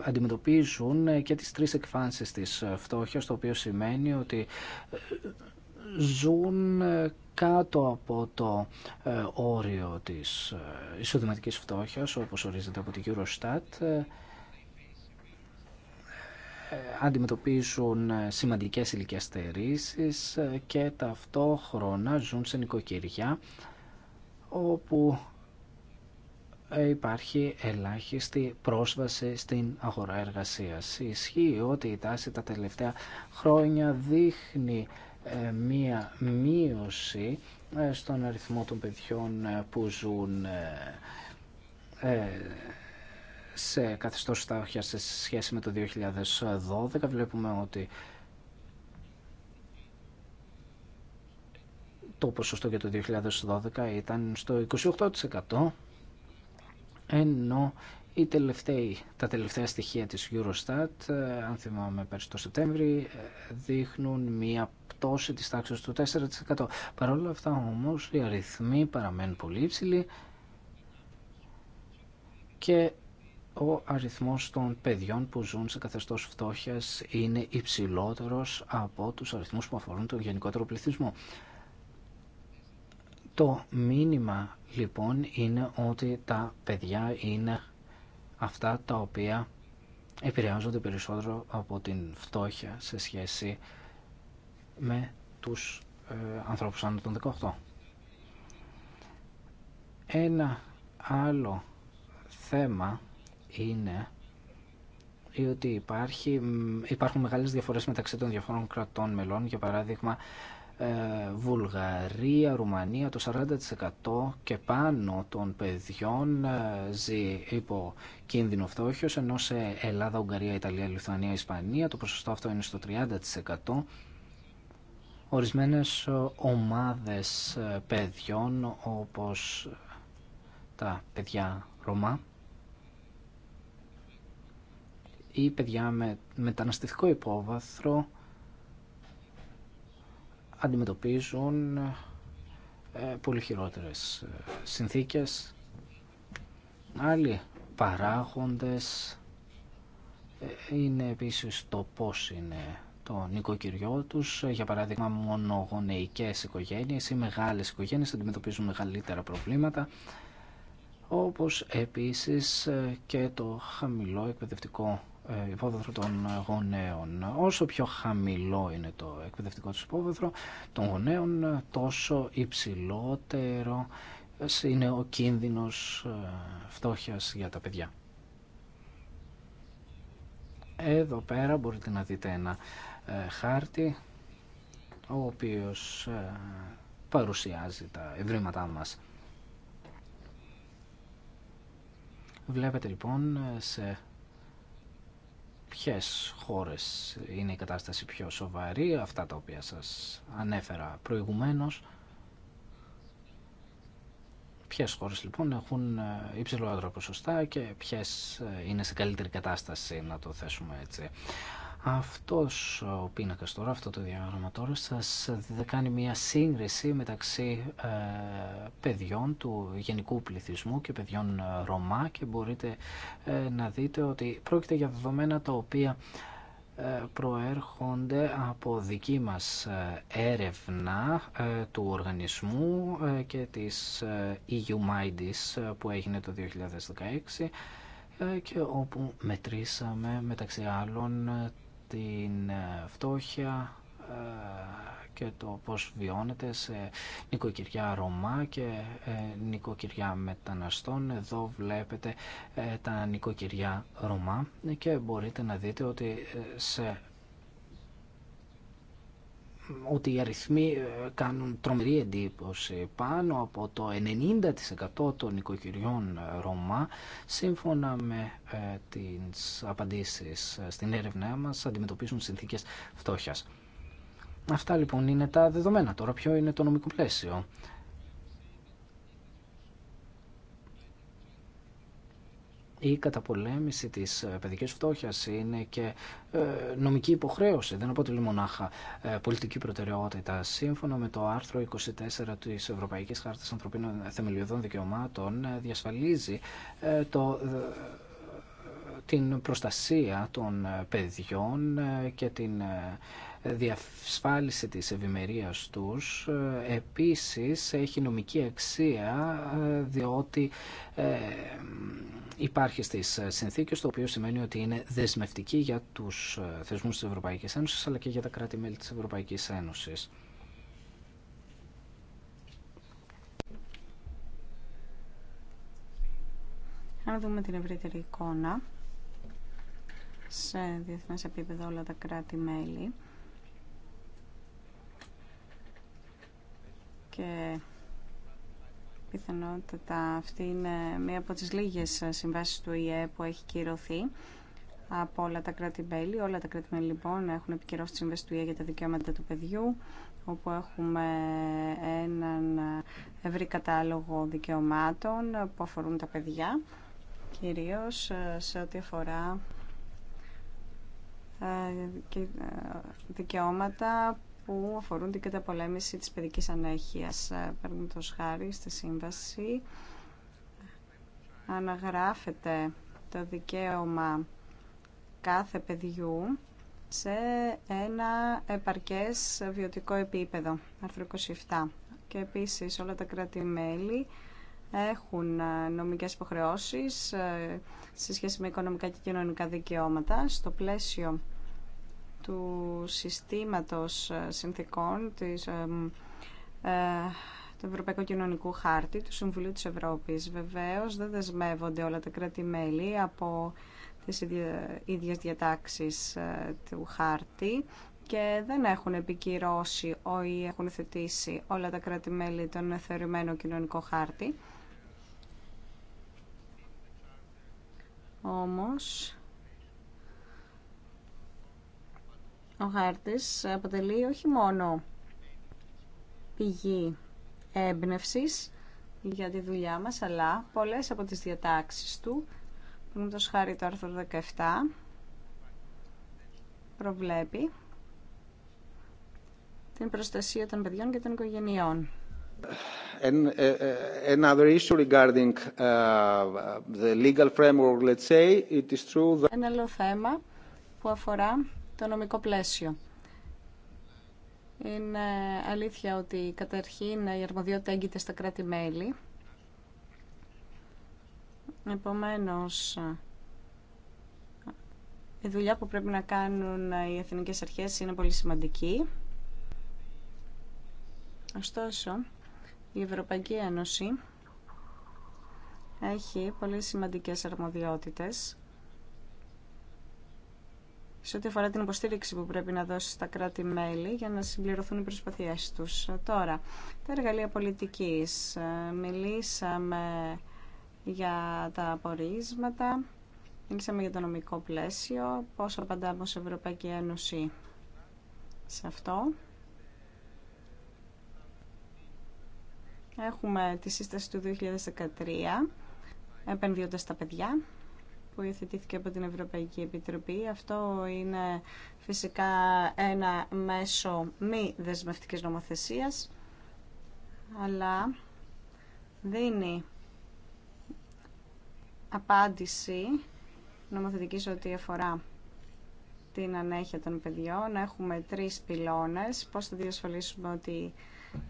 αντιμετωπίζουν ε, και τις τρεις εκφάνσεις της φτώχειας, το οποίο σημαίνει ότι ζουν κάτω από το ε, όριο της ε, εισοδηματικής φτώχειας, όπως ορίζεται από την Eurostat, ε, αντιμετωπίζουν σημαντικές θερήσεις και ταυτόχρονα ζουν σε νοικοκυριά όπου υπάρχει ελάχιστη πρόσβαση στην αγορά εργασίας. Ισχύει ότι η τάση τα τελευταία χρόνια δείχνει ε, μία μείωση ε, στον αριθμό των παιδιών ε, που ζουν σε καθεστώς στάχια σε σχέση με το 2012. Βλέπουμε ότι το ποσοστό για το 2012 ήταν στο 28% ενώ η τελευταία, τα τελευταία στοιχεία της Eurostat, ε, αν θυμάμαι πέρσι το Σεπτέμβρη, ε, δείχνουν μία πτώση της τάξης του 4%. Παρ' όλα αυτά όμως οι αριθμοί παραμένουν πολύ υψηλοί και ο αριθμός των παιδιών που ζουν σε καθεστώς φτώχειας είναι υψηλότερος από τους αριθμούς που αφορούν τον γενικότερο πληθυσμό. Το μήνυμα λοιπόν είναι ότι τα παιδιά είναι αυτά τα οποία επηρεάζονται περισσότερο από την φτώχεια σε σχέση με τους ε, ανθρώπους άνω των 18. Ένα άλλο θέμα είναι ότι υπάρχει, υπάρχουν μεγάλες διαφορές μεταξύ των διαφορών κρατών μελών. Για παράδειγμα, ε, Βουλγαρία, Ρουμανία το 40% και πάνω των παιδιών ε, ζει υπό κίνδυνο φτώχειος ενώ σε Ελλάδα, Ουγγαρία, Ιταλία, Λιθουανία, Ισπανία το ποσοστό αυτό είναι στο 30% ορισμένες ε, ομάδες παιδιών όπως τα παιδιά Ρωμά ή παιδιά με μεταναστευτικό υπόβαθρο αντιμετωπίζουν ε, πολύ χειρότερες ε, συνθήκες. Άλλοι παράγοντες ε, είναι επίσης το πώς είναι το νοικοκυριό τους. Για παράδειγμα, μονογονεϊκές οικογένειες ή μεγάλες οικογένειες αντιμετωπίζουν μεγαλύτερα προβλήματα όπως επίσης και το χαμηλό εκπαιδευτικό ε, υπόβαθρο των γονέων. Όσο πιο χαμηλό είναι το εκπαιδευτικό του υπόβαθρο των γονέων, ε, τόσο υψηλότερο ε, είναι ο κίνδυνος φτώχειας για τα παιδιά. Εδώ πέρα μπορείτε να δείτε ένα χάρτη ο οποίος παρουσιάζει τα ευρήματά μας. Βλέπετε λοιπόν σε Ποιε χώρες είναι η κατάσταση πιο σοβαρή, αυτά τα οποία σας ανέφερα προηγουμένως. Ποιε χώρε λοιπόν έχουν ε, υψηλότερα ποσοστά και ποιε ε, είναι σε καλύτερη κατάσταση, να το θέσουμε έτσι. Αυτός ο πίνακας τώρα, αυτό το διάγραμμα τώρα, σας κάνει μια σύγκριση μεταξύ ε, παιδιών του γενικού πληθυσμού και παιδιών ε, Ρωμά και μπορείτε ε, να δείτε ότι πρόκειται για δεδομένα τα οποία προέρχονται από δική μας έρευνα του οργανισμού και της EU Mindis που έγινε το 2016 και όπου μετρήσαμε μεταξύ άλλων την ε, φτώχεια ε, και το πώς βιώνεται σε νοικοκυριά Ρωμά και ε, νοικοκυριά μεταναστών. Εδώ βλέπετε τα νοικοκυριά Ρωμά και μπορείτε να δείτε ότι σε ότι οι αριθμοί ε, κάνουν τρομερή εντύπωση. Πάνω από το 90% των οικογενειών ε, Ρωμά, σύμφωνα με ε, τις απαντήσεις στην έρευνά μας, αντιμετωπίζουν συνθήκες φτώχειας. Αυτά λοιπόν είναι τα δεδομένα. Τώρα ποιο είναι το νομικό πλαίσιο. η καταπολέμηση της ε, παιδικής φτώχειας είναι και ε, νομική υποχρέωση, δεν αποτελεί μονάχα ε, πολιτική προτεραιότητα. Σύμφωνα με το άρθρο 24 της Ευρωπαϊκής Χάρτας Ανθρωπίνων Θεμελιωδών Δικαιωμάτων διασφαλίζει το την προστασία των παιδιών και την διασφάλιση της ευημερία τους. Επίσης έχει νομική αξία διότι ε, υπάρχει στις συνθήκες το οποίο σημαίνει ότι είναι δεσμευτική για τους ε, θεσμούς της Ευρωπαϊκής Ένωσης αλλά και για τα κράτη-μέλη της Ευρωπαϊκής Ένωσης. Αν δούμε την ευρύτερη εικόνα σε διεθνές επίπεδο όλα τα κράτη-μέλη, και πιθανότατα αυτή είναι μία από τις λίγες ε, συμβάσεις του ΙΕ που έχει κυρωθεί από όλα τα κράτη-μέλη. Όλα τα κράτη-μέλη λοιπόν έχουν επικυρώσει τη Σύμβαση του ΙΕ για τα δικαιώματα του παιδιού, όπου έχουμε έναν ευρύ κατάλογο δικαιωμάτων που αφορούν τα παιδιά, κυρίως ε, σε ό,τι αφορά ε, δικαιώματα που αφορούν την καταπολέμηση της παιδικής ανέχειας. Ε, Παίρνοντα χάρη στη σύμβαση αναγράφεται το δικαίωμα κάθε παιδιού σε ένα επαρκές βιωτικό επίπεδο, άρθρο 27. Και επίσης όλα τα κράτη-μέλη έχουν ε, νομικές υποχρεώσεις ε, σε σχέση με οικονομικά και κοινωνικά δικαιώματα στο πλαίσιο του συστήματος ε, συνθήκων της, ε, ε, του Ευρωπαϊκού Κοινωνικού Χάρτη του Συμβουλίου της Ευρώπης. Βεβαίως δεν δεσμεύονται όλα τα κράτη-μέλη από τις ίδιες διατάξεις ε, του χάρτη και δεν έχουν επικυρώσει ή έχουν θετήσει όλα τα κράτη-μέλη τον θεωρημένο κοινωνικό χάρτη. Όμως, Ο χάρτης αποτελεί όχι μόνο πηγή έμπνευση για τη δουλειά μας, αλλά πολλές από τις διατάξεις του, το χάρη το άρθρο 17, προβλέπει την προστασία των παιδιών και των οικογενειών. another ε, ε, issue regarding ε, the legal framework, let's say, it is true that... Ένα άλλο θέμα που αφορά το νομικό πλαίσιο. Είναι αλήθεια ότι καταρχήν η αρμοδιότητα έγκυται στα κράτη-μέλη. Επομένως, η δουλειά που πρέπει να κάνουν οι εθνικές αρχές είναι πολύ σημαντική. Ωστόσο, η Ευρωπαϊκή Ένωση έχει πολύ σημαντικές αρμοδιότητες σε ό,τι αφορά την υποστήριξη που πρέπει να δώσει στα κράτη-μέλη για να συμπληρωθούν οι προσπαθίες τους. Τώρα, τα εργαλεία πολιτικής. Ε, μιλήσαμε για τα απορίσματα, μιλήσαμε για το νομικό πλαίσιο, πώς απαντάμε ως Ευρωπαϊκή Ένωση σε αυτό. Έχουμε τη σύσταση του 2013, επενδύοντας τα παιδιά που υιοθετήθηκε από την Ευρωπαϊκή Επιτροπή. Αυτό είναι φυσικά ένα μέσο μη δεσμευτικής νομοθεσίας, αλλά δίνει απάντηση νομοθετικής ό,τι αφορά την ανέχεια των παιδιών. Έχουμε τρεις πυλώνες. Πώς θα διασφαλίσουμε ότι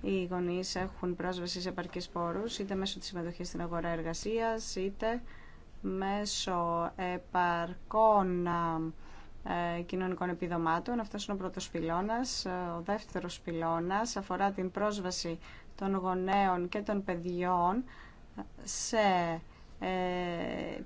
οι γονείς έχουν πρόσβαση σε επαρκείς πόρους, είτε μέσω της συμμετοχής στην αγορά εργασίας, είτε μέσω επαρκών ε, κοινωνικών επιδομάτων. Αυτός είναι ο πρώτος πυλώνας. Ε, ο δεύτερος πυλώνας αφορά την πρόσβαση των γονέων και των παιδιών σε ε,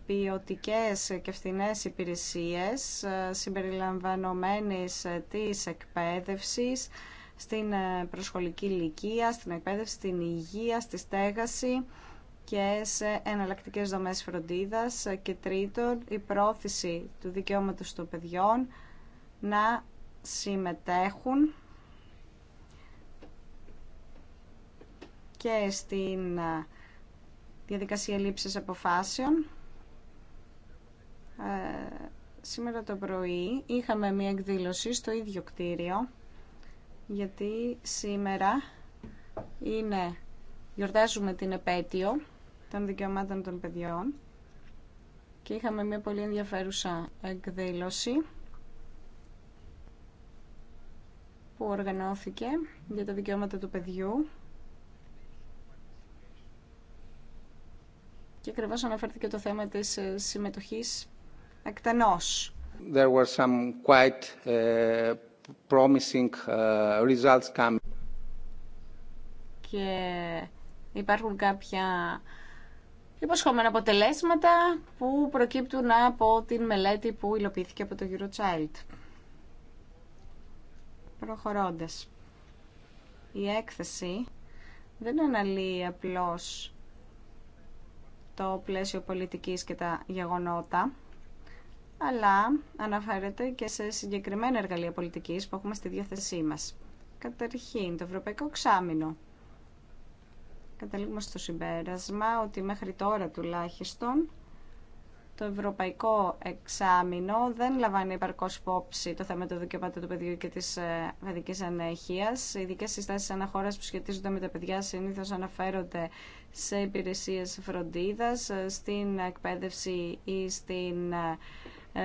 ποιοτικές και φθηνές υπηρεσίες συμπεριλαμβανομένης της εκπαίδευσης στην προσχολική ηλικία, στην εκπαίδευση, στην υγεία, στη στέγαση και σε εναλλακτικέ δομές φροντίδας ε, και τρίτον η πρόθεση του δικαιώματος των παιδιών να συμμετέχουν και στην ε, διαδικασία λήψης αποφάσεων. Ε, σήμερα το πρωί είχαμε μία εκδήλωση στο ίδιο κτίριο, γιατί σήμερα είναι, γιορτάζουμε την επέτειο των δικαιωμάτων των παιδιών και είχαμε μια πολύ ενδιαφέρουσα εκδήλωση που οργανώθηκε για τα δικαιώματα του παιδιού και ακριβώς αναφέρθηκε το θέμα της ε, συμμετοχής εκτενώς. There were some quite ε, promising uh, results coming. Και υπάρχουν κάποια υποσχόμενα αποτελέσματα που προκύπτουν από την μελέτη που υλοποιήθηκε από το Eurochild. Προχωρώντας, η έκθεση δεν αναλύει απλώς το πλαίσιο πολιτικής και τα γεγονότα, αλλά αναφέρεται και σε συγκεκριμένα εργαλεία πολιτικής που έχουμε στη διάθεσή μας. Καταρχήν, το Ευρωπαϊκό Ξάμεινο καταλήγουμε στο συμπέρασμα ότι μέχρι τώρα τουλάχιστον το ευρωπαϊκό εξάμεινο δεν λαμβάνει επαρκώ υπόψη το θέμα του δικαιωμάτων του παιδιού και τη ε, παιδική ανέχεια. Οι ειδικέ συστάσει αναχώρα που σχετίζονται με τα παιδιά συνήθω αναφέρονται σε υπηρεσίε φροντίδα, ε, στην εκπαίδευση ή στην ε,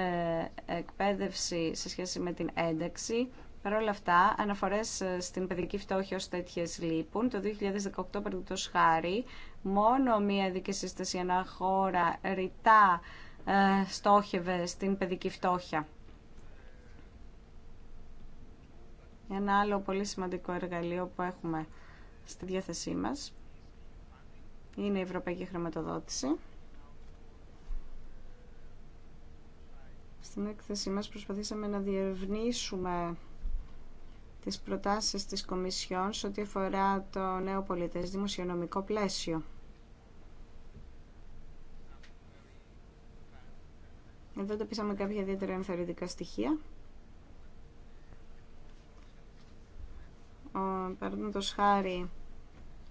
εκπαίδευση σε σχέση με την ένταξη. Παρ' όλα αυτά, αναφορέ ε, στην παιδική φτώχεια ω τέτοιε λείπουν. Το 2018, παραδείγματο χάρη, μόνο μία δική σύσταση ανά χώρα ρητά ε, στόχευε στην παιδική φτώχεια. Ένα άλλο πολύ σημαντικό εργαλείο που έχουμε στη διάθεσή μας είναι η Ευρωπαϊκή Χρηματοδότηση. Στην έκθεσή μας προσπαθήσαμε να διερευνήσουμε τις προτάσεις της Κομισιόν σε ό,τι αφορά το νέο πολιτές δημοσιονομικό πλαίσιο. Εδώ τα πήσαμε κάποια ιδιαίτερα ενθαρρυντικά στοιχεία. Παραδείγματο χάρη,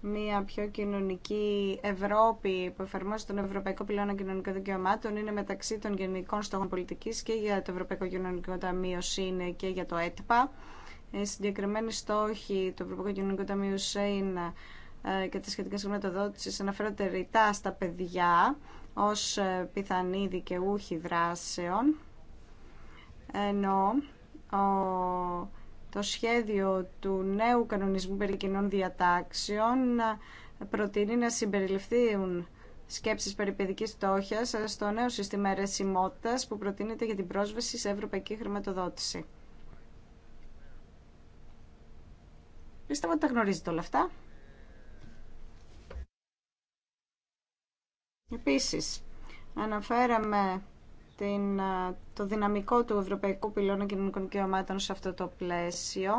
μια πιο κοινωνική Ευρώπη που εφαρμόζει τον Ευρωπαϊκό Πυλώνα Κοινωνικών Δικαιωμάτων είναι μεταξύ των γενικών στόχων πολιτικής και για το Ευρωπαϊκό Κοινωνικό Ταμείο ΣΥΝ και για το ΕΤΠΑ. Η ε, συγκεκριμένοι στόχοι του Ευρωπαϊκού Κοινωνικού Ταμείου ΣΕΙΝ ε, και τη σχετική χρηματοδότηση αναφέρονται ρητά στα παιδιά ως ε, πιθανή δικαιούχοι δράσεων ενώ το σχέδιο του νέου κανονισμού περί κοινών διατάξεων προτείνει να συμπεριληφθούν σκέψεις περί παιδικής στόχιας στο νέο σύστημα αιρεσιμότητας που προτείνεται για την πρόσβαση σε ευρωπαϊκή χρηματοδότηση. Πιστεύω ότι τα γνωρίζετε όλα αυτά. Επίσης, αναφέραμε την, το δυναμικό του Ευρωπαϊκού Πυλώνα Κοινωνικών Δικαιωμάτων σε αυτό το πλαίσιο.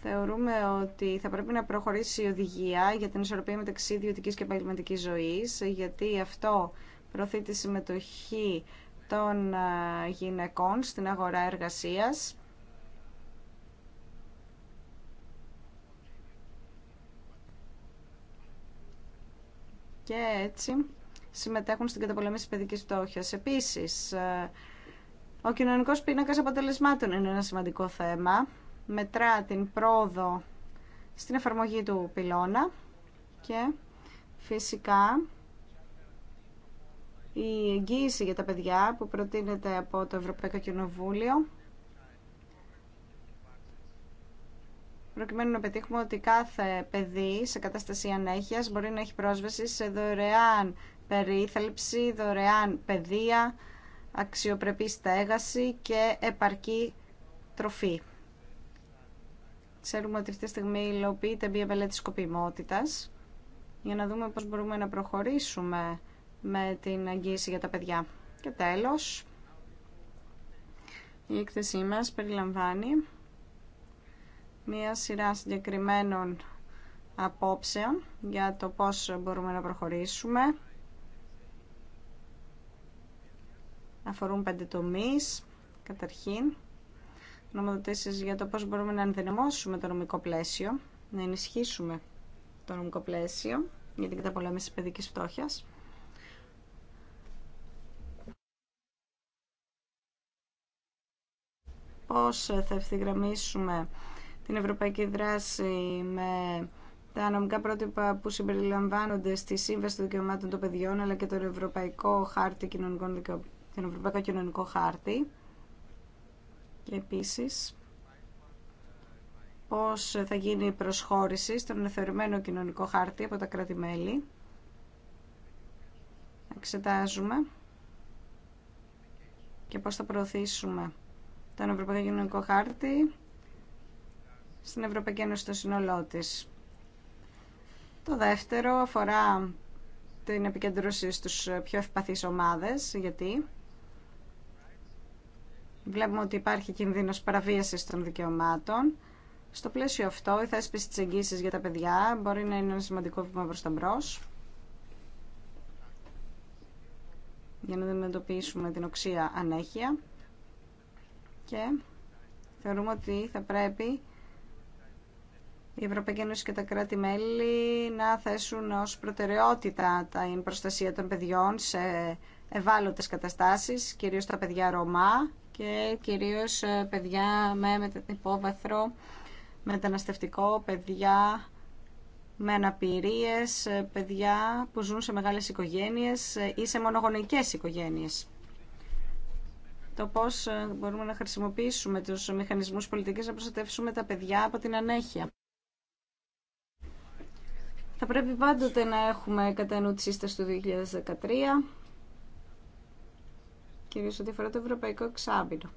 Θεωρούμε ότι θα πρέπει να προχωρήσει η οδηγία για την ισορροπία μεταξύ ιδιωτική και επαγγελματική ζωή, γιατί αυτό προωθεί τη συμμετοχή των γυναικών στην αγορά εργασίας και έτσι συμμετέχουν στην καταπολέμηση παιδικής φτώχειας. Επίσης, ε, ο κοινωνικός πίνακας αποτελεσμάτων είναι ένα σημαντικό θέμα. Μετρά την πρόοδο στην εφαρμογή του πυλώνα και φυσικά η εγγύηση για τα παιδιά που προτείνεται από το Ευρωπαϊκό Κοινοβούλιο προκειμένου να πετύχουμε ότι κάθε παιδί σε κατάσταση ανέχειας μπορεί να έχει πρόσβαση σε δωρεάν περίθαλψη, δωρεάν παιδεία, αξιοπρεπή στέγαση και επαρκή τροφή. Ξέρουμε ότι αυτή τη στιγμή υλοποιείται μια μελέτη σκοπιμότητας για να δούμε πώς μπορούμε να προχωρήσουμε με την αγγίση για τα παιδιά. Και τέλος, η έκθεσή μας περιλαμβάνει μία σειρά συγκεκριμένων απόψεων για το πώς μπορούμε να προχωρήσουμε. Αφορούν πέντε τομείς, καταρχήν. Νομοδοτήσεις για το πώς μπορούμε να ενδυναμώσουμε το νομικό πλαίσιο, να ενισχύσουμε το νομικό πλαίσιο για την καταπολέμηση παιδικής φτώχειας. Πώς θα ευθυγραμμίσουμε την ευρωπαϊκή δράση με τα νομικά πρότυπα που συμπεριλαμβάνονται στη Σύμβαση των Δικαιωμάτων των Παιδιών αλλά και τον Ευρωπαϊκό, Χάρτη Κοινωνικών τον Ευρωπαϊκό Κοινωνικό Χάρτη και επίσης πώς θα γίνει η προσχώρηση στον εθεωρημένο κοινωνικό χάρτη από τα κράτη-μέλη. Εξετάζουμε και πώς θα προωθήσουμε τον Ευρωπαϊκό Κοινωνικό Χάρτη στην Ευρωπαϊκή Ένωση στο σύνολό τη. Το δεύτερο αφορά την επικέντρωση στους πιο ευπαθείς ομάδες, γιατί βλέπουμε ότι υπάρχει κινδύνος παραβίασης των δικαιωμάτων. Στο πλαίσιο αυτό, η θέσπιση της εγγύησης για τα παιδιά μπορεί να είναι ένα σημαντικό βήμα προς τα μπρος, για να αντιμετωπίσουμε την οξία ανέχεια και θεωρούμε ότι θα πρέπει η Ευρωπαϊκή Ένωση και τα κράτη-μέλη να θέσουν ως προτεραιότητα την προστασία των παιδιών σε ευάλωτες καταστάσεις, κυρίως τα παιδιά Ρωμά και κυρίως ε, παιδιά με υπόβαθρο μεταναστευτικό, παιδιά με αναπηρίες, ε, παιδιά που ζουν σε μεγάλες οικογένειες ε, ή σε μονογονεϊκές οικογένειες. Το πώς μπορούμε να χρησιμοποιήσουμε τους μηχανισμούς πολιτικής να προστατεύσουμε τα παιδιά από την ανέχεια. Θα πρέπει πάντοτε να έχουμε κατά νου τη σύσταση του 2013, κυρίως ό,τι αφορά το Ευρωπαϊκό Εξάμεινο.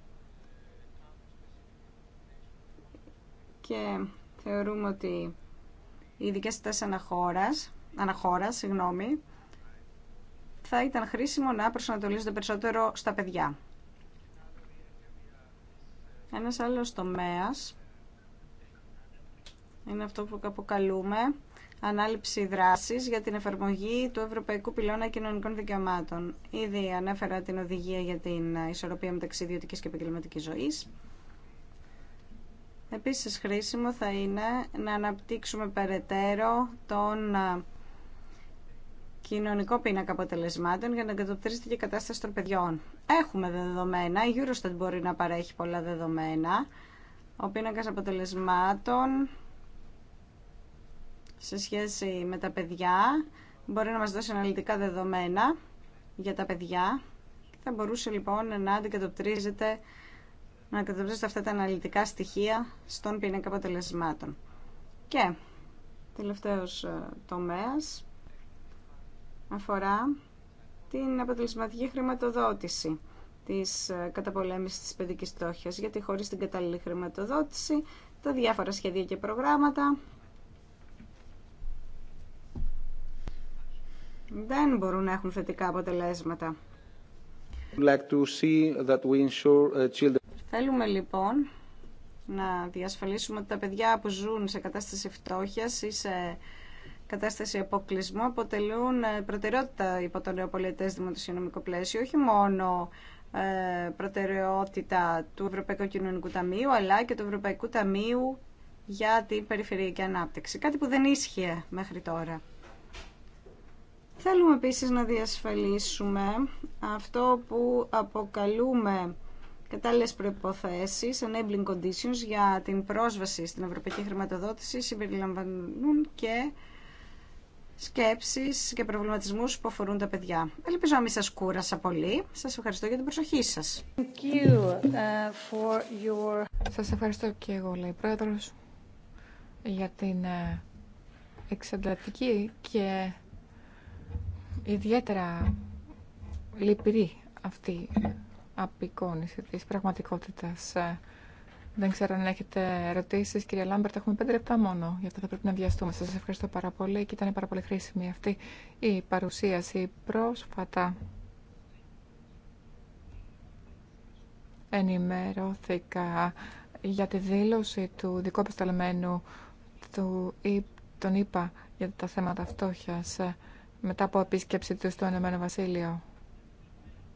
Και θεωρούμε ότι οι ειδικέ συστάσεις αναχώρας, αναχώρας συγγνώμη, θα ήταν χρήσιμο να προσανατολίζονται περισσότερο στα παιδιά. Ένας άλλος τομέας είναι αυτό που αποκαλούμε ανάληψη δράσης για την εφαρμογή του Ευρωπαϊκού Πυλώνα Κοινωνικών Δικαιωμάτων. Ήδη ανέφερα την οδηγία για την ισορροπία μεταξύ ιδιωτική και επαγγελματική ζωής. Επίσης χρήσιμο θα είναι να αναπτύξουμε περαιτέρω τον κοινωνικό πίνακα αποτελεσμάτων για να εγκατοπτρίζεται και η κατάσταση των παιδιών. Έχουμε δεδομένα, η Eurostat μπορεί να παρέχει πολλά δεδομένα. Ο πίνακας αποτελεσμάτων σε σχέση με τα παιδιά. Μπορεί να μας δώσει αναλυτικά δεδομένα για τα παιδιά. Θα μπορούσε λοιπόν να αντικατοπτρίζεται να αντικατοπτρίζονται αυτά τα αναλυτικά στοιχεία στον πίνακα αποτελεσμάτων. Και τελευταίος ε, τομέας αφορά την αποτελεσματική χρηματοδότηση της ε, καταπολέμησης της παιδικής στόχιας, γιατί χωρίς την κατάλληλη χρηματοδότηση τα διάφορα σχέδια και προγράμματα δεν μπορούν να έχουν θετικά αποτελέσματα. Uh, Θέλουμε λοιπόν να διασφαλίσουμε ότι τα παιδιά που ζουν σε κατάσταση φτώχειας ή σε κατάσταση αποκλεισμού αποτελούν ε, προτεραιότητα υπό το νέο πολιτές δημοσιονομικό πλαίσιο, όχι μόνο ε, προτεραιότητα του Ευρωπαϊκού Κοινωνικού Ταμείου, αλλά και του Ευρωπαϊκού Ταμείου για την Περιφερειακή Ανάπτυξη. Κάτι που δεν ίσχυε μέχρι τώρα. Θέλουμε επίσης να διασφαλίσουμε αυτό που αποκαλούμε κατάλληλες προϋποθέσεις, enabling conditions για την πρόσβαση στην ευρωπαϊκή χρηματοδότηση συμπεριλαμβανούν και σκέψεις και προβληματισμούς που αφορούν τα παιδιά. Ελπίζω να μην σας κούρασα πολύ. Σας ευχαριστώ για την προσοχή σας. Thank you uh, for your... Σας ευχαριστώ και εγώ, λέει Πρόεδρος, για την ε, εξαντλατική και ιδιαίτερα λυπηρή αυτή η απεικόνηση της πραγματικότητας. Ε, δεν ξέρω αν έχετε ερωτήσεις, κυρία Λάμπερτ, έχουμε πέντε λεπτά μόνο, γι' αυτό θα πρέπει να βιαστούμε. Σας ευχαριστώ πάρα πολύ και ήταν πάρα πολύ χρήσιμη αυτή η παρουσίαση πρόσφατα. Ενημερώθηκα για τη δήλωση του δικού επιστολμένου του, τον είπα για τα θέματα φτώχειας μετά από επίσκεψη του στο Ενωμένο Βασίλειο.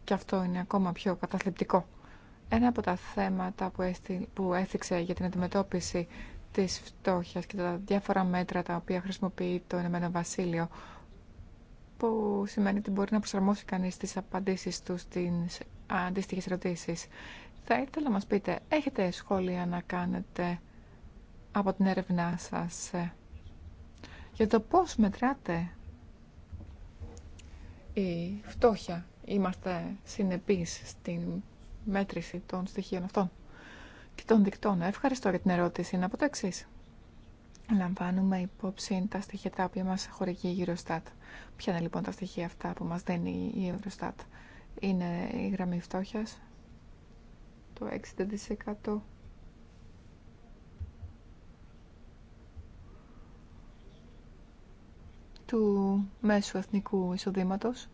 Και αυτό είναι ακόμα πιο καταθλιπτικό. Ένα από τα θέματα που έθιξε για την αντιμετώπιση της φτώχειας και τα διάφορα μέτρα τα οποία χρησιμοποιεί το Ενωμένο Βασίλειο που σημαίνει ότι μπορεί να προσαρμόσει κανείς τις απαντήσεις του στις αντίστοιχες ερωτήσεις. Θα ήθελα να μας πείτε, έχετε σχόλια να κάνετε από την έρευνά σας ε, για το πώς μετράτε η φτώχεια. Είμαστε συνεπείς στην μέτρηση των στοιχείων αυτών και των δικτών. Ευχαριστώ για την ερώτηση. Είναι από το εξή. Λαμβάνουμε υπόψη τα στοιχεία τα οποία μας χορηγεί η Eurostat. Ποια είναι λοιπόν τα στοιχεία αυτά που μας δίνει η Eurostat. Είναι η γραμμή φτώχειας, το 60% του μέσου εθνικού εισοδήματος.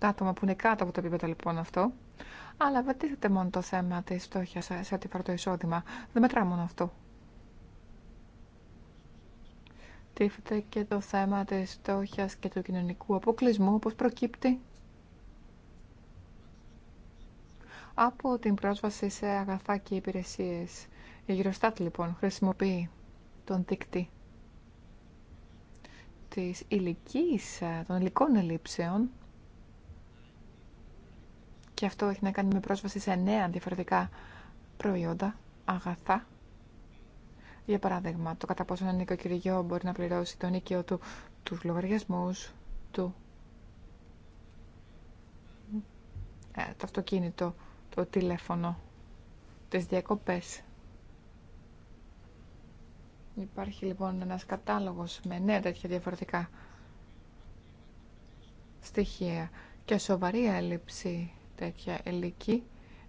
Τα άτομα που είναι κάτω από το επίπεδο λοιπόν αυτό. Αλλά δεν μόνο το θέμα της φτώχειας σε ό,τι το εισόδημα. Δεν μετρά μόνο αυτό. Τίθεται και το θέμα της φτώχειας και του κοινωνικού αποκλεισμού, όπως προκύπτει από την πρόσβαση σε αγαθά και υπηρεσίες. Η Eurostat λοιπόν χρησιμοποιεί τον δίκτυ της υλικής των υλικών ελλείψεων και αυτό έχει να κάνει με πρόσβαση σε νέα διαφορετικά προϊόντα, αγαθά. Για παράδειγμα, το κατά πόσο ένα νοικοκυριό μπορεί να πληρώσει τον οίκαιο του τους λογαριασμούς του, ε, το αυτοκίνητο, το τηλέφωνο, τις διακοπές. Υπάρχει λοιπόν ένας κατάλογος με νέα τέτοια διαφορετικά στοιχεία και σοβαρή έλλειψη τέτοια ελική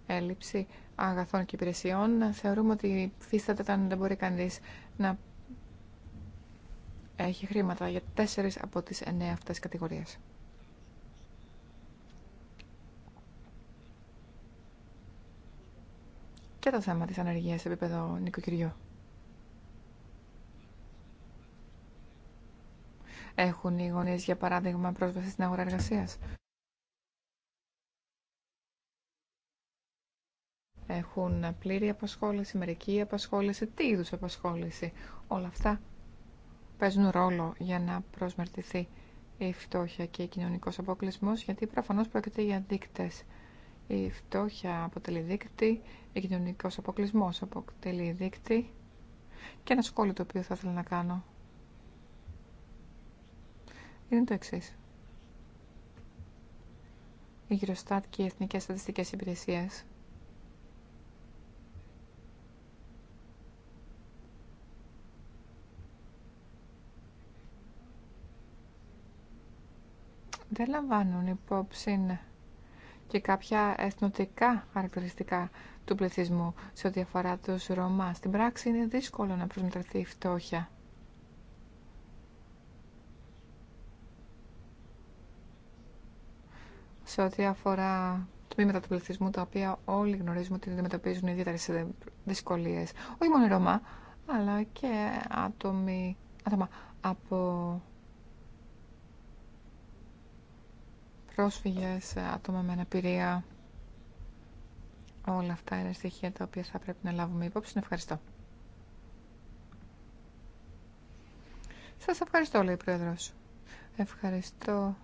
έλλειψη αγαθών και υπηρεσιών. Θεωρούμε ότι φύσταται όταν δεν μπορεί κανείς να έχει χρήματα για τέσσερις από τις εννέα αυτές κατηγορίες. και το θέμα της ανεργίας σε επίπεδο νοικοκυριού. Έχουν οι γονείς, για παράδειγμα, πρόσβαση στην αγορά εργασίας. Έχουν πλήρη απασχόληση, μερική απασχόληση, τι είδου απασχόληση. Όλα αυτά παίζουν ρόλο για να προσμερτηθεί η φτώχεια και ο κοινωνικός αποκλεισμός, γιατί προφανώς πρόκειται για δείκτες. Η φτώχεια αποτελεί δείκτη, κοινωνικό αποκλεισμό αποτελεί δίκτυ Και ένα σχόλιο το οποίο θα ήθελα να κάνω είναι το εξή. Η Eurostat και οι Εθνικέ Στατιστικέ Υπηρεσίε δεν λαμβάνουν υπόψη και κάποια εθνοτικά χαρακτηριστικά του πληθυσμού σε ό,τι αφορά τους Ρωμά. Στην πράξη είναι δύσκολο να προσμετρηθεί η φτώχεια. Σε ό,τι αφορά τμήματα του πληθυσμού, τα οποία όλοι γνωρίζουμε ότι αντιμετωπίζουν ιδιαίτερε δυσκολίε. Όχι μόνο οι Ρωμά, αλλά και άτομα από πρόσφυγες, ε, άτομα με αναπηρία. Όλα αυτά είναι στοιχεία τα οποία θα πρέπει να λάβουμε υπόψη. Ευχαριστώ. Σας ευχαριστώ, λέει η Πρόεδρος. Ευχαριστώ.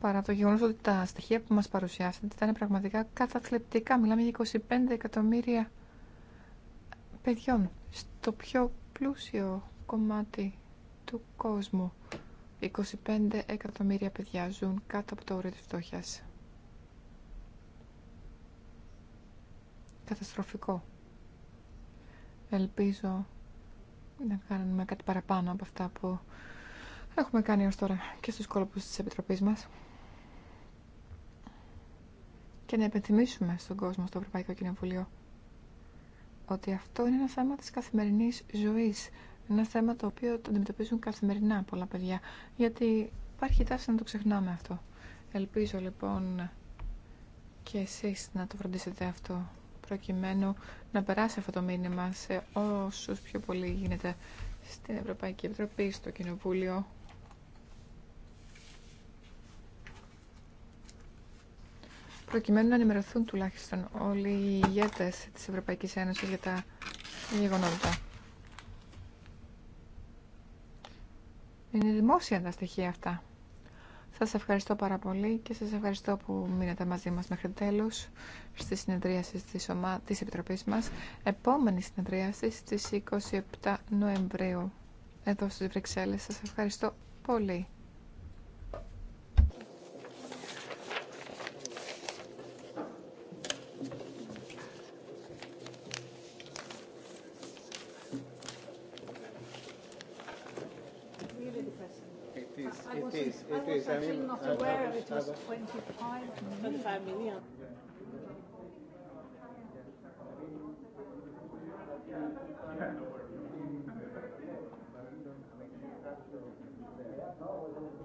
Παρά το γεγονός ότι τα στοιχεία που μας παρουσιάσατε ήταν πραγματικά καταθλιπτικά. Μιλάμε για 25 εκατομμύρια παιδιών στο πιο πλούσιο κομμάτι του κόσμου. 25 εκατομμύρια παιδιά ζουν κάτω από το όριο της φτώχειας. Καταστροφικό. Ελπίζω να κάνουμε κάτι παραπάνω από αυτά που έχουμε κάνει ως τώρα και στους κόλπους της Επιτροπής μας και να υπενθυμίσουμε στον κόσμο στο Ευρωπαϊκό Κοινοβουλίο ότι αυτό είναι ένα θέμα της καθημερινής ζωής ένα θέμα το οποίο το αντιμετωπίζουν καθημερινά πολλά παιδιά, γιατί υπάρχει τάση να το ξεχνάμε αυτό. Ελπίζω λοιπόν και εσείς να το φροντίσετε αυτό, προκειμένου να περάσει αυτό το μήνυμα σε όσους πιο πολύ γίνεται στην Ευρωπαϊκή Επιτροπή, στο Κοινοβούλιο. Προκειμένου να ενημερωθούν τουλάχιστον όλοι οι ηγέτες της Ευρωπαϊκής Ένωσης για τα γεγονότα. Είναι δημόσια τα στοιχεία αυτά. Σας ευχαριστώ πάρα πολύ και σας ευχαριστώ που μείνατε μαζί μας μέχρι τέλους στη συνεδρίαση της, ομα... της Επιτροπής μας. Επόμενη συνεδρίαση στις 27 Νοεμβρίου εδώ στις Βρυξέλλες. Σας ευχαριστώ πολύ. is, it is. I not aware it was 25, 25 million. Yeah.